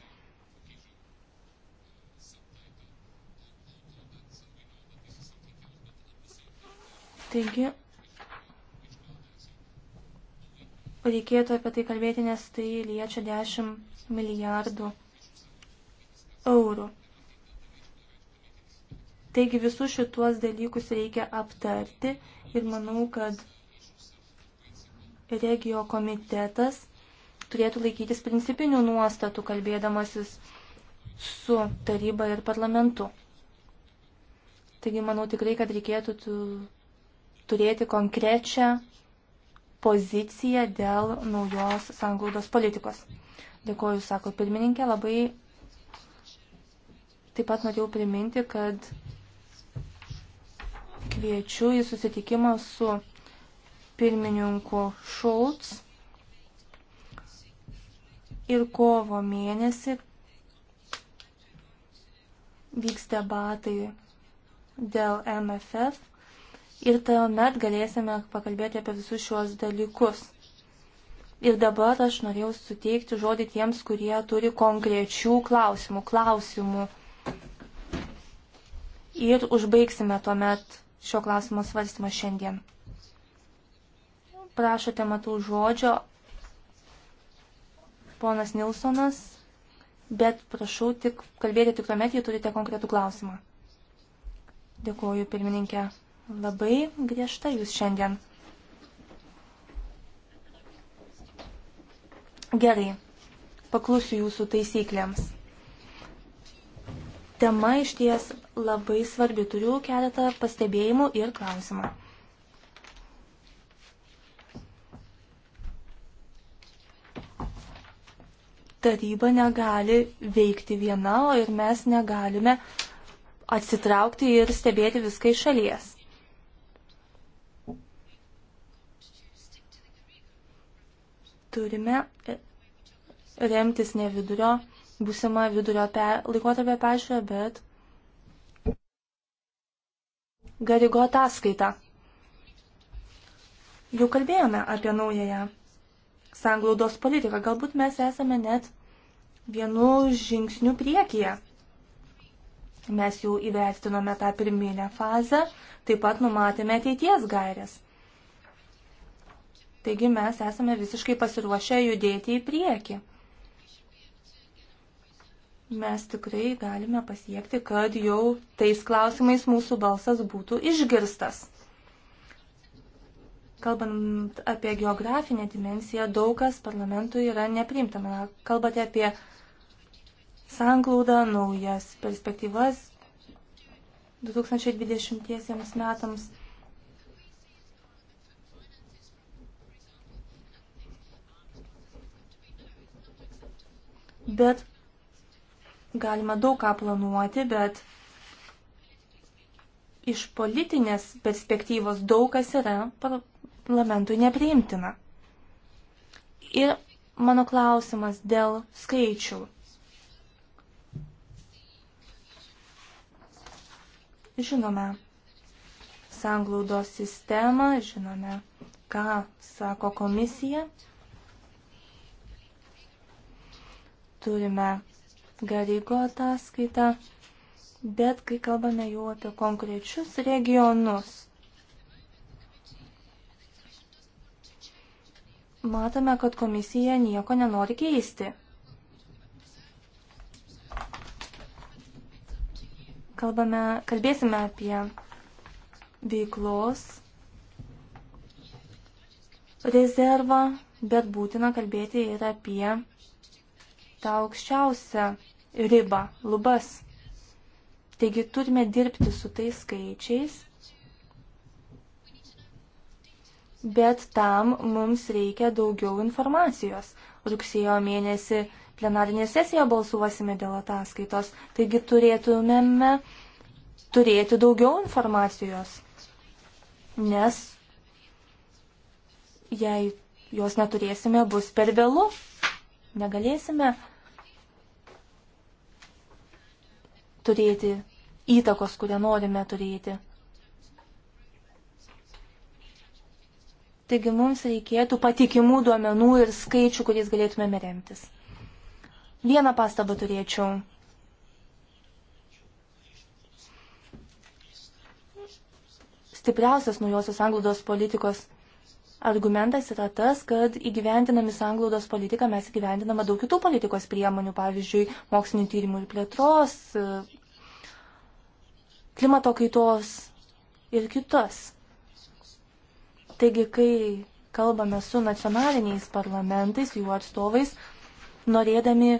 Taigi, reikėtų apie tai kalbėti, nes tai liečia 10 milijardų eurų. Taigi visus šituos dalykus reikia aptarti ir manau, kad regio komitetas turėtų laikytis principinių nuostatų, kalbėdamasis su taryba ir parlamentu. Taigi manau tikrai, kad reikėtų turėti konkrečią poziciją dėl naujos sanglaudos politikos. Dėkuoju, sako pirmininkė, labai taip pat norėjau priminti, kad kviečiu į susitikimą su pirmininku Šulc ir kovo mėnesį vyks debatai dėl MFF ir tuomet galėsime pakalbėti apie visus šiuos dalykus. Ir dabar aš norėjau suteikti žodį tiems, kurie turi konkrečių klausimų. klausimų. Ir užbaigsime tuomet šio klausimo svarstymą šiandien. Prašote, matau, žodžio ponas Nilsonas, bet prašau tik kalbėti tik tuomet, jei turite konkretų klausimą. Dėkuoju, pirmininkė. Labai griežta jūs šiandien. Gerai, paklusiu jūsų taisyklėms. Tema iš ties labai svarbi. Turiu keletą pastebėjimų ir klausimą. taryba negali veikti viena, o ir mes negalime atsitraukti ir stebėti viską iš šalies. turime e, remtis ne vidurio, būsima vidurio per, laikotarpio peržiūrą, bet Garigo ataskaitą. Jau kalbėjome apie naująją sanglaudos politiką. Galbūt mes esame net vienu žingsniu priekyje. Mes jau įvertinome tą pirminę fazę, taip pat numatėme ateities gairės. Taigi mes esame visiškai pasiruošę judėti į priekį. Mes tikrai galime pasiekti, kad jau tais klausimais mūsų balsas būtų išgirstas. Kalbant apie geografinę dimensiją, daug kas parlamentui yra nepriimtama. Kalbate apie sanglaudą, naujas perspektyvas 2020 metams. bet galima daug ką planuoti, bet iš politinės perspektyvos daug kas yra parlamentui nepriimtina. Ir mano klausimas dėl skaičių. Žinome sanglaudos sistemą, žinome, ką sako komisija, turime Garygo ataskaitą, bet kai kalbame jau apie konkrečius regionus, matome, kad komisija nieko nenori keisti. Kalbame, kalbėsime apie veiklos rezervą, bet būtina kalbėti ir apie tą aukščiausią ribą, lubas. Taigi turime dirbti su tais skaičiais, bet tam mums reikia daugiau informacijos. Rugsėjo mėnesį plenarinė sesija balsuosime dėl ataskaitos, taigi turėtumėme turėti daugiau informacijos, nes jei jos neturėsime, bus per vėlu. Negalėsime turėti įtakos, kurią norime turėti. Taigi mums reikėtų patikimų duomenų ir skaičių, kuriais galėtumėme remtis. Vieną pastabą turėčiau. Stipriausias naujosios anglodos politikos Argumentas yra tas, kad įgyventinami sanglaudos politiką mes įgyventiname daug kitų politikos priemonių, pavyzdžiui, mokslinio tyrimų ir plėtros, klimato kaitos ir kitas. Taigi, kai kalbame su nacionaliniais parlamentais, jų atstovais, norėdami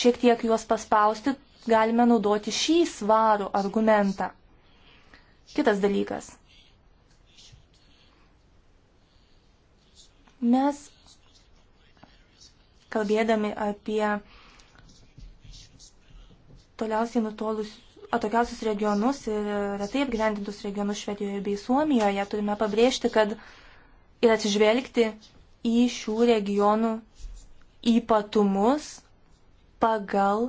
šiek tiek juos paspausti, galime naudoti šį svarų argumentą. Kitas dalykas. Mes, kalbėdami apie toliausiai nutolus, atokiausius regionus ir retai apgyvendintus regionus Švedijoje bei Suomijoje, turime pabrėžti, kad ir atsižvelgti į šių regionų ypatumus pagal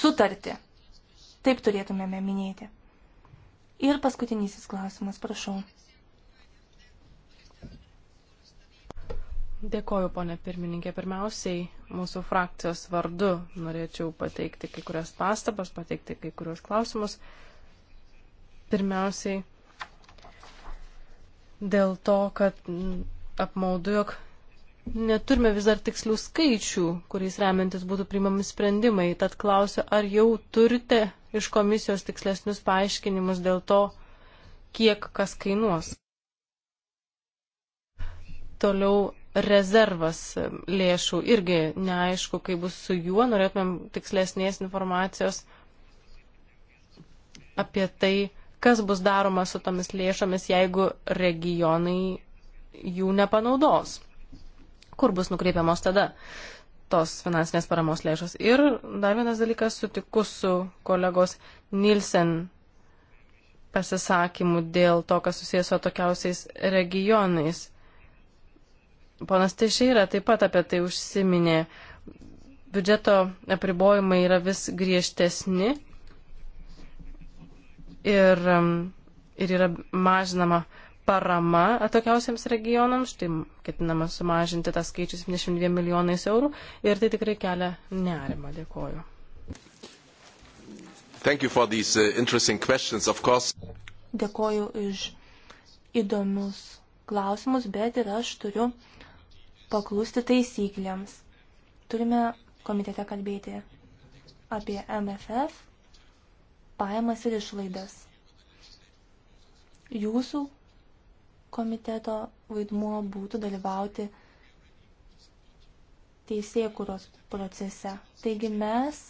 sutartį. Taip turėtumėme minėti. Ir paskutinysis klausimas, prašau. Dėkoju, ponė pirmininkė. Pirmiausiai mūsų frakcijos vardu norėčiau pateikti kai kurias pastabas, pateikti kai kurios klausimus. Pirmiausiai dėl to, kad apmaudu, jog neturime vis dar tikslių skaičių, kuriais remiantis būtų priimami sprendimai. Tad klausiu, ar jau turite iš komisijos tikslesnius paaiškinimus dėl to, kiek kas kainuos. Toliau rezervas lėšų. Irgi neaišku, kaip bus su juo, norėtumėm tikslesnės informacijos apie tai, kas bus daroma su tomis lėšomis, jeigu regionai jų nepanaudos. Kur bus nukreipiamos tada tos finansinės paramos lėšos. Ir dar vienas dalykas, sutiku su kolegos Nilsen pasisakymų dėl to, kas susijęs su atokiausiais regionais. Ponas Tešeira taip pat apie tai užsiminė. Biudžeto apribojimai yra vis griežtesni ir, um, ir yra mažinama parama atokiausiams regionams, štai ketinama sumažinti tą skaičių 72 milijonais eurų ir tai tikrai kelia nerimą. Dėkoju. Uh, Dėkoju už įdomius klausimus, bet ir aš turiu paklusti taisyklėms. Turime komitete kalbėti apie MFF, pajamas ir išlaidas. Jūsų komiteto vaidmuo būtų dalyvauti teisėkuros procese. Taigi mes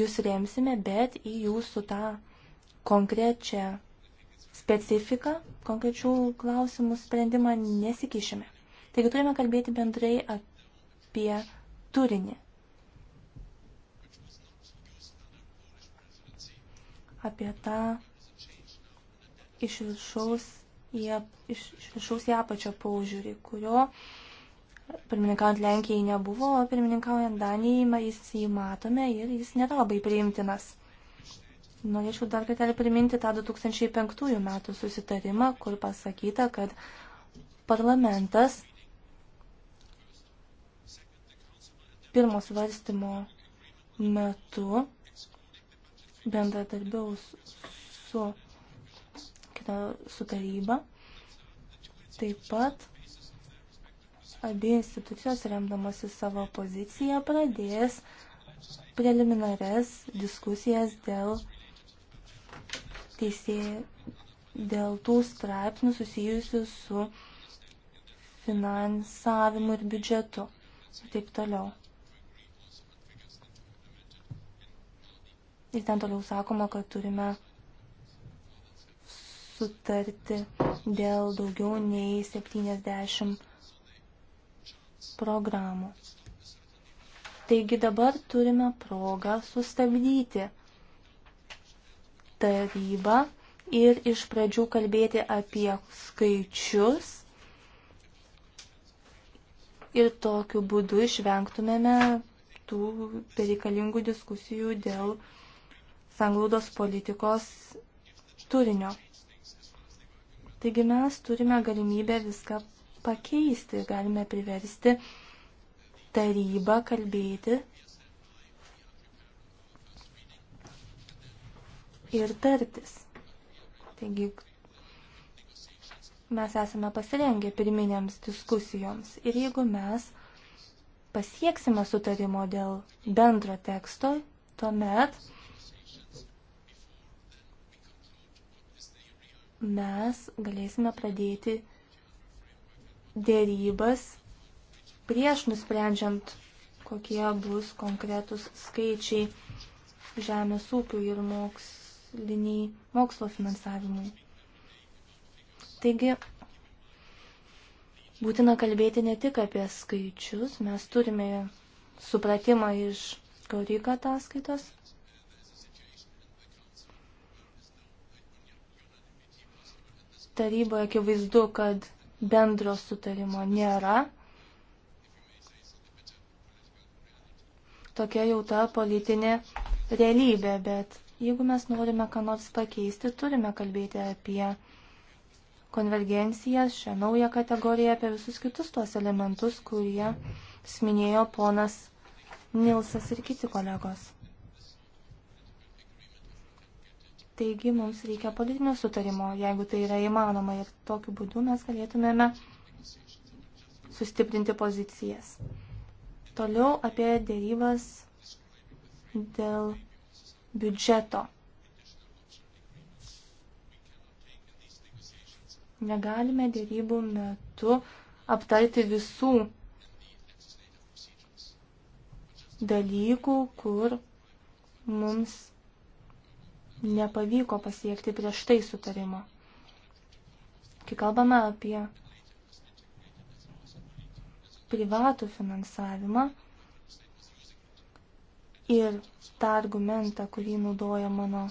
jūs remsime, bet į jūsų tą konkrečią specifiką, konkrečių klausimų sprendimą nesikišime. Taigi turime kalbėti bendrai apie turinį. Apie tą iš viršaus į, iš, iš viršaus į apačią paužiūrį, kurio pirmininkaujant Lenkijai nebuvo, o pirmininkaujant Danijai jis jį matome ir jis nėra labai priimtinas. Norėčiau dar kartelį priminti tą 2005 metų susitarimą, kur pasakyta, kad parlamentas pirmo svarstymo metu bendradarbiaus su, kita, su taryba. Taip pat abi institucijos remdamasi savo poziciją pradės preliminares diskusijas dėl teisėjų, dėl tų straipsnių susijusių su finansavimu ir biudžetu ir taip toliau. Ir ten toliau sakoma, kad turime sutarti dėl daugiau nei 70 programų. Taigi dabar turime progą sustabdyti tarybą ir iš pradžių kalbėti apie skaičius ir tokiu būdu išvengtumėme tų perikalingų diskusijų dėl uh, sanglaudos politikos turinio. Taigi mes turime galimybę viską pakeisti, galime priversti tarybą kalbėti ir tartis. Taigi mes esame pasirengę pirminėms diskusijoms ir jeigu mes pasieksime sutarimo dėl bendro teksto, tuomet mes galėsime pradėti dėrybas prieš nusprendžiant, kokie bus konkretus skaičiai žemės ūkių ir moksliniai mokslo finansavimui. Taigi, būtina kalbėti ne tik apie skaičius, mes turime supratimą iš Koriko ataskaitos, taryboje akivaizdu, kad bendro sutarimo nėra. Tokia jau ta politinė realybė, bet jeigu mes norime ką nors pakeisti, turime kalbėti apie konvergenciją, šią naują kategoriją, apie visus kitus tuos elementus, kurie sminėjo ponas Nilsas ir kiti kolegos. Taigi mums reikia politinio sutarimo, jeigu tai yra įmanoma ir tokiu būdu mes galėtumėme sustiprinti pozicijas. Toliau apie dėrybas dėl biudžeto. Negalime dėrybų metu aptarti visų dalykų, kur mums nepavyko pasiekti prieš tai sutarimo. Kai kalbame apie privatų finansavimą ir tą argumentą, kurį naudoja mano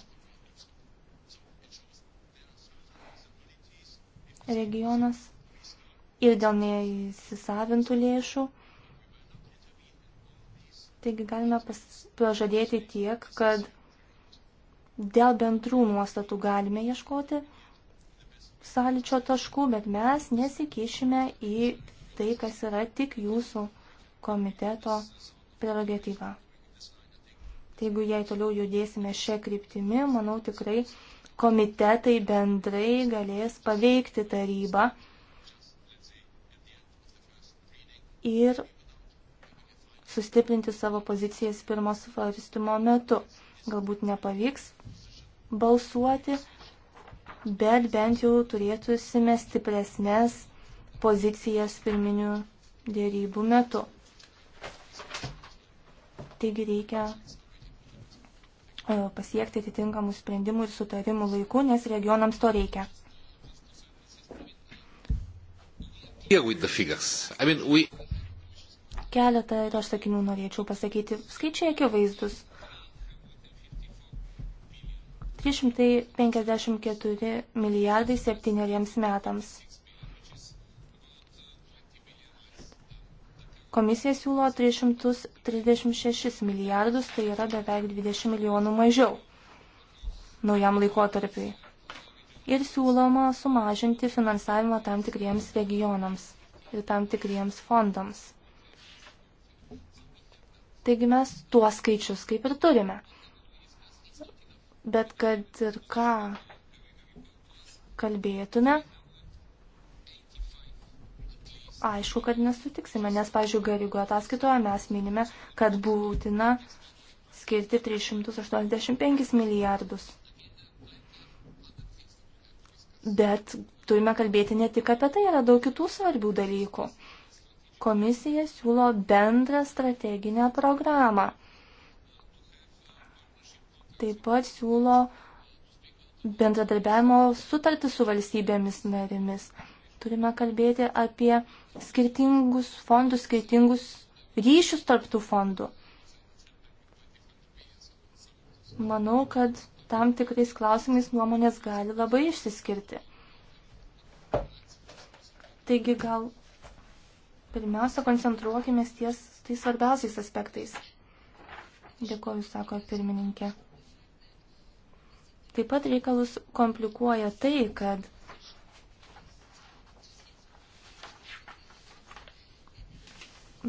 regionas ir dėl neįsisavintų lėšų, Taigi galime pažadėti tiek, kad Dėl bendrų nuostatų galime ieškoti sąlyčio taškų, bet mes nesikišime į tai, kas yra tik jūsų komiteto prerogatyva. Tai jeigu jei toliau judėsime šią kryptimį, manau tikrai komitetai bendrai galės paveikti tarybą ir sustiprinti savo pozicijas pirmo svarstymo metu galbūt nepavyks balsuoti, bet bent jau turėtusime stipresnės pozicijas pirminių dėrybų metu. Taigi reikia e, pasiekti atitinkamų sprendimų ir sutarimų laiku, nes regionams to reikia. Keletą ir aš sakinių norėčiau pasakyti. Skaičiai akivaizdus. 354 milijardai septyneriems metams. Komisija siūlo 336 milijardus, tai yra beveik 20 milijonų mažiau naujam laikotarpiui. Ir siūloma sumažinti finansavimą tam tikriems regionams ir tam tikriems fondams. Taigi mes tuos skaičius kaip ir turime bet kad ir ką kalbėtume, aišku, kad nesutiksime, nes, pažiūrėjau, Garigo ataskaitoje mes minime, kad būtina skirti 385 milijardus. Bet turime kalbėti ne tik apie tai, yra daug kitų svarbių dalykų. Komisija siūlo bendrą strateginę programą taip pat siūlo bendradarbiavimo sutartį su valstybėmis narėmis. Turime kalbėti apie skirtingus fondus, skirtingus ryšius tarptų fondų. Manau, kad tam tikrais klausimais nuomonės gali labai išsiskirti. Taigi gal pirmiausia koncentruokime ties tais svarbiausiais aspektais. Dėkoju, sako pirmininkė. Taip pat reikalus komplikuoja tai, kad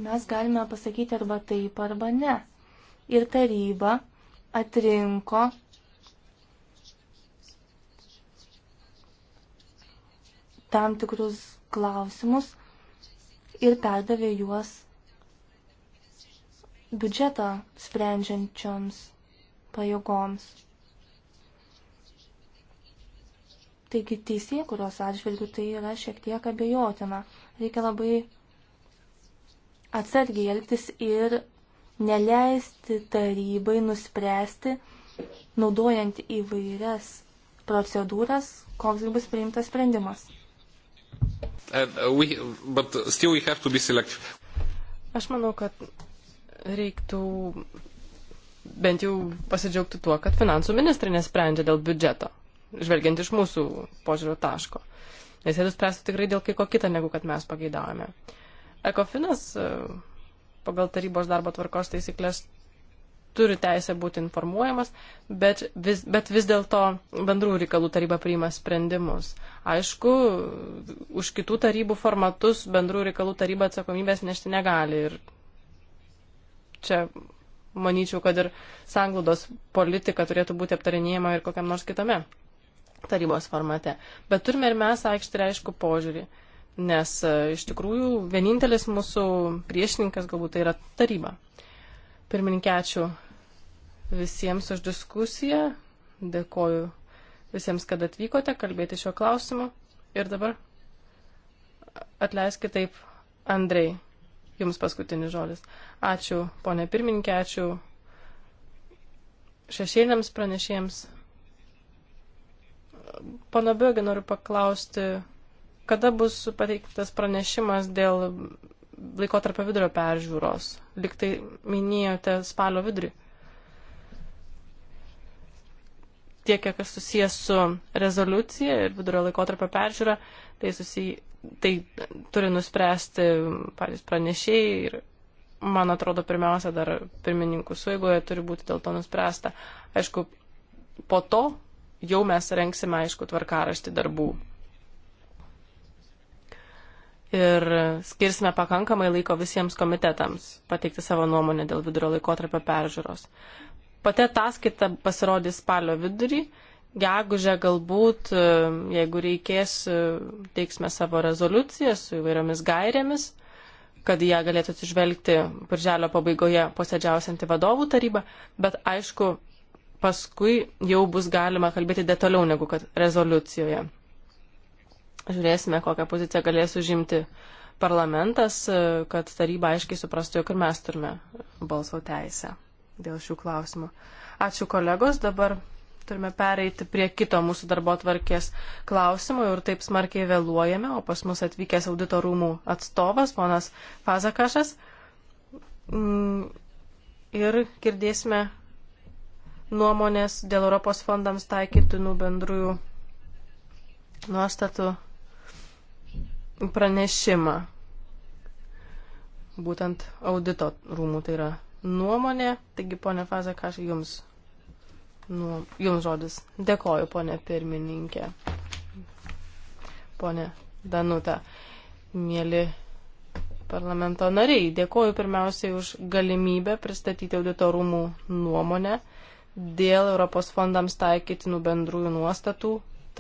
mes galime pasakyti arba taip, arba ne. Ir taryba atrinko tam tikrus klausimus ir perdavė juos biudžetą sprendžiančioms pajėgoms. Taigi teisėjai, kurios atžvilgių tai yra šiek tiek abejotina. Reikia labai atsargiai elgtis ir neleisti tarybai nuspręsti, naudojant įvairias procedūras, koks bus priimtas sprendimas. And, uh, we, but still we have to be selective. Aš manau, kad reiktų bent jau pasidžiaugti tuo, kad finansų ministrai nesprendžia dėl biudžeto žvelgiant iš mūsų požiūrio taško. Nes jie nuspręstų tikrai dėl kai ko kita, negu kad mes pageidavome. Ekofinas e, pagal tarybos darbo tvarkos taisyklės turi teisę būti informuojamas, bet vis, bet vis dėlto bendrų reikalų taryba priima sprendimus. Aišku, už kitų tarybų formatus bendrų reikalų taryba atsakomybės nešti negali. Ir čia manyčiau, kad ir sanglaudos politika turėtų būti aptarinėjama ir kokiam nors kitame tarybos formate. Bet turime ir mes aikštį aišku požiūrį, nes e, iš tikrųjų vienintelis mūsų priešininkas galbūt tai yra taryba. Pirmininkė, ačiū visiems už diskusiją, dėkoju visiems, kad atvykote kalbėti šiuo klausimu. Ir dabar atleiskit taip, Andrei, jums paskutinis žodis. Ačiū, ponė pirmininkė, ačiū šešėliams pranešėjams Pana Biogė noriu paklausti, kada bus pateiktas pranešimas dėl laikotarpio vidurio peržiūros? Liktai minėjote spalio vidurį. Tiek, kiek susijęs su rezoliucija ir vidurio laikotarpio peržiūra, tai, susij... tai turi nuspręsti patys pranešėjai ir, man atrodo, pirmiausia, dar pirmininkų suėgoje turi būti dėl to nuspręsta. Aišku, po to jau mes renksime, aišku, tvarkaraštį darbų. Ir skirsime pakankamai laiko visiems komitetams pateikti savo nuomonę dėl vidurio laikotarpio peržiūros. Pati ataskaita pasirodys spalio vidurį, gegužę galbūt, jeigu reikės, teiksime savo rezoliuciją su įvairiomis gairėmis, kad ją galėtų atsižvelgti birželio pabaigoje posėdžiausianti vadovų taryba, bet aišku, paskui jau bus galima kalbėti detaliau negu kad rezoliucijoje. Žiūrėsime, kokią poziciją galės užimti parlamentas, kad taryba aiškiai suprastų, jog ir mes turime balso teisę dėl šių klausimų. Ačiū kolegos, dabar turime pereiti prie kito mūsų darbo tvarkės klausimo ir taip smarkiai vėluojame, o pas mus atvykęs audito rūmų atstovas, ponas Fazakašas. Mm, ir girdėsime nuomonės dėl Europos fondams taikytinų bendrųjų nuostatų pranešimą. Būtent audito rūmų tai yra nuomonė. Taigi, ponė Fazė, ką aš jums, nu, jums žodis. Dėkoju, ponė pirmininkė. Ponė Danuta, mėly parlamento nariai, dėkoju pirmiausiai už galimybę pristatyti audito rūmų nuomonę dėl Europos fondams taikytinų bendrųjų nuostatų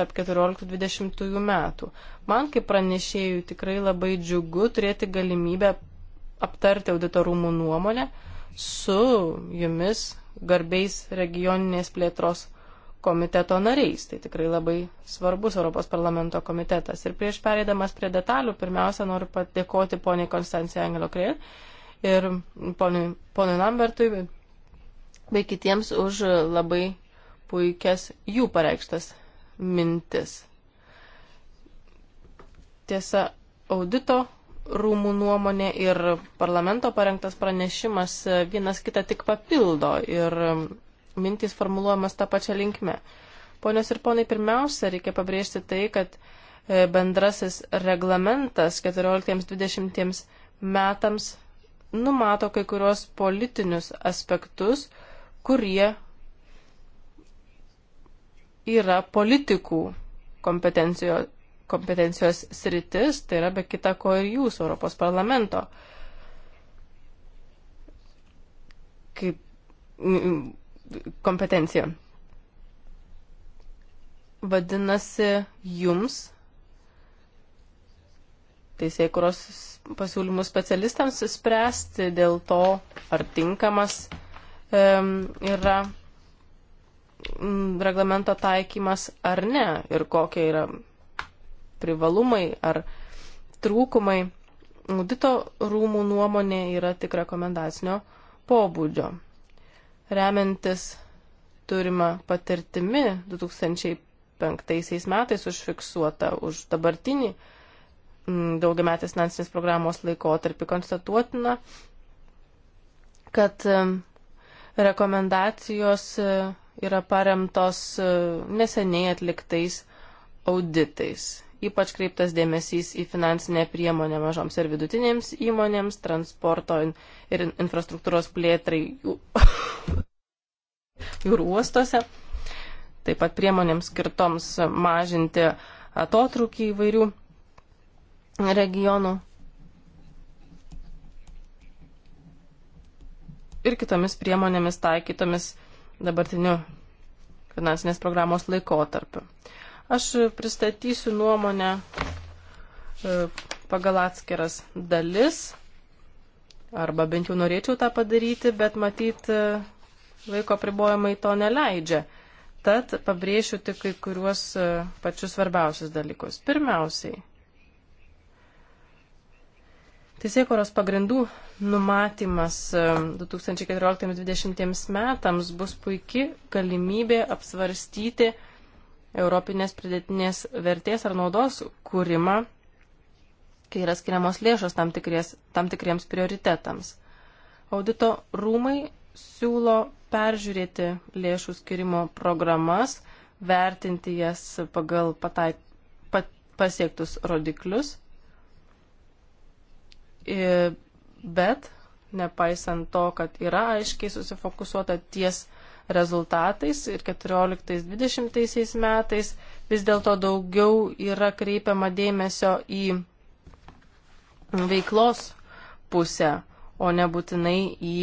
tarp 14-20 metų. Man kaip pranešėjų tikrai labai džiugu turėti galimybę aptarti auditorumų nuomonę su jumis garbiais regioninės plėtros komiteto nariais. Tai tikrai labai svarbus Europos parlamento komitetas. Ir prieš pereidamas prie detalių, pirmiausia, noriu padėkoti poniai Konstancijai Angelo Kreil ir poniai, poniai Lambertui bei kitiems už labai puikias jų pareikštas mintis. Tiesa, audito rūmų nuomonė ir parlamento parengtas pranešimas vienas kitą tik papildo ir mintys formuluojamas tą pačią linkmę. Ponios ir ponai, pirmiausia, reikia pabrėžti tai, kad e, bendrasis reglamentas 14-20 metams numato kai kurios politinius aspektus, kurie yra politikų kompetencijos, kompetencijos sritis, tai yra be kita ko ir jūs, Europos parlamento. Kaip kompetencija. Vadinasi, jums, teisėjai, kurios pasiūlymus specialistams spręsti dėl to, ar tinkamas yra mm, reglamento taikymas ar ne ir kokie yra privalumai ar trūkumai. Audito rūmų nuomonė yra tik rekomendacinio pobūdžio. Remiantis turima patirtimi 2005 metais užfiksuota už dabartinį mm, daugiametės finansinės programos laikotarpį konstatuotina, kad um, rekomendacijos e, yra paremtos e, neseniai atliktais auditais. Ypač kreiptas dėmesys į finansinę priemonę mažoms ir vidutinėms įmonėms, transporto ir infrastruktūros plėtrai *laughs* jūrų uostose, taip pat priemonėms skirtoms mažinti atotrukį įvairių regionų ir kitomis priemonėmis taikytomis dabartiniu finansinės programos laikotarpiu. Aš pristatysiu nuomonę e, pagal atskiras dalis, arba bent jau norėčiau tą padaryti, bet matyt, e, laiko pribojimai to neleidžia. Tad pabrėšiu tik kai kuriuos e, pačius svarbiausius dalykus. Pirmiausiai, Teisėkoros pagrindų numatymas 2014-2020 e, metams bus puikia galimybė apsvarstyti Europinės pridėtinės vertės ar naudos kūrimą, kai yra skiriamos lėšos tam, tikries, tam tikriems prioritetams. Audito rūmai siūlo peržiūrėti lėšų skirimo programas, vertinti jas pagal patai, pat, pasiektus rodiklius Bet, nepaisant to, kad yra aiškiai susifokusuota ties rezultatais ir 14-20 metais vis dėlto daugiau yra kreipiama dėmesio į veiklos pusę, o nebūtinai į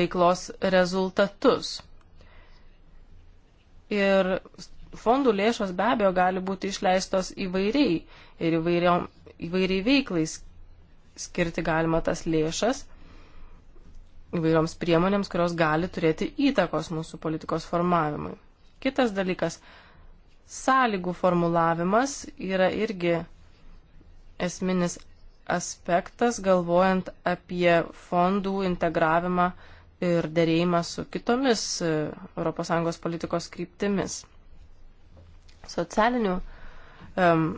veiklos rezultatus. Ir fondų lėšos be abejo gali būti išleistos įvairiai ir įvairiom, įvairiai veiklais skirti galima tas lėšas įvairioms priemonėms, kurios gali turėti įtakos mūsų politikos formavimui. Kitas dalykas - sąlygų formulavimas yra irgi esminis aspektas, galvojant apie fondų integravimą ir dėrėjimą su kitomis ES politikos kryptimis. Socialinių um,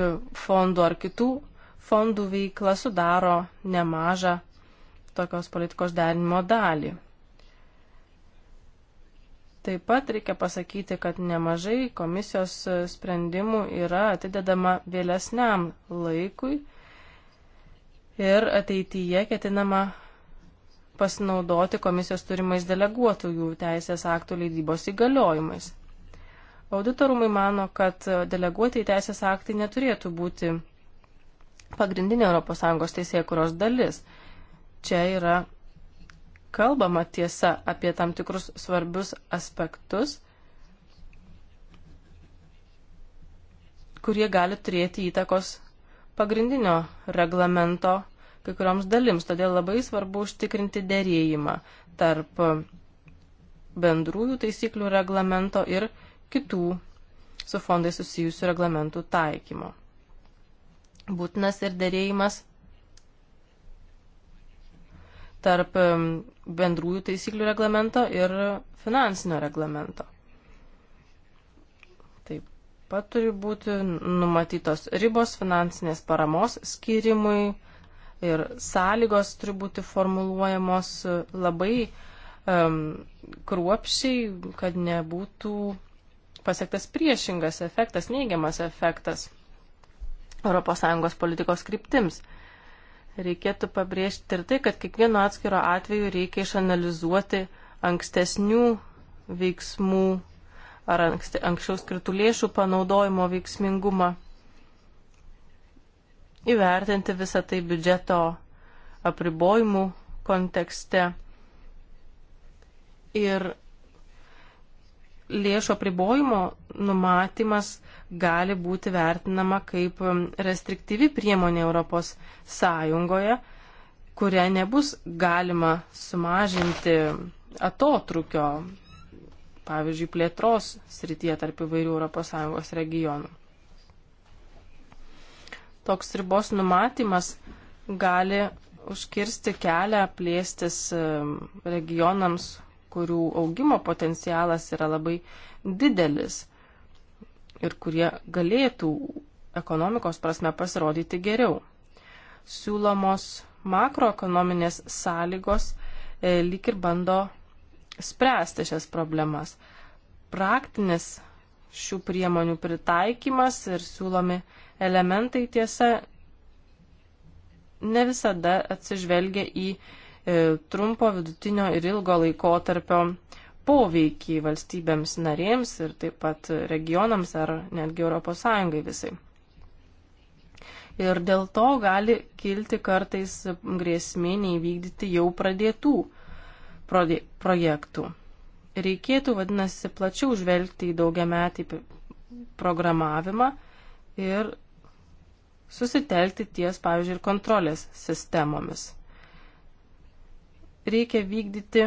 E, fondų ar kitų fondų veikla sudaro nemažą tokios politikos derinimo dalį. Taip pat reikia pasakyti, kad nemažai komisijos sprendimų yra atidedama vėlesniam laikui ir ateityje ketinama pasinaudoti komisijos turimais deleguotųjų teisės aktų leidybos įgaliojimais. Auditorumai mano, kad deleguoti į teisės aktai neturėtų būti pagrindinė ES teisėkuros dalis. Čia yra kalbama tiesa apie tam tikrus svarbius aspektus, kurie gali turėti įtakos pagrindinio reglamento kai kurioms dalims. Todėl labai svarbu užtikrinti dėrėjimą tarp bendrųjų taisyklių reglamento ir kitų su fondai susijusių reglamentų taikymo. Būtinas ir dėrėjimas tarp bendrųjų taisyklių reglamento ir finansinio reglamento. Taip pat turi būti numatytos ribos finansinės paramos skirimui ir sąlygos turi būti formuluojamos labai um, kruopšiai, kad nebūtų pasiektas priešingas efektas, neigiamas efektas ES politikos kryptims. Reikėtų pabrėžti ir tai, kad kiekvieno atskiro atveju reikia išanalizuoti ankstesnių veiksmų ar anksti, anksčiau skirtų lėšų panaudojimo veiksmingumą, įvertinti visą tai biudžeto apribojimų kontekste ir lėšų apribojimo numatymas gali būti vertinama kaip um, restriktyvi priemonė Europos Sąjungoje, kuria nebus galima sumažinti atotrukio, pavyzdžiui, plėtros srityje tarp įvairių Europos Sąjungos regionų. Toks ribos numatymas gali užkirsti kelią plėstis um, regionams, kurių augimo potencialas yra labai didelis ir kurie galėtų ekonomikos prasme pasirodyti geriau. Siūlomos makroekonominės sąlygos e, lik ir bando spręsti šias problemas. Praktinis šių priemonių pritaikymas ir siūlomi elementai tiesa ne visada atsižvelgia į E, trumpo, vidutinio ir ilgo laikotarpio poveikį valstybėms narėms ir taip pat regionams ar netgi ES visai. Ir dėl to gali kilti kartais grėsmė neįvykdyti jau pradėtų projektų. Reikėtų, vadinasi, plačiau žvelgti į daugiametį programavimą ir susitelkti ties, pavyzdžiui, ir kontrolės sistemomis reikia vykdyti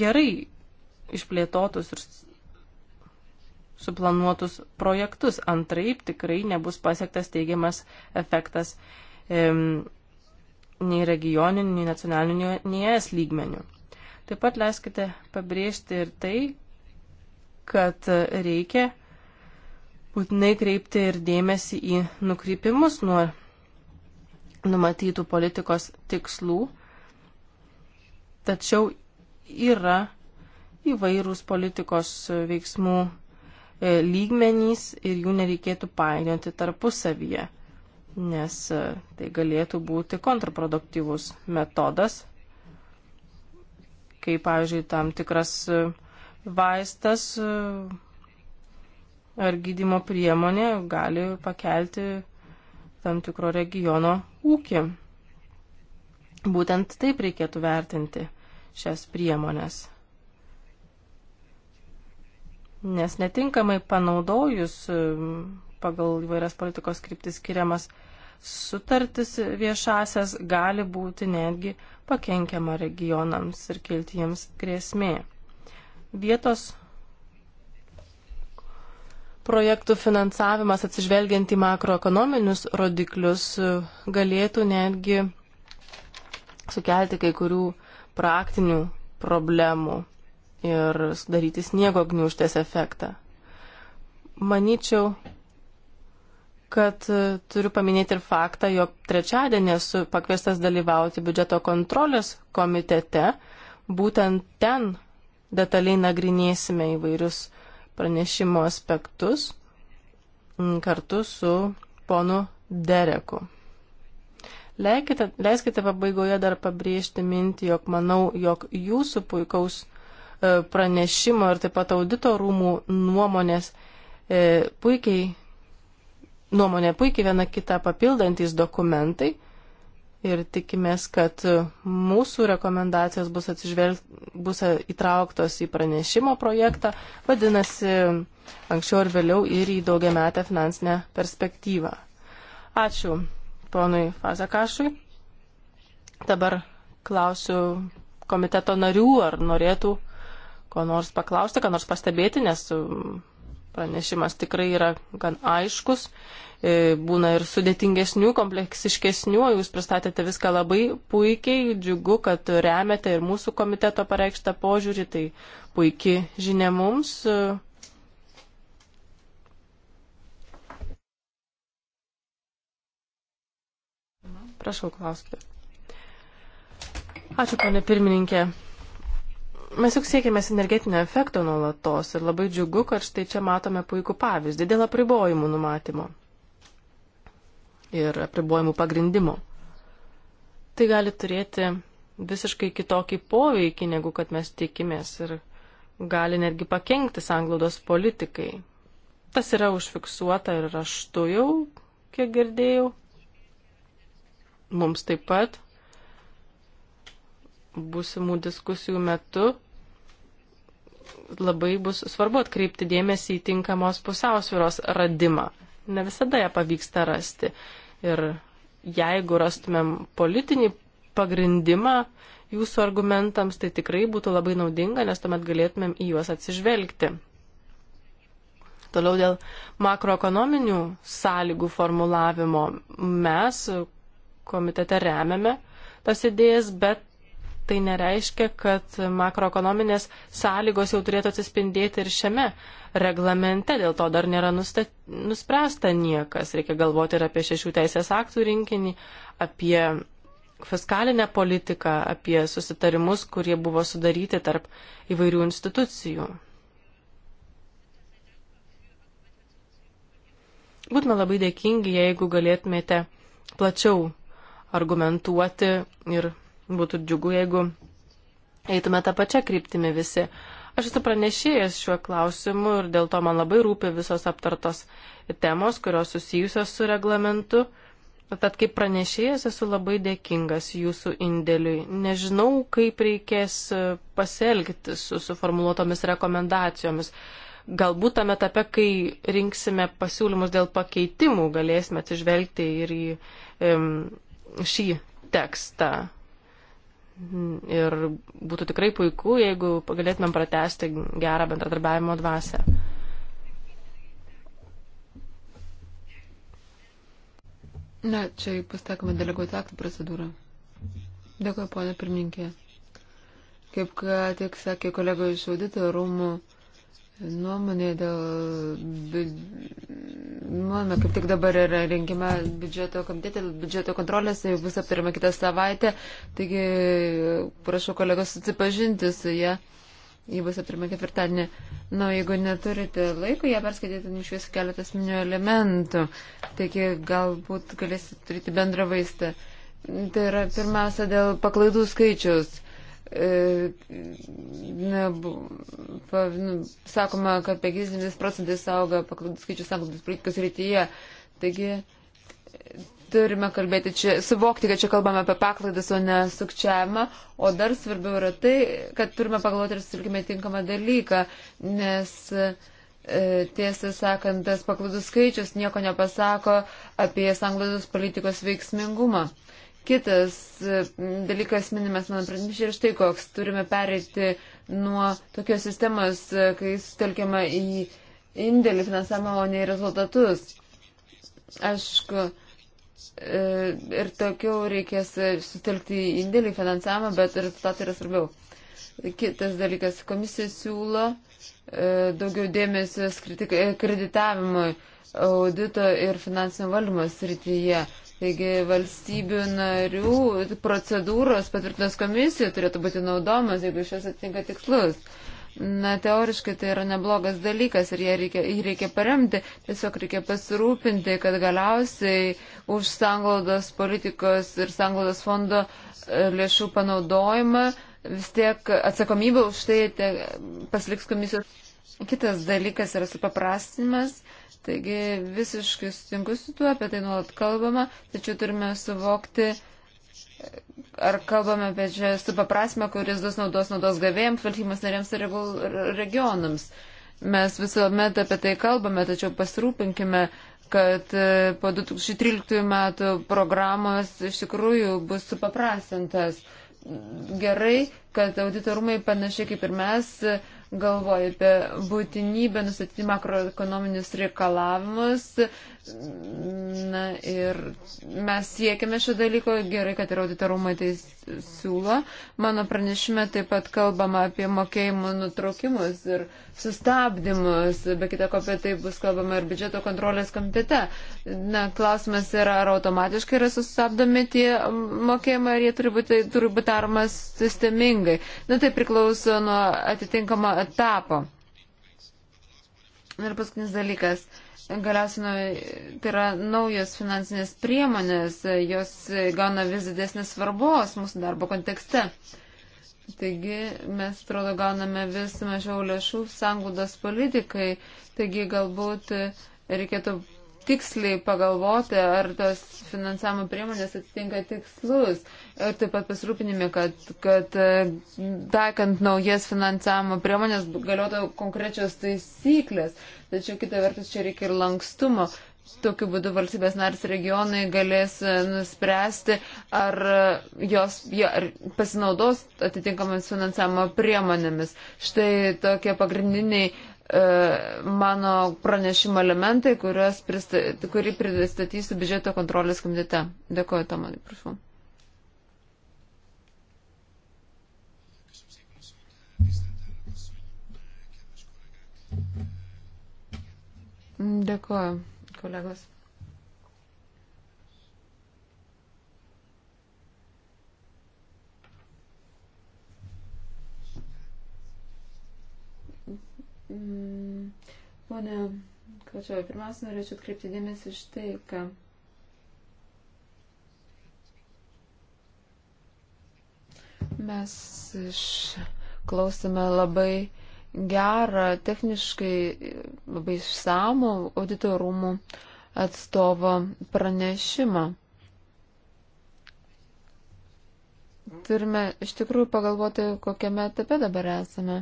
gerai išplėtotus ir suplanuotus projektus. Antraip tikrai nebus pasiektas teigiamas efektas e, nei regioniniu, nei nacionaliniu, nei es lygmeniu. Taip pat leiskite pabrėžti ir tai, kad reikia būtinai kreipti ir dėmesį į nukrypimus nuo numatytų politikos tikslų Tačiau yra įvairūs politikos veiksmų e, lygmenys ir jų nereikėtų painioti tarpusavyje, nes e, tai galėtų būti kontraproduktyvus metodas, kaip, pavyzdžiui, tam tikras e, vaistas ar gydimo priemonė gali pakelti tam tikro regiono ūkį. Būtent taip reikėtų vertinti šias priemonės. Nes netinkamai panaudojus um, pagal įvairias politikos kryptis skiriamas sutartis viešasias gali būti netgi pakenkiama regionams ir kilti jiems grėsmė. Vietos projektų finansavimas atsižvelgiant į makroekonominius rodiklius um, galėtų netgi sukelti kai kurių praktinių problemų ir sudaryti sniego gniužtės efektą. Maničiau, kad turiu paminėti ir faktą, jog trečiadienį esu pakviestas dalyvauti biudžeto kontrolės komitete. Būtent ten detaliai nagrinėsime įvairius pranešimo aspektus mm, kartu su ponu Dereku. Leikite, leiskite pabaigoje dar pabrėžti mintį, jog manau, jog jūsų puikaus e, pranešimo ir taip pat audito rūmų nuomonės e, puikiai, nuomonė puikiai viena kitą papildantis dokumentai ir tikimės, kad mūsų rekomendacijos bus, atsižvel... bus įtrauktos į pranešimo projektą, vadinasi, anksčiau ar vėliau ir į daugiametę finansinę perspektyvą. Ačiū ponui Fazakašui. Dabar klausiu komiteto narių, ar norėtų ko nors paklausti, ką nors pastebėti, nes mm, pranešimas tikrai yra gan aiškus, e, būna ir sudėtingesnių, kompleksiškesnių, jūs pristatėte viską labai puikiai, džiugu, kad remiate ir mūsų komiteto pareikštą požiūrį, tai puikiai žinia mums. Uh, Prašau, klauskite. Ačiū, ponė pirmininkė. Mes juk siekime energetinio efekto nuolatos ir labai džiugu, kad štai čia matome puikų pavyzdį dėl apribojimų numatymo ir apribojimų pagrindimo. Tai gali turėti visiškai kitokį poveikį, negu kad mes tikimės ir gali netgi pakengti sanglaudos politikai. Tas yra užfiksuota ir raštu jau, kiek girdėjau, Mums taip pat būsimų diskusijų metu labai bus svarbu atkreipti dėmesį į tinkamos pusiausviros radimą. Ne visada ją pavyksta rasti. Ir jeigu rastumėm politinį pagrindimą jūsų argumentams, tai tikrai būtų labai naudinga, nes tuomet galėtumėm į juos atsižvelgti. Toliau dėl makroekonominių sąlygų formulavimo mes komitete remiame tas idėjas, bet tai nereiškia, kad makroekonominės sąlygos jau turėtų atsispindėti ir šiame reglamente, dėl to dar nėra nustat, nuspręsta niekas. Reikia galvoti ir apie šešių teisės aktų rinkinį, apie fiskalinę politiką, apie susitarimus, kurie buvo sudaryti tarp įvairių institucijų. Būtume labai dėkingi, jeigu galėtumėte plačiau argumentuoti ir būtų džiugu, jeigu eitume tą pačią kryptimį visi. Aš esu pranešėjęs šiuo klausimu ir dėl to man labai rūpi visos aptartos temos, kurios susijusios su reglamentu. Tad kaip pranešėjas esu labai dėkingas jūsų indėliui. Nežinau, kaip reikės pasielgti su suformuoluotomis rekomendacijomis. Galbūt tame etape, kai rinksime pasiūlymus dėl pakeitimų, galėsime atsižvelgti ir į um, šį tekstą. Ir būtų tikrai puiku, jeigu galėtumėm pratesti gerą bendradarbiavimo dvasę. Na, čia pastakome deleguoti aktų procedūrą. Dėkuoju, ponė pirmininkė. Kaip ką tik sakė kolega iš audito rūmų, Nuomonė dėl. Nuomonė kaip tik dabar yra rengima biudžeto komitete, biudžeto kontrolės, tai jau bus aptariama kitą savaitę. Taigi prašau kolegos susipažinti su ją. Jį bus aptariama ketvirtadienį. Na, jeigu neturite laiko, ją perskaityti iš jūsų keletas minio elementų. Taigi galbūt galėsite turėti bendrą vaistą. Tai yra pirmiausia dėl paklaidų skaičiaus ne, pa, nu, sakoma, kad 50 procentais auga skaičius sanglaudos politikos rytyje. Taigi turime kalbėti čia, suvokti, kad čia kalbame apie paklaidas, o ne sukčiavimą. O dar svarbiau yra tai, kad turime pagalvoti ir sutilkime tinkamą dalyką, nes e, tiesą sakant, tas paklaidų skaičius nieko nepasako apie sanglaudos politikos veiksmingumą. E, Kitas e, dalykas minimas, man pranešė, ir štai koks turime pereiti nuo tokios sistemos, e, kai sutelkiama į indėlį finansavimą, o ne į rezultatus. Aišku, e, ir tokiau reikės sutelkti į indėlį finansavimą, bet rezultatai yra svarbiau. Kitas dalykas, komisija siūlo daugiau dėmesio skirti kreditavimui audito ir finansinio valdymo srityje. Taigi valstybių narių procedūros patvirtinos komisijų turėtų būti naudomas, jeigu šios atitinka tikslus. Na, teoriškai tai yra neblogas dalykas ir jį reikia, jį reikia paremti, tiesiog reikia pasirūpinti, kad galiausiai už sanglaudos politikos ir sanglaudos fondo e, lėšų panaudojimą vis tiek atsakomybė už tai te, pasiliks komisijos. Kitas dalykas yra supaprastinimas Taigi visiškai sutinku su tuo, apie tai nuolat kalbama, tačiau turime suvokti, ar kalbame apie čia supaprasmę, kuris duos naudos naudos gavėjams, valstybės narėms ir regionams. Mes visuomet apie tai kalbame, tačiau pasirūpinkime, kad e, po 2013 metų programos iš tikrųjų bus supaprastintas. Gerai, kad auditorumai panašiai kaip ir mes galvoja apie būtinybę nustatyti makroekonominius reikalavimus. Na ir mes siekiame šio dalyko, gerai, kad ir auditorumai tai siūlo. Mano pranešime taip pat kalbama apie mokėjimų nutraukimus ir sustabdymus, be kita ko apie tai bus kalbama ir biudžeto kontrolės komitete. Na, klausimas yra, ar automatiškai yra sustabdomi tie mokėjimai, ar jie turi būti, turi būti daromas sistemingai veiksmingai. Na nu, tai priklauso nuo atitinkamo etapo. Ir paskutinis dalykas. Galiausiai nu, tai yra naujos finansinės priemonės, jos gauna vis didesnės svarbos mūsų darbo kontekste. Taigi mes, atrodo, gauname vis mažiau lėšų sangudos politikai, taigi galbūt reikėtų tiksliai pagalvoti, ar tos finansavimo priemonės atitinka tikslus. Ir taip pat pasirūpinime, kad, kad e, taikant naujas finansavimo priemonės galiotų konkrečios taisyklės. Tačiau kita vertus čia reikia ir lankstumo. Tokiu būdu valstybės nars regionai galės e, nuspręsti, ar e, jos ja, ar pasinaudos atitinkamomis finansavimo priemonėmis. Štai tokie pagrindiniai E, mano pranešimo elementai, prista, kurį pristatysiu biudžeto kontrolės komitete. Dėkuoju, Tomai, prašau. Dėkuoju, kolegos. Mm, pone Kačioje, pirmiausia, norėčiau atkreipti dėmesį iš tai, ką. Mes išklausome labai gerą, techniškai labai išsamų auditorumų atstovo pranešimą. Turime iš tikrųjų pagalvoti, kokiame etape dabar esame.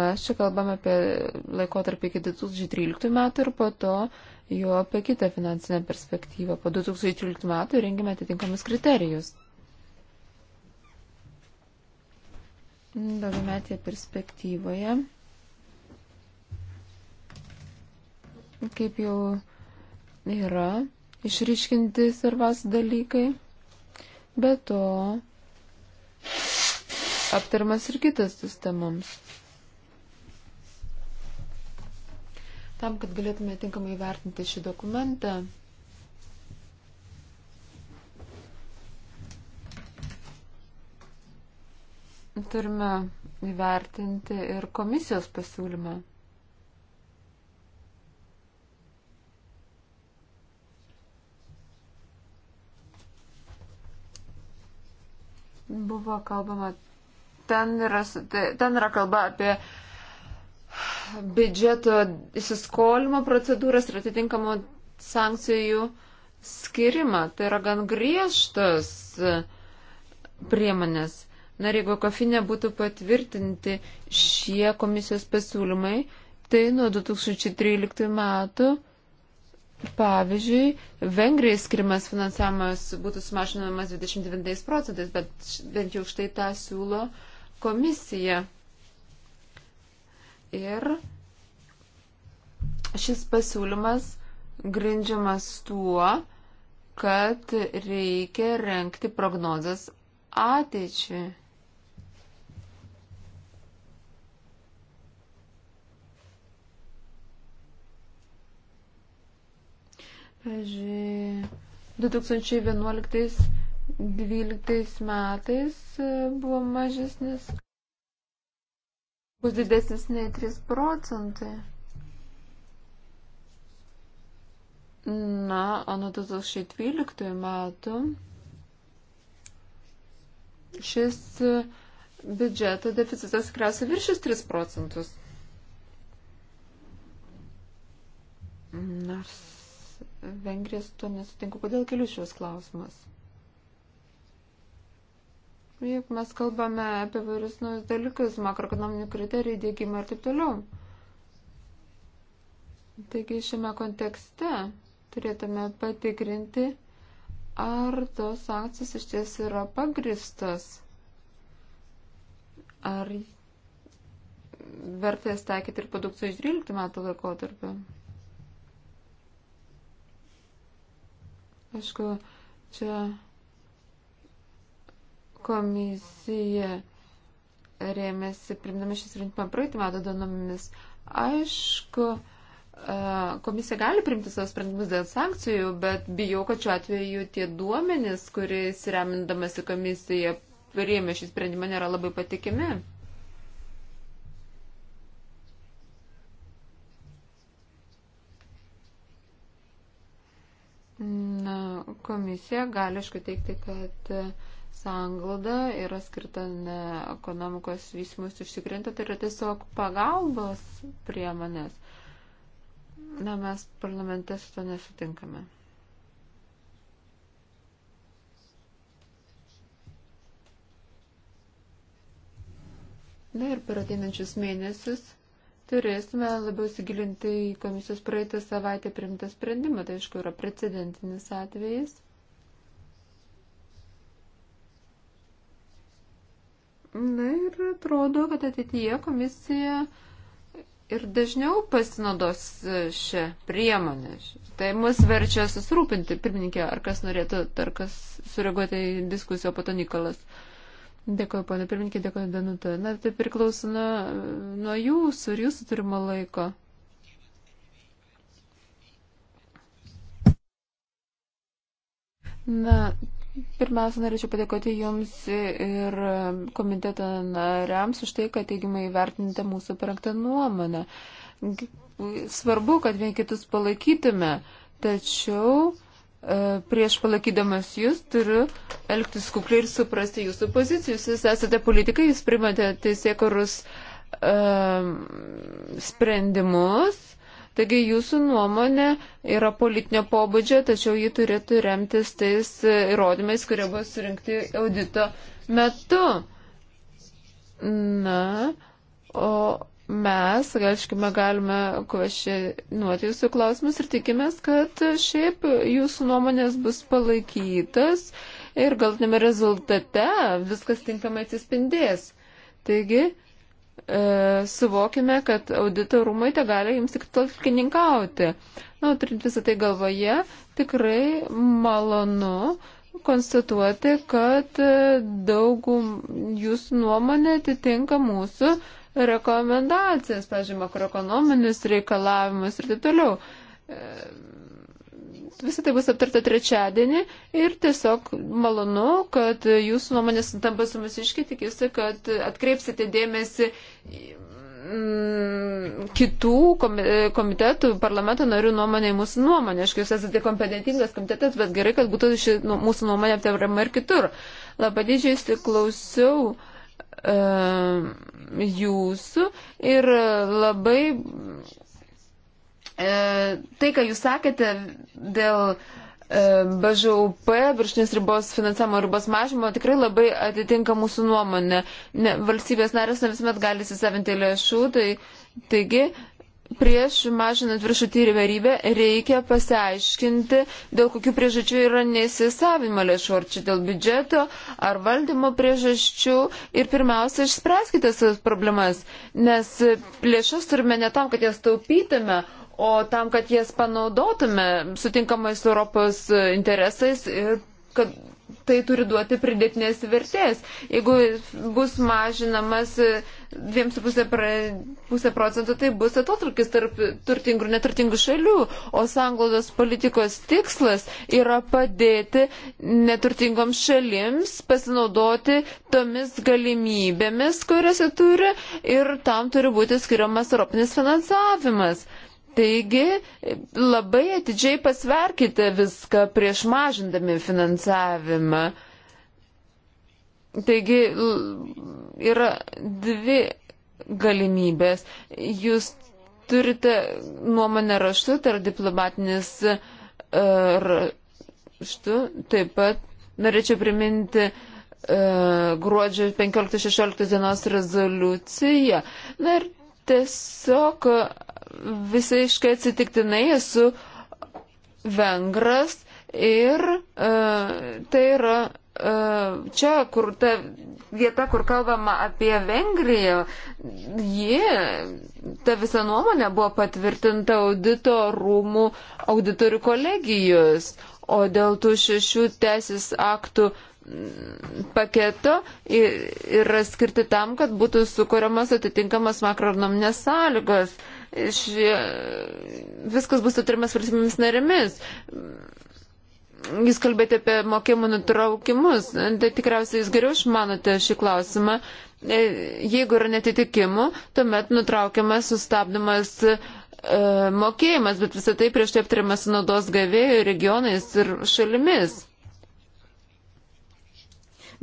Mes čia kalbame apie laikotarpį iki 2013 metų ir po to jo apie kitą finansinę perspektyvą. Po 2013 metų rengime atitinkamus kriterijus. Daugiametėje perspektyvoje, kaip jau yra, išryškinti svarbas dalykai. Be to, aptarimas ir kitas sistemoms. Tam, kad galėtume tinkamai vertinti šį dokumentą, turime įvertinti ir komisijos pasiūlymą. Buvo kalbama, ten yra, ten yra kalba apie biudžeto įsiskolimo procedūras ir atitinkamų sankcijų skirimą. Tai yra gan griežtos e, priemonės. Na ir jeigu kofinė būtų patvirtinti šie komisijos pasiūlymai, tai nuo 2013 metų, pavyzdžiui, Vengrijai skirimas finansavimas būtų sumažinamas 29 procentais, bet bent jau štai tą siūlo komisija. Ir šis pasiūlymas grindžiamas tuo, kad reikia renkti prognozes ateičiai. Pavyzdžiui, 2011-2012 metais buvo mažesnis bus didesnis nei 3 procentai. Na, o nuo 2012 metų šis e, biudžeto deficitas tikriausiai viršis 3 procentus. Nors Vengrijas to nesutinku, kodėl keliu šios klausimas. Juk mes kalbame apie vairius naujus dalykus, makroekonominių kriterijų dėgymą ir taip toliau. Taigi šiame kontekste turėtume patikrinti, ar tos sankcijos iš ties yra pagristos, ar vertės taikyti ir produkcijų iš 12 metų laikotarpio. Aišku, čia komisija rėmėsi primdami šį sprendimą praeitį metų duomenimis. Aišku, e, komisija gali primti savo sprendimus dėl sankcijų, bet bijau, kad šiuo atveju tie duomenys, kuriais remindamasi komisija rėmė šį sprendimą, nėra labai patikimi. Na, komisija gali, aišku, teikti, kad uh, sanglauda yra skirta ne ekonomikos vystymus užtikrinti, tai yra tiesiog pagalbos priemonės. Na, mes parlamente su to nesutinkame. Na ir per ateinančius mėnesius turėsime labiau įsigilinti į komisijos praeitą savaitę primtą sprendimą. Tai aišku yra precedentinis atvejis. Na ir atrodo, kad ateityje komisija ir dažniau pasinaudos e, šią priemonę. Tai mus verčia susirūpinti, pirmininkė, ar kas norėtų, ar kas sureaguoti į diskusiją, o po to Nikolas. Dėkuoju, ponė pirmininkė, dėkuoju, Danutė. Na, tai priklauso nuo, nuo jūsų ir jūsų turimo laiko. Na, Pirmiausia, norėčiau padėkoti Jums ir komiteto nariams už tai, kad teigiamai vertinate mūsų parengtą nuomonę. Svarbu, kad vien kitus palaikytume, tačiau e, prieš palaikydamas Jūs turiu elgtis kukliai ir suprasti Jūsų pozicijų. Jūs esate politikai, Jūs primate teisėkorus e, sprendimus Taigi jūsų nuomonė yra politinio pobūdžio, tačiau ji turėtų remtis tais įrodymais, kurie buvo surinkti audito metu. Na, o mes, aiškime, galime kvašinuoti jūsų klausimus ir tikimės, kad šiaip jūsų nuomonės bus palaikytas ir galtinėme rezultate viskas tinkamai atsispindės. Taigi, e, suvokime, kad audito rūmai te gali jums tik tolkininkauti. Na, turint visą tai galvoje, tikrai malonu konstatuoti, kad e, daugum jūsų nuomonė atitinka mūsų rekomendacijas, pažiūrėjau, makroekonominius reikalavimus ir taip toliau. E, Visą tai bus aptarta trečiadienį ir tiesiog malonu, kad jūsų nuomonės sutampa su mūsiškiai, tikiuosi, kad atkreipsite dėmesį mm, kitų komitetų, parlamento narių nuomonė į mūsų nuomonę. Aišku, jūs esate kompetentingas komitetas, bet gerai, kad būtų ši nu, mūsų nuomonė aptariama ir kitur. Labai didžiai įsiklausiau uh, jūsų ir labai E, tai, ką jūs sakėte dėl e, BŽUP, viršinės ribos finansavimo ribos mažimo, tikrai labai atitinka mūsų nuomonė. Ne, valstybės narės ne visuomet gali įsisavinti lėšų, tai taigi prieš mažinant viršutinį ribą reikia pasiaiškinti, dėl kokių priežasčių yra neįsisavimo lėšų, ar čia dėl biudžeto, ar valdymo priežasčių. Ir pirmiausia, išspręskite tas problemas, nes lėšas turime ne tam, kad jas taupytume, o tam, kad jas panaudotume sutinkamai su Europos interesais ir kad tai turi duoti pridėtinės vertės. Jeigu bus mažinamas 2,5 procentų, tai bus atotrukis tarp turtingų ir neturtingų šalių, o sanglaudos politikos tikslas yra padėti neturtingoms šalims pasinaudoti tomis galimybėmis, kurias jie turi ir tam turi būti skiriamas europinis finansavimas. Taigi labai atidžiai pasverkite viską prieš mažindami finansavimą. Taigi yra dvi galimybės. Jūs turite nuomonę raštu, tai yra diplomatinis e, raštu. Taip pat norėčiau priminti e, gruodžio 15-16 dienos rezoliuciją. Na ir tiesiog visiškai atsitiktinai esu vengras ir e, tai yra e, čia, kur ta vieta, kur kalbama apie Vengriją, ji, ta visa nuomonė buvo patvirtinta audito rūmų auditorių kolegijos, o dėl tų šešių teisės aktų mm, paketo yra skirti tam, kad būtų sukūriamas atitinkamas makroekonominės sąlygos ši, viskas bus sutarimas valstybėmis narėmis. Jūs kalbėjote apie mokėjimų nutraukimus, tai tikriausiai jūs geriau išmanote šį klausimą. E, jeigu yra netitikimų, tuomet nutraukiamas, sustabdomas e, mokėjimas, bet visą tai prieš tai aptariamas su naudos gavėjų regionais ir šalimis.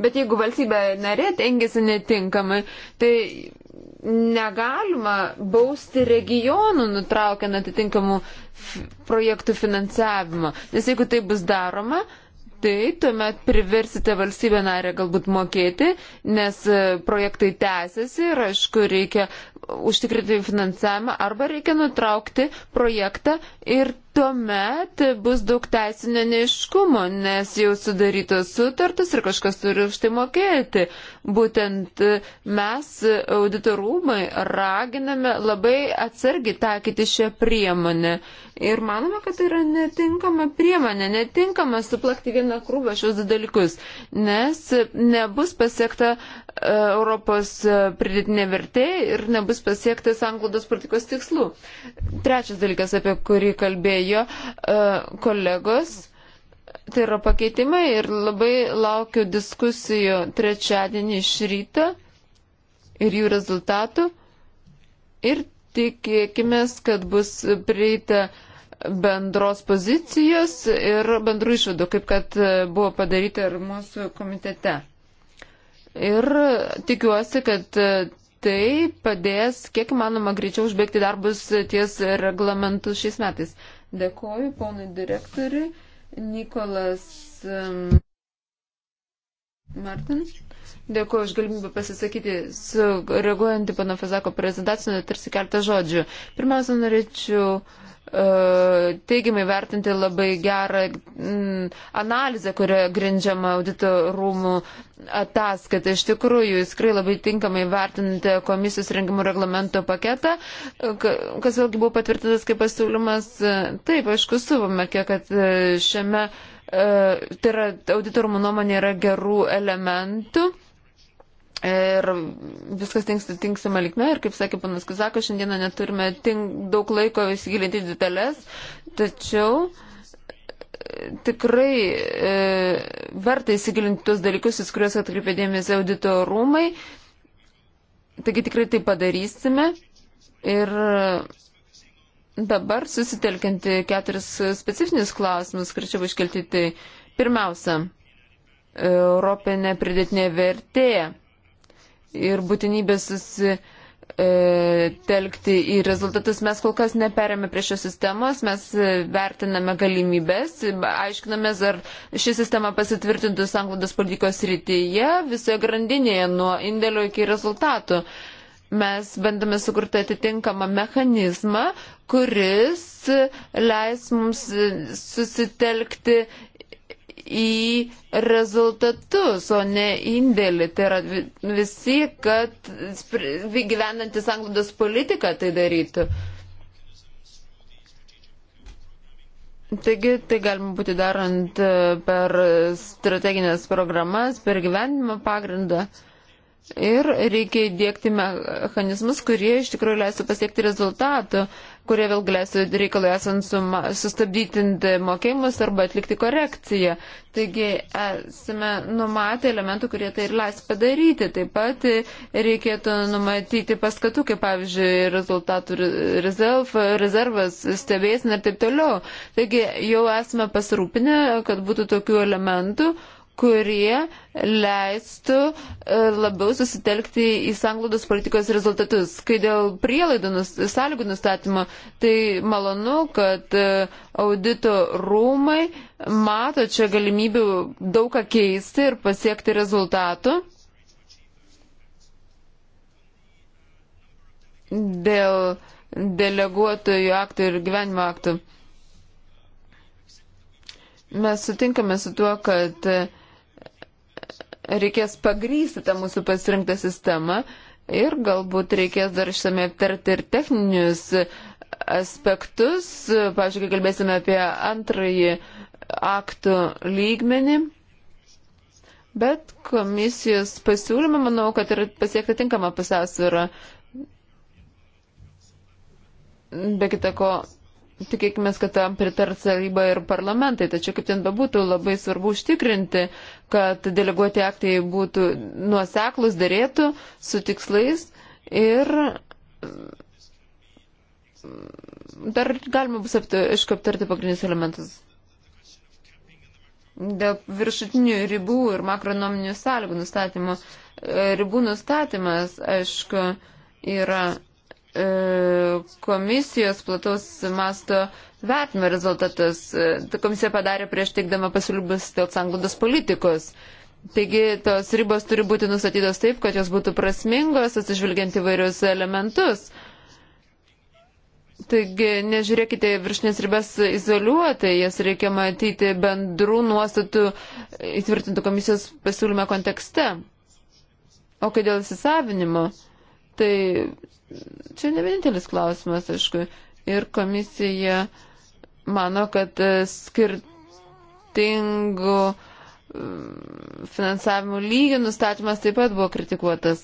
Bet jeigu valstybė narė tengiasi netinkamai, tai negalima bausti regionų nutraukiant atitinkamų projektų finansavimo. Nes jeigu tai bus daroma, tai tuomet priversite valstybę narę galbūt mokėti, nes e, projektai tęsiasi ir aišku reikia užtikrinti finansavimą arba reikia nutraukti projektą ir tuomet bus daug teisinio neiškumo, nes jau sudarytos sutartus ir kažkas turi už tai mokėti. Būtent e, mes, e, auditorumai, raginame labai atsargiai taikyti šią priemonę. Ir manome, kad tai yra netinkama priemonė, netinkama suplakti vieną krūvą šios dalykus, nes nebus pasiekta e, Europos pridėtinė vertė ir nebus pasiektas anglodos politikos tikslų. Trečias dalykas, apie kurį kalbėjau jo e, kolegos. Tai yra pakeitimai ir labai laukiu diskusijų trečiadienį iš ryto ir jų rezultatų. Ir tikėkime, kad bus prieita bendros pozicijos ir bendrų išvadų, kaip kad e, buvo padaryta ir mūsų komitete. Ir tikiuosi, kad e, tai padės kiek manoma greičiau užbėgti darbus ties reglamentus šiais metais. Dėkoju ponui direktoriui Nikolas Martins. Dėkuoju už galimybę pasisakyti, reaguojant į pana Fezako prezentaciją, tarsi keltą žodžių. Pirmiausia, norėčiau e, teigiamai vertinti labai gerą mm, analizę, kurią grindžiama audito rūmų ataskaita. Iš tikrųjų, jūs tikrai labai tinkamai vertinate komisijos rengimų reglamento paketą, e, kas vėlgi buvo patvirtintas kaip pasiūlymas. E, taip, aišku, suvome, kiek kad šiame, tai yra audito rūmų nuomonė yra gerų elementų. Ir viskas tinksima likme ir, kaip sakė panas Kuzako, šiandieną neturime tink, daug laiko įsigilinti detalės, tačiau e, tikrai e, verta įsigilinti tuos dalykus, į kuriuos atkreipė dėmesį audito rūmai. Taigi tikrai tai padarysime. Ir dabar susitelkinti keturis specifinius klausimus, kur čia buvo iškelti, tai pirmiausia, europinė pridėtinė vertėja ir būtinybės susi e, telkti į rezultatus. Mes kol kas neperėmė prie šios sistemos, mes e, vertiname galimybės, aiškinamės, ar ši sistema pasitvirtintų sanglaudos politikos rytyje visoje grandinėje nuo indėlio iki rezultatų. Mes bandome sukurti atitinkamą mechanizmą, kuris leis mums e, susitelkti į rezultatus, o ne indėlį. Tai yra visi, kad gyvenantis anglodos politiką tai darytų. Taigi tai galima būti darant e, per strateginės programas, per gyvenimo pagrindą. Ir reikia įdėkti mechanizmus, kurie iš tikrųjų leistų pasiekti rezultatų kurie vėl galės reikalui esant suma, sustabdyti mokėjimus arba atlikti korekciją. Taigi esame numatę elementų, kurie tai ir leis padaryti. Taip pat reikėtų numatyti paskatų, kaip pavyzdžiui, rezultatų rezerv, rezervas, stebėsina ir taip toliau. Taigi jau esame pasirūpinę, kad būtų tokių elementų. Uh, kurie leistų e, labiau susitelkti į sanglaudos politikos rezultatus. Kai dėl prielaidų nus, sąlygų nustatymo, tai malonu, kad e, audito rūmai mato čia galimybių daug ką keisti ir pasiekti rezultatų. Dėl deleguotojų aktų ir gyvenimo aktų. Mes sutinkame su tuo, kad uh, reikės pagrysti tą mūsų pasirinktą sistemą ir galbūt reikės dar išsamei aptarti ir techninius aspektus. Pavyzdžiui, kai kalbėsime apie antrąjį aktų lygmenį. Bet komisijos pasiūlymą, manau, kad yra pasiekta tinkama pusiausvyrą. Be kita ko, tikėkime, kad tam pritars taryba ir parlamentai, tačiau kaip ten bebūtų, labai svarbu užtikrinti, kad deleguoti aktai būtų nuoseklus, darėtų su tikslais ir mm, dar galima bus iškaptarti pagrindinius elementus. Dėl viršutinių ribų ir makronominių sąlygų nustatymo. E, ribų nustatymas, aišku, yra E, komisijos plataus masto vertimo rezultatus. E, ta komisija padarė prieš teikdama pasiūlymus dėl sanglaudos politikos. Taigi tos ribos turi būti nustatytos taip, kad jos būtų prasmingos, atsižvelgiant įvairius elementus. Taigi nežiūrėkite viršnės ribas izoliuotai, jas reikia matyti bendrų nuostatų įtvirtintų komisijos pasiūlyme kontekste. O kai dėl įsisavinimo? Tai čia ne vienintelis klausimas, aišku. Ir komisija mano, kad e, skirtingų e, finansavimo lygių nustatymas taip pat buvo kritikuotas.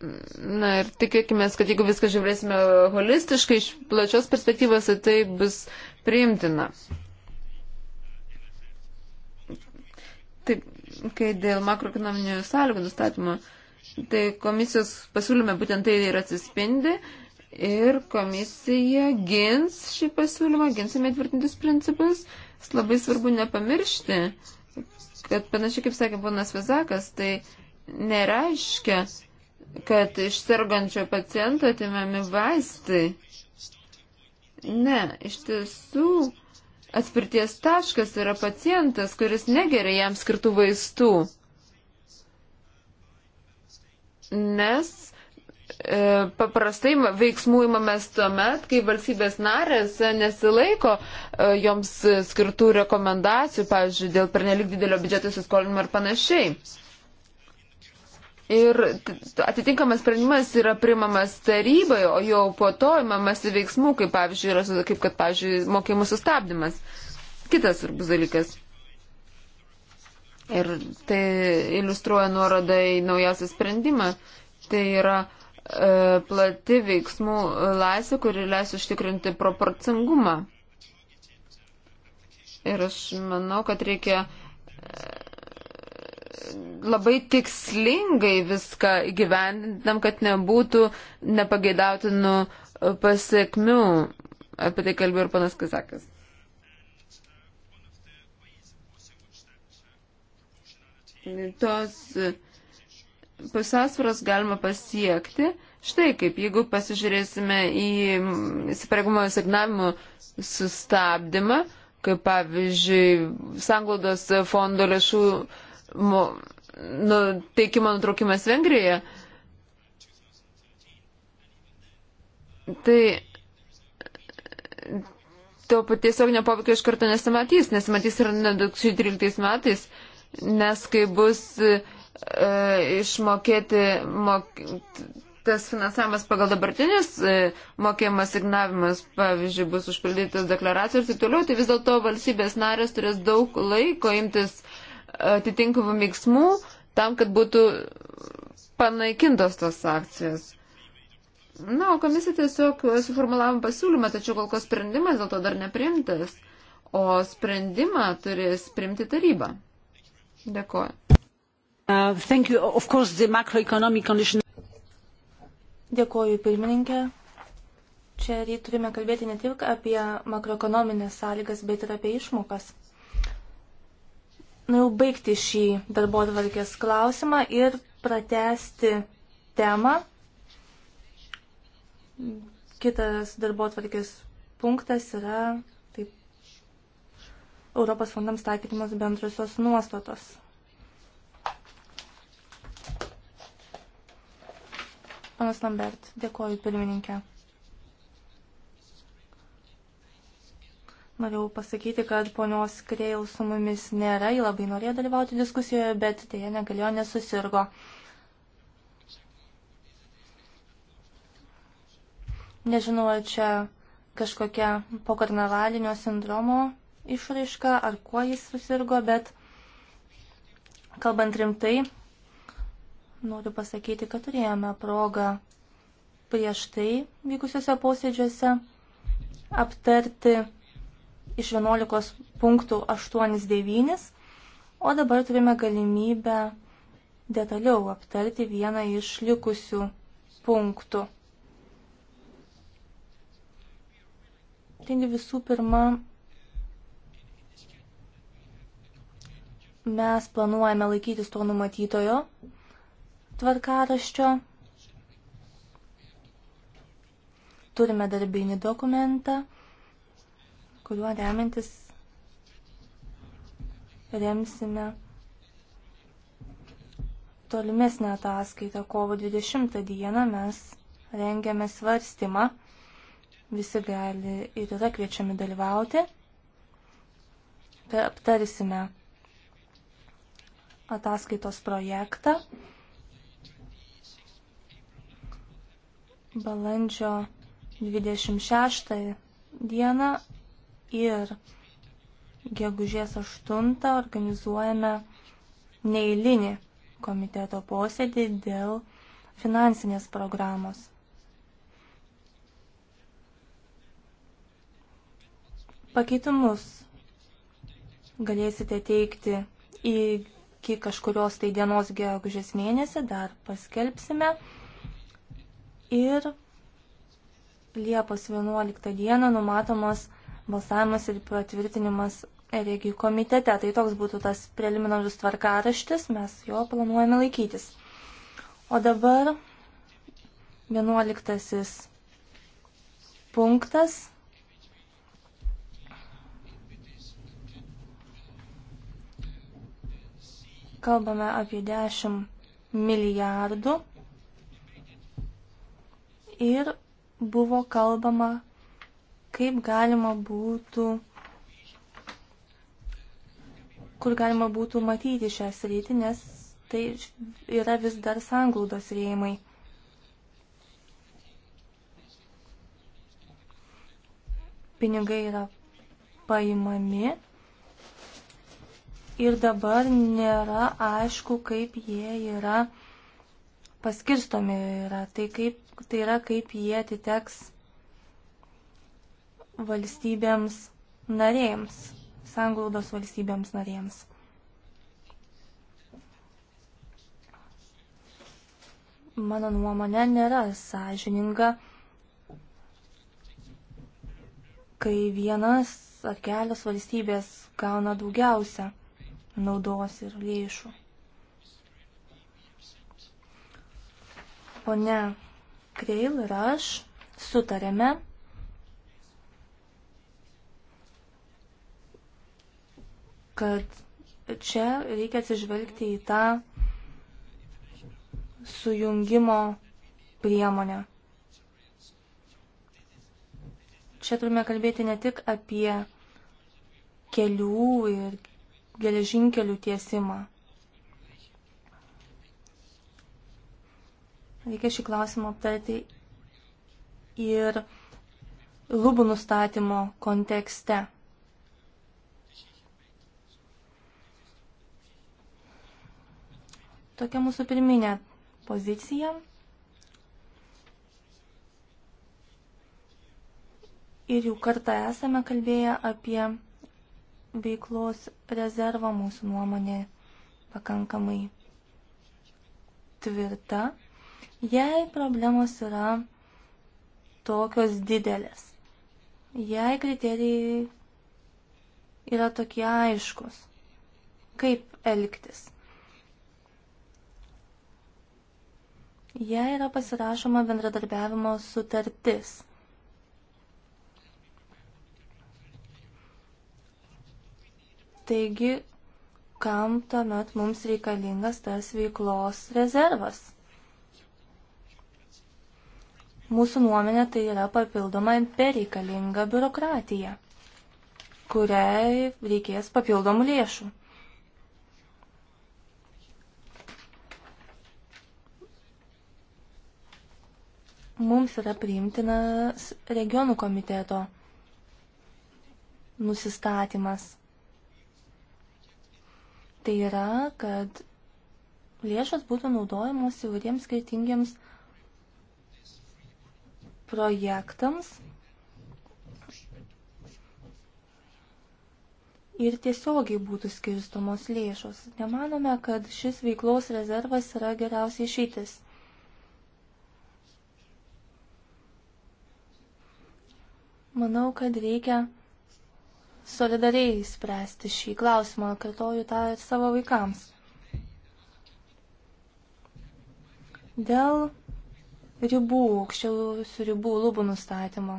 Na ir tikėkime, kad jeigu viską žiūrėsime holistiškai iš plačios perspektyvos, tai bus priimtina. Taip, kai dėl makroekonominių sąlygų nustatymo, tai komisijos pasiūlyme būtent tai ir atsispindi ir komisija gins šį pasiūlymą, ginsime tvirtintis principus. Labai svarbu nepamiršti, kad panašiai kaip sakė ponas Vizakas, tai nereiškia, kad iš sergančio paciento atimami vaistai. Ne, iš tiesų atspirties taškas yra pacientas, kuris negeria jam skirtų vaistų. Nes e, paprastai veiksmų įmamės tuomet, kai valstybės narės nesilaiko e, joms skirtų rekomendacijų, pavyzdžiui, dėl pernelik didelio biudžeto įsiskolinimo ir panašiai. Ir atitinkamas sprendimas yra primamas tarybai, o jau po to imamas veiksmų, kaip, pavyzdžiui, yra, kaip kad, pavyzdžiui, mokėjimų sustabdymas. Kitas svarbus dalykas. Ir tai iliustruoja nuorodą į naujausią sprendimą. Tai yra e, plati veiksmų laisvė, kuri leis užtikrinti proporcingumą. Ir aš manau, kad reikia labai tikslingai viską gyvendinam, kad nebūtų nepageidautinų e, pasiekmių. Apie tai kalbėjo ir panas Kazakas. Tos e, pusiausvėros galima pasiekti. Štai kaip, jeigu pasižiūrėsime į mm, įsipareigumo asignavimų sustabdymą, kaip pavyzdžiui, sanglaudos fondo lėšų mo, nu, teikimo nutraukimas Vengrijoje. Tai to tiesioginio poveikio iš karto nesimatys, nesimatys ir 2013 metais, nes kai bus e, išmokėti mok, tas finansavimas pagal dabartinius e, mokėjimas signavimas, pavyzdžiui, bus užpildytas deklaracijos ir taip toliau, tai vis dėlto valstybės narės turės daug laiko imtis atitinkamų veiksmų tam, kad būtų panaikintos tos sankcijos. Na, o komisija tiesiog suformulavo pasiūlymą, tačiau kol kas sprendimas dėl to dar neprimtas, o sprendimą turės primti taryba. Dėkuoju. Uh, course, condition... Dėkuoju, pirmininkė. Čia turime kalbėti ne tik apie makroekonominės sąlygas, bet ir apie išmokas. Nu, jau baigti šį darbo atvarkės klausimą ir pratesti temą. Kitas darbo atvarkės punktas yra taip, Europos fondams taikytimas bendrusios nuostatos. Panas Lambert, dėkoju pirmininkė. Norėjau pasakyti, kad ponios Kreil su mumis nėra, ji labai norėjo dalyvauti diskusijoje, bet dėja negalėjo, nesusirgo. Nežinau, ar čia kažkokia pokarnavalinio sindromo išraiška, ar kuo jis susirgo, bet kalbant rimtai, noriu pasakyti, kad turėjome progą prieš tai vykusiuose posėdžiuose aptarti iš 11 punktų 8-9, o dabar turime galimybę detaliau aptarti vieną iš likusių punktų. Taigi visų pirma, mes planuojame laikytis to numatytojo tvarkaraščio. Turime darbinį dokumentą kuriuo remiantis remsime tolimesnę ataskaitą. Kovo 20 dieną mes rengiame svarstymą. Visi gali ir yra kviečiami dalyvauti. Aptarysime ataskaitos projektą. Balandžio 26 dieną ir gegužės 8 organizuojame neįlinį komiteto posėdį dėl finansinės programos. Pakeitimus galėsite teikti iki kažkurios tai dienos gegužės mėnesį, dar paskelbsime. Ir Liepos 11 dieną numatomas balsavimas ir patvirtinimas regijų komitete. Tai toks būtų tas preliminarus tvarkaraštis, mes jo planuojame laikytis. O dabar vienuoliktasis punktas. Kalbame apie 10 milijardų ir buvo kalbama kaip galima būtų, kur galima būtų matyti šią sritį, nes tai yra vis dar sanglaudos rėmai. Pinigai yra paimami ir dabar nėra aišku, kaip jie yra paskirstomi, yra. Tai, kaip, tai yra, kaip jie atiteks valstybėms narėms, sanglaudos valstybėms narėms. Mano nuomonė nėra sąžininga, kai vienas ar kelios valstybės gauna daugiausia naudos ir lėšų. Pone Kreil ir aš sutarėme, kad čia reikia atsižvelgti į tą sujungimo priemonę. Čia turime kalbėti ne tik apie kelių ir geležinkelių tiesimą. Reikia šį klausimą aptarti ir lubų nustatymo kontekste. Tokia mūsų pirminė pozicija. Ir jau kartą esame kalbėję apie veiklos rezervą mūsų nuomonė pakankamai tvirta, jei problemos yra tokios didelės, jei kriterijai yra tokie aiškus, kaip elgtis. jei yra pasirašoma bendradarbiavimo sutartis. Taigi, kam tuomet mums reikalingas tas veiklos rezervas? Mūsų nuomenė tai yra papildoma bereikalinga biurokratija, kuriai reikės papildomų lėšų. mums yra priimtinas regionų komiteto nusistatymas. Tai yra, kad lėšas būtų naudojamos įvairiems skirtingiems projektams ir tiesiogiai būtų skirstomos lėšos. Nemanome, kad šis veiklos rezervas yra geriausiai išeitis. Manau, kad reikia solidariai spręsti šį klausimą, kartoju tą ir savo vaikams. Dėl ribų, aukščiausių ribų, lubų nustatymo.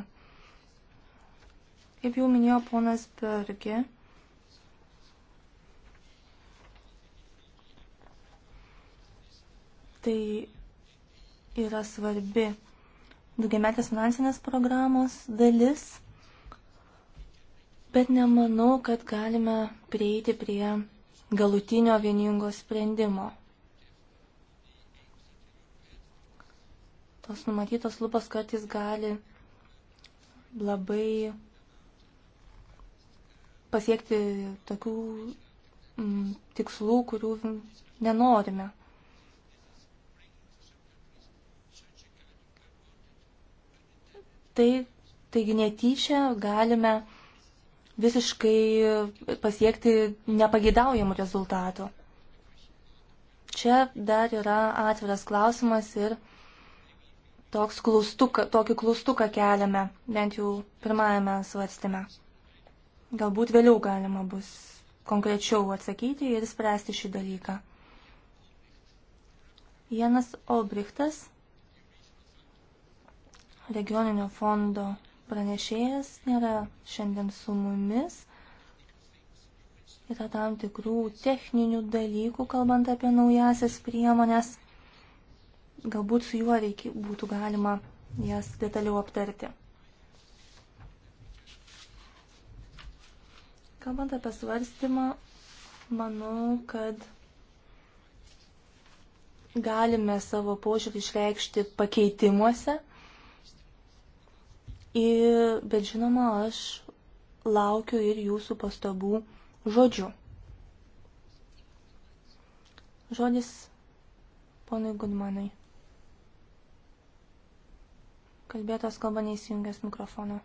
Kaip jau minėjo ponas Bergi, tai yra svarbi daugiametės finansinės programos dalis, bet nemanau, kad galime prieiti prie galutinio vieningo sprendimo. Tos numatytos lubos kartais gali labai pasiekti tokių mm, tikslų, kurių nenorime. tai, taigi netyčia galime visiškai pasiekti nepageidaujamų rezultatų. Čia dar yra atviras klausimas ir toks klaustuka, tokį klaustuką keliame, bent jau pirmajame svarstime. Galbūt vėliau galima bus konkrečiau atsakyti ir spręsti šį dalyką. Janas Obrichtas regioninio fondo pranešėjas nėra šiandien su mumis. Yra tam tikrų techninių dalykų, kalbant apie naujasias priemonės. Galbūt su juo reikia, būtų galima jas detaliau aptarti. Kalbant apie svarstymą, manau, kad galime savo požiūrį išreikšti pakeitimuose Ir, bet žinoma, aš laukiu ir jūsų pastabų žodžių. Žodis ponui Gudmanai. Kalbėtas kalba neįsijungęs mikrofoną.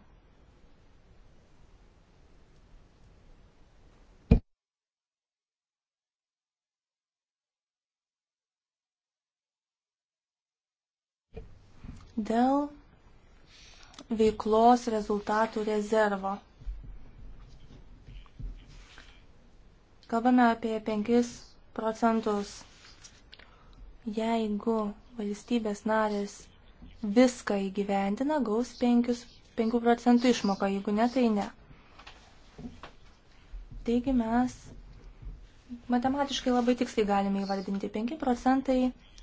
Dėl veiklos rezultatų rezervo. Kalbame apie 5 procentus. Jeigu valstybės narės viską įgyvendina, gaus 5, 5 procentų išmoką, jeigu ne, tai ne. Taigi mes matematiškai labai tiksliai galime įvardinti 5 procentai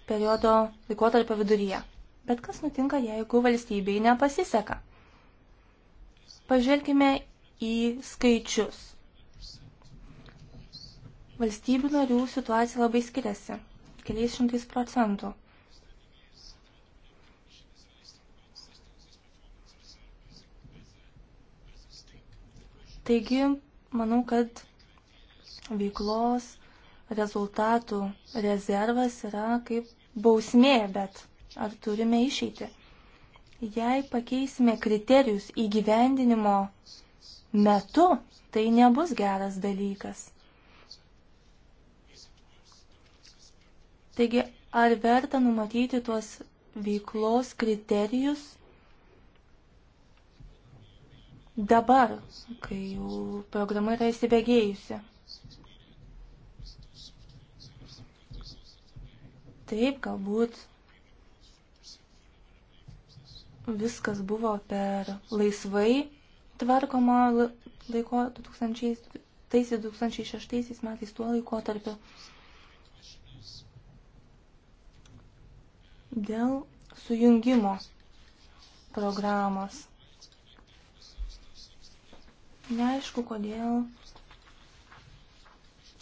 periodo laikotarpio viduryje. Bet kas nutinka, jeigu valstybei nepasiseka? Pažvelkime į skaičius. Valstybių narių situacija labai skiriasi - keliais šimtais procentų. Taigi, manau, kad veiklos rezultatų rezervas yra kaip bausmė, bet Ar turime išeiti? Jei pakeisime kriterijus įgyvendinimo metu, tai nebus geras dalykas. Taigi, ar verta numatyti tuos veiklos kriterijus dabar, kai jau programa yra įsibėgėjusi? Taip, galbūt viskas buvo per laisvai tvarkoma laiko 2000-2006 metais tuo laikotarpiu. Dėl sujungimo programos. Neaišku, kodėl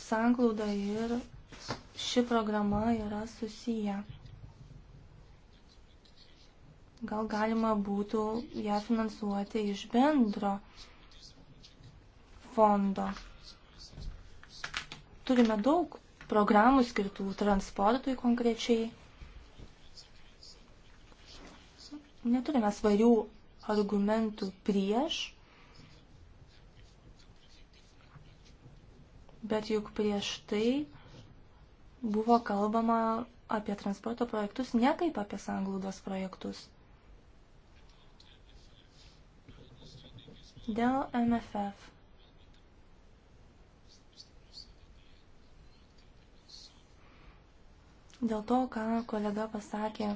sanklauda ir ši programa yra susiję gal galima būtų ją finansuoti iš bendro fondo. Turime daug programų skirtų transportui konkrečiai. Neturime svarių argumentų prieš, bet juk prieš tai buvo kalbama apie transporto projektus ne kaip apie sanglaudos projektus. Dėl MFF. Dėl to, ką kolega pasakė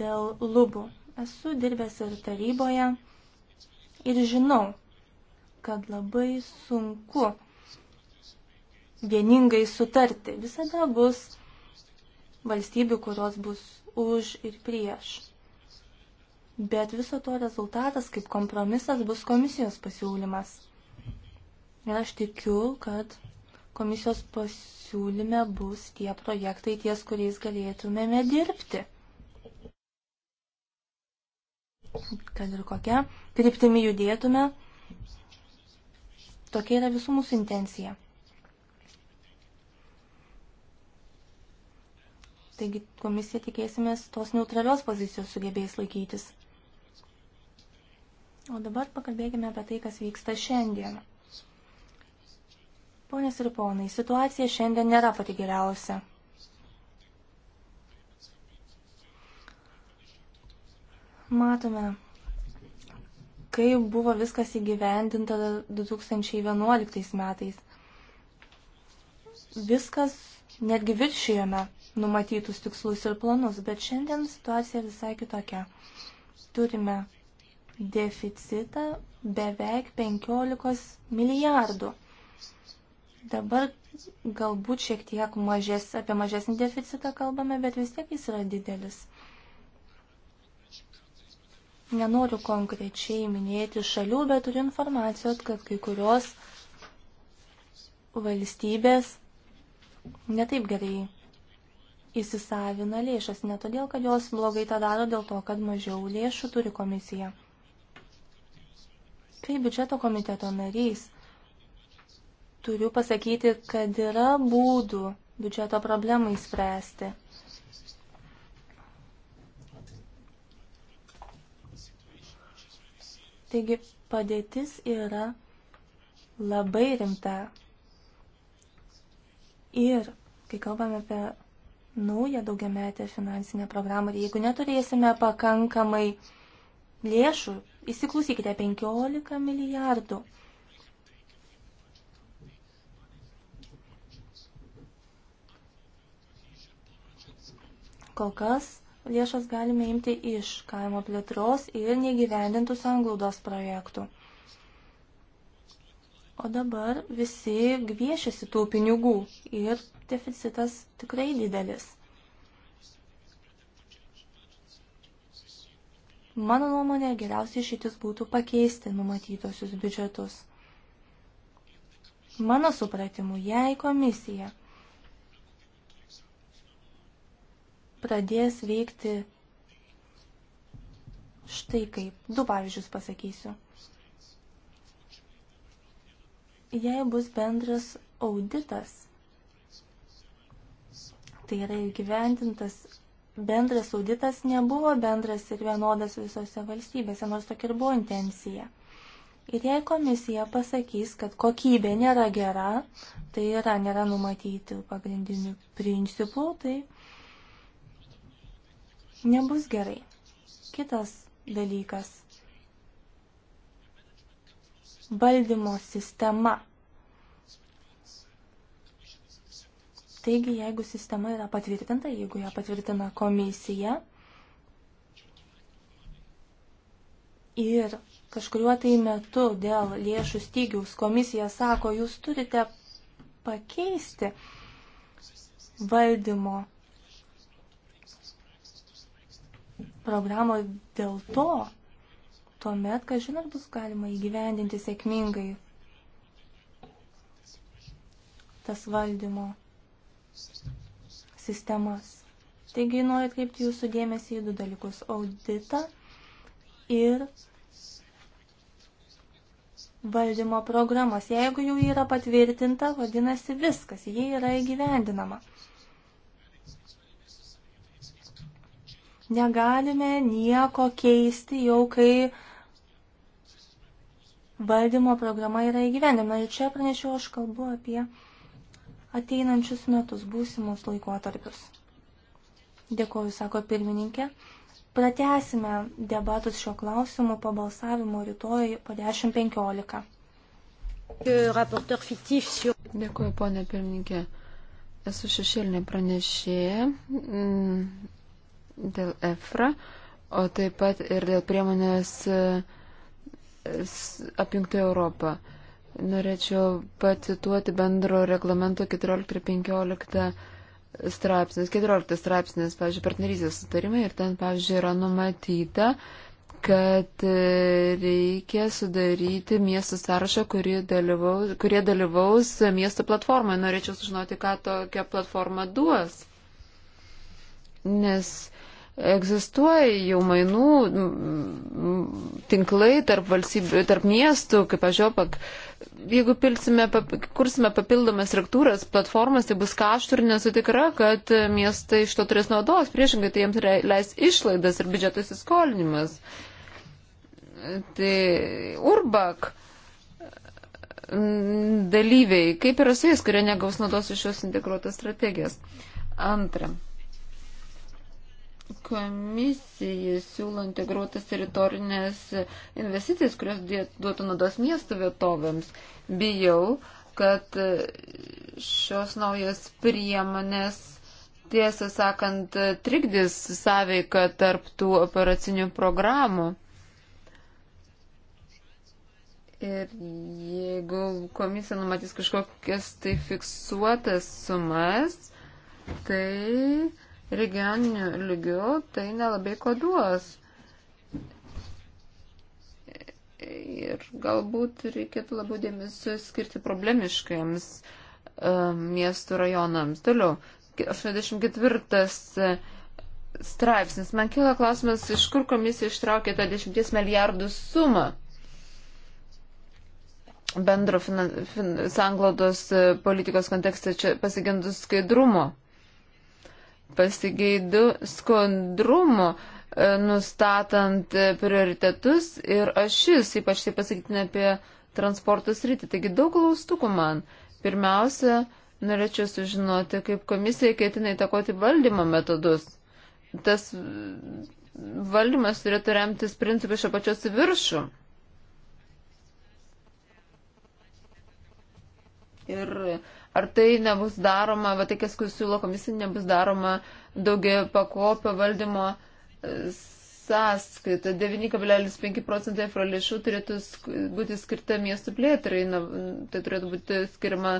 dėl lubų. Esu dirbęs ir taryboje ir žinau, kad labai sunku vieningai sutarti. Visada bus valstybių, kurios bus už ir prieš bet viso to rezultatas kaip kompromisas bus komisijos pasiūlymas. Ir aš tikiu, kad komisijos pasiūlyme bus tie projektai, ties kuriais galėtumėme dirbti. Kad ir kokia kryptimi judėtume, tokia yra visų mūsų intencija. Taigi komisija tikėsimės tos neutralios pozicijos sugebės laikytis. O dabar pakalbėkime apie tai, kas vyksta šiandien. Ponės ir ponai, situacija šiandien nėra pati geriausia. Matome, kaip buvo viskas įgyvendinta 2011 metais. Viskas netgi viršijome numatytus tikslus ir planus, bet šiandien situacija visai kitokia. Turime deficitą beveik 15 milijardų. Dabar galbūt šiek tiek mažes, apie mažesnį deficitą kalbame, bet vis tiek jis yra didelis. Nenoriu konkrečiai minėti šalių, bet turiu informacijos, kad kai kurios valstybės netaip gerai įsisavina lėšas, ne todėl, kad jos blogai tą daro, dėl to, kad mažiau lėšų turi komisija. Kai biudžeto komiteto narys, turiu pasakyti, kad yra būdų biudžeto problemai spręsti. Taigi padėtis yra labai rimta. Ir kai kalbame apie naują daugiametę finansinę programą, tai jeigu neturėsime pakankamai lėšų Įsiklausykite, 15 milijardų. Kol kas lėšas galime imti iš kaimo plėtros ir negyvendintų sanglaudos projektų. O dabar visi gviešiasi tų pinigų ir deficitas tikrai didelis. Mano nuomonė, geriausiai išeitis būtų pakeisti numatytosius biudžetus. Mano supratimu, jei komisija pradės veikti štai kaip, du pavyzdžius pasakysiu. Jei bus bendras auditas, tai yra įgyvendintas bendras auditas nebuvo bendras ir vienodas visose valstybėse, nors tokia ir buvo intencija. Ir jei komisija pasakys, kad kokybė nėra gera, tai yra nėra numatyti pagrindinių principų, tai nebus gerai. Kitas dalykas valdymo sistema. Taigi, jeigu sistema yra patvirtinta, jeigu ją patvirtina komisija ir kažkuriuo tai metu dėl lėšų stygiaus komisija sako, jūs turite pakeisti valdymo programą dėl to, tuomet, ką žinot, bus galima įgyvendinti sėkmingai tas valdymo sistemas. Taigi noriu atkreipti jūsų dėmesį į du dalykus - auditą ir valdymo programos. Jeigu jau yra patvirtinta, vadinasi viskas, jie yra įgyvendinama. Negalime nieko keisti jau, kai valdymo programa yra įgyvendinama. Ir čia pranešiau, aš kalbu apie ateinančius metus, būsimus laikotarpius. Dėkoju, sako pirmininkė. Pratesime debatus šio klausimu po balsavimo rytoj po 10.15. Dėkuoju, ponė pirmininkė. Esu šešėlinė pranešėja mm, dėl EFRA, o taip pat ir dėl priemonės e, apjungti Europą. Norėčiau pacituoti bendro reglamento 14-15 straipsnis. 14 straipsnis, pavyzdžiui, partnerysės sutarimai ir ten, pavyzdžiui, yra numatyta, kad e, reikia sudaryti miestų sąrašą, kurie dalyvaus, kurie dalyvaus miesto platformoje. Norėčiau sužinoti, ką tokia platforma duos. Nes egzistuoja jau mainų tinklai tarp, valstybių, tarp miestų, kaip aš jau pak, jeigu pilsime, kursime papildomas struktūras, platformas, tai bus kaštų ir nesu tikra, kad miestai iš to turės naudos, priešingai tai jiems leis išlaidas ir biudžeto įsiskolinimas. Tai urbak mm, dalyviai, kaip yra su jais, kurie negaus naudos iš šios integruotos strategijos. Antra komisija siūlo integruotas teritorinės investicijas, kurios duotų naudos miestų vietovėms. Bijau, kad šios naujos priemonės, tiesą sakant, trikdys sąveiką tarp tų operacinių programų. Ir jeigu komisija numatys kažkokias tai fiksuotas sumas, tai regioniniu lygiu tai nelabai koduos. Ir galbūt reikėtų labiau dėmesio skirti problemiškiams e, miestų rajonams. Toliau, 84 e, straipsnis. Man kila klausimas, iš kur komisija ištraukė tą 10 milijardų sumą bendro fin, fin, sanglaudos e, politikos kontekste čia pasigendus skaidrumo pasigeidu skondrumo e, nustatant prioritetus ir ašis, ypač tai pasakytume apie transporto sritį. Taigi daug klaustukų man. Pirmiausia, norėčiau sužinoti, kaip komisija ketina įtakoti valdymo metodus. Tas valdymas turėtų remtis principu iš apačios į viršų. Ir Ar tai nebus daroma, va tai, kas siūlo komisija, nebus daroma daugia pakopio valdymo e, sąskaita 9,5 procentai afro lėšų turėtų būti skirta miestų plėtrai, na, tai turėtų būti skirma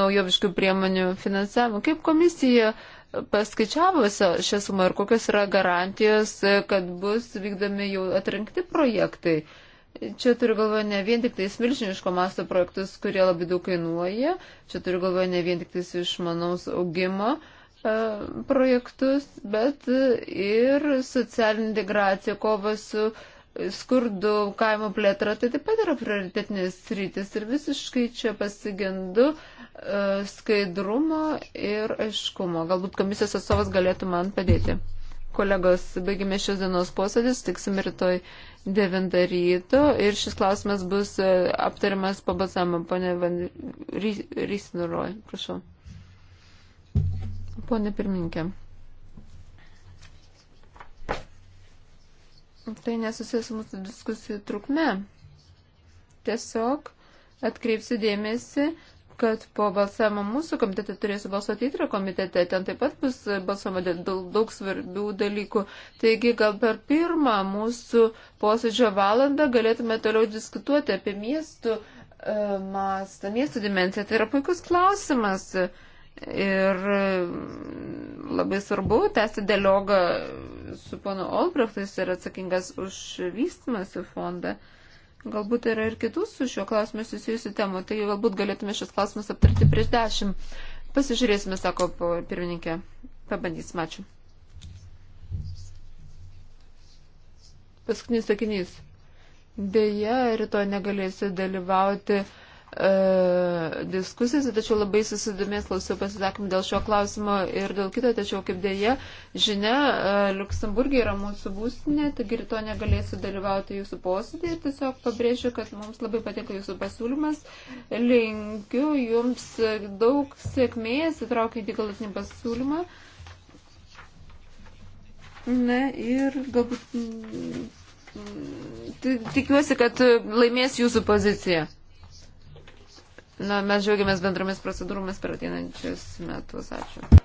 naujoviškų priemonių finansavimu. Kaip komisija paskaičiavo šią sumą ir kokios yra garantijos, kad bus vykdomi jau atrinkti projektai? Čia turiu galvoje ne vien tik tais milžiniško masto projektus, kurie labai daug kainuoja, čia turiu galvoje ne vien tik tais išmanaus augimo e, projektus, bet ir socialinė integracija, kova su skurdu, kaimo plėtra, tai taip pat yra prioritetinės rytis ir visiškai čia pasigendu e, skaidrumo ir aiškumo. Galbūt komisijos atstovas galėtų man padėti. Kolegos, baigime šios dienos posėdis, tiksim rytoj. 9 ryto ir šis klausimas bus e, aptariamas po balsavimo. Pone Van Rysinuroj, prašau. Pone pirmininkė. Tai nesusijęs mūsų diskusijų trukme. Tiesiog atkreipsiu dėmesį kad po balsavimo mūsų komitete turėsiu balsuoti įtrio komitete, ten taip pat bus balsuoma dėl daug svarbių dalykų. Taigi gal per pirmą mūsų posėdžio valandą galėtume toliau diskutuoti apie miestų uh, mastą, miestų dimenciją. Tai yra puikus klausimas. Ir e, labai svarbu tęsti dialogą su ponu Olbrechtais ir atsakingas už vystimąsi fondą. Uh, Galbūt yra ir kitų su šiuo klausimu susijusių temų, tai galbūt galėtume šios klausimus aptarti prieš dešimt. Pasižiūrėsime, sako pirmininkė. Pabandysime, ačiū. Paskutinis sakinys. Deja, rytoj negalėsiu dalyvauti E, diskusijose, tačiau labai susidomės klausiau pasisakymų dėl šio klausimo ir dėl kito, tačiau kaip dėja, žinia, e, Luksemburgė yra mūsų būstinė, taigi ryto negalėsiu dalyvauti jūsų posėdį ir tiesiog pabrėžiu, kad mums labai patinka jūsų pasiūlymas. Linkiu jums daug sėkmės įtraukiant į galutinį pasiūlymą. Na ir galbūt tikiuosi, kad laimės jūsų pozicija. Na, mes žiūrėmės bendromis procedūromis per ateinančius metus. Ačiū.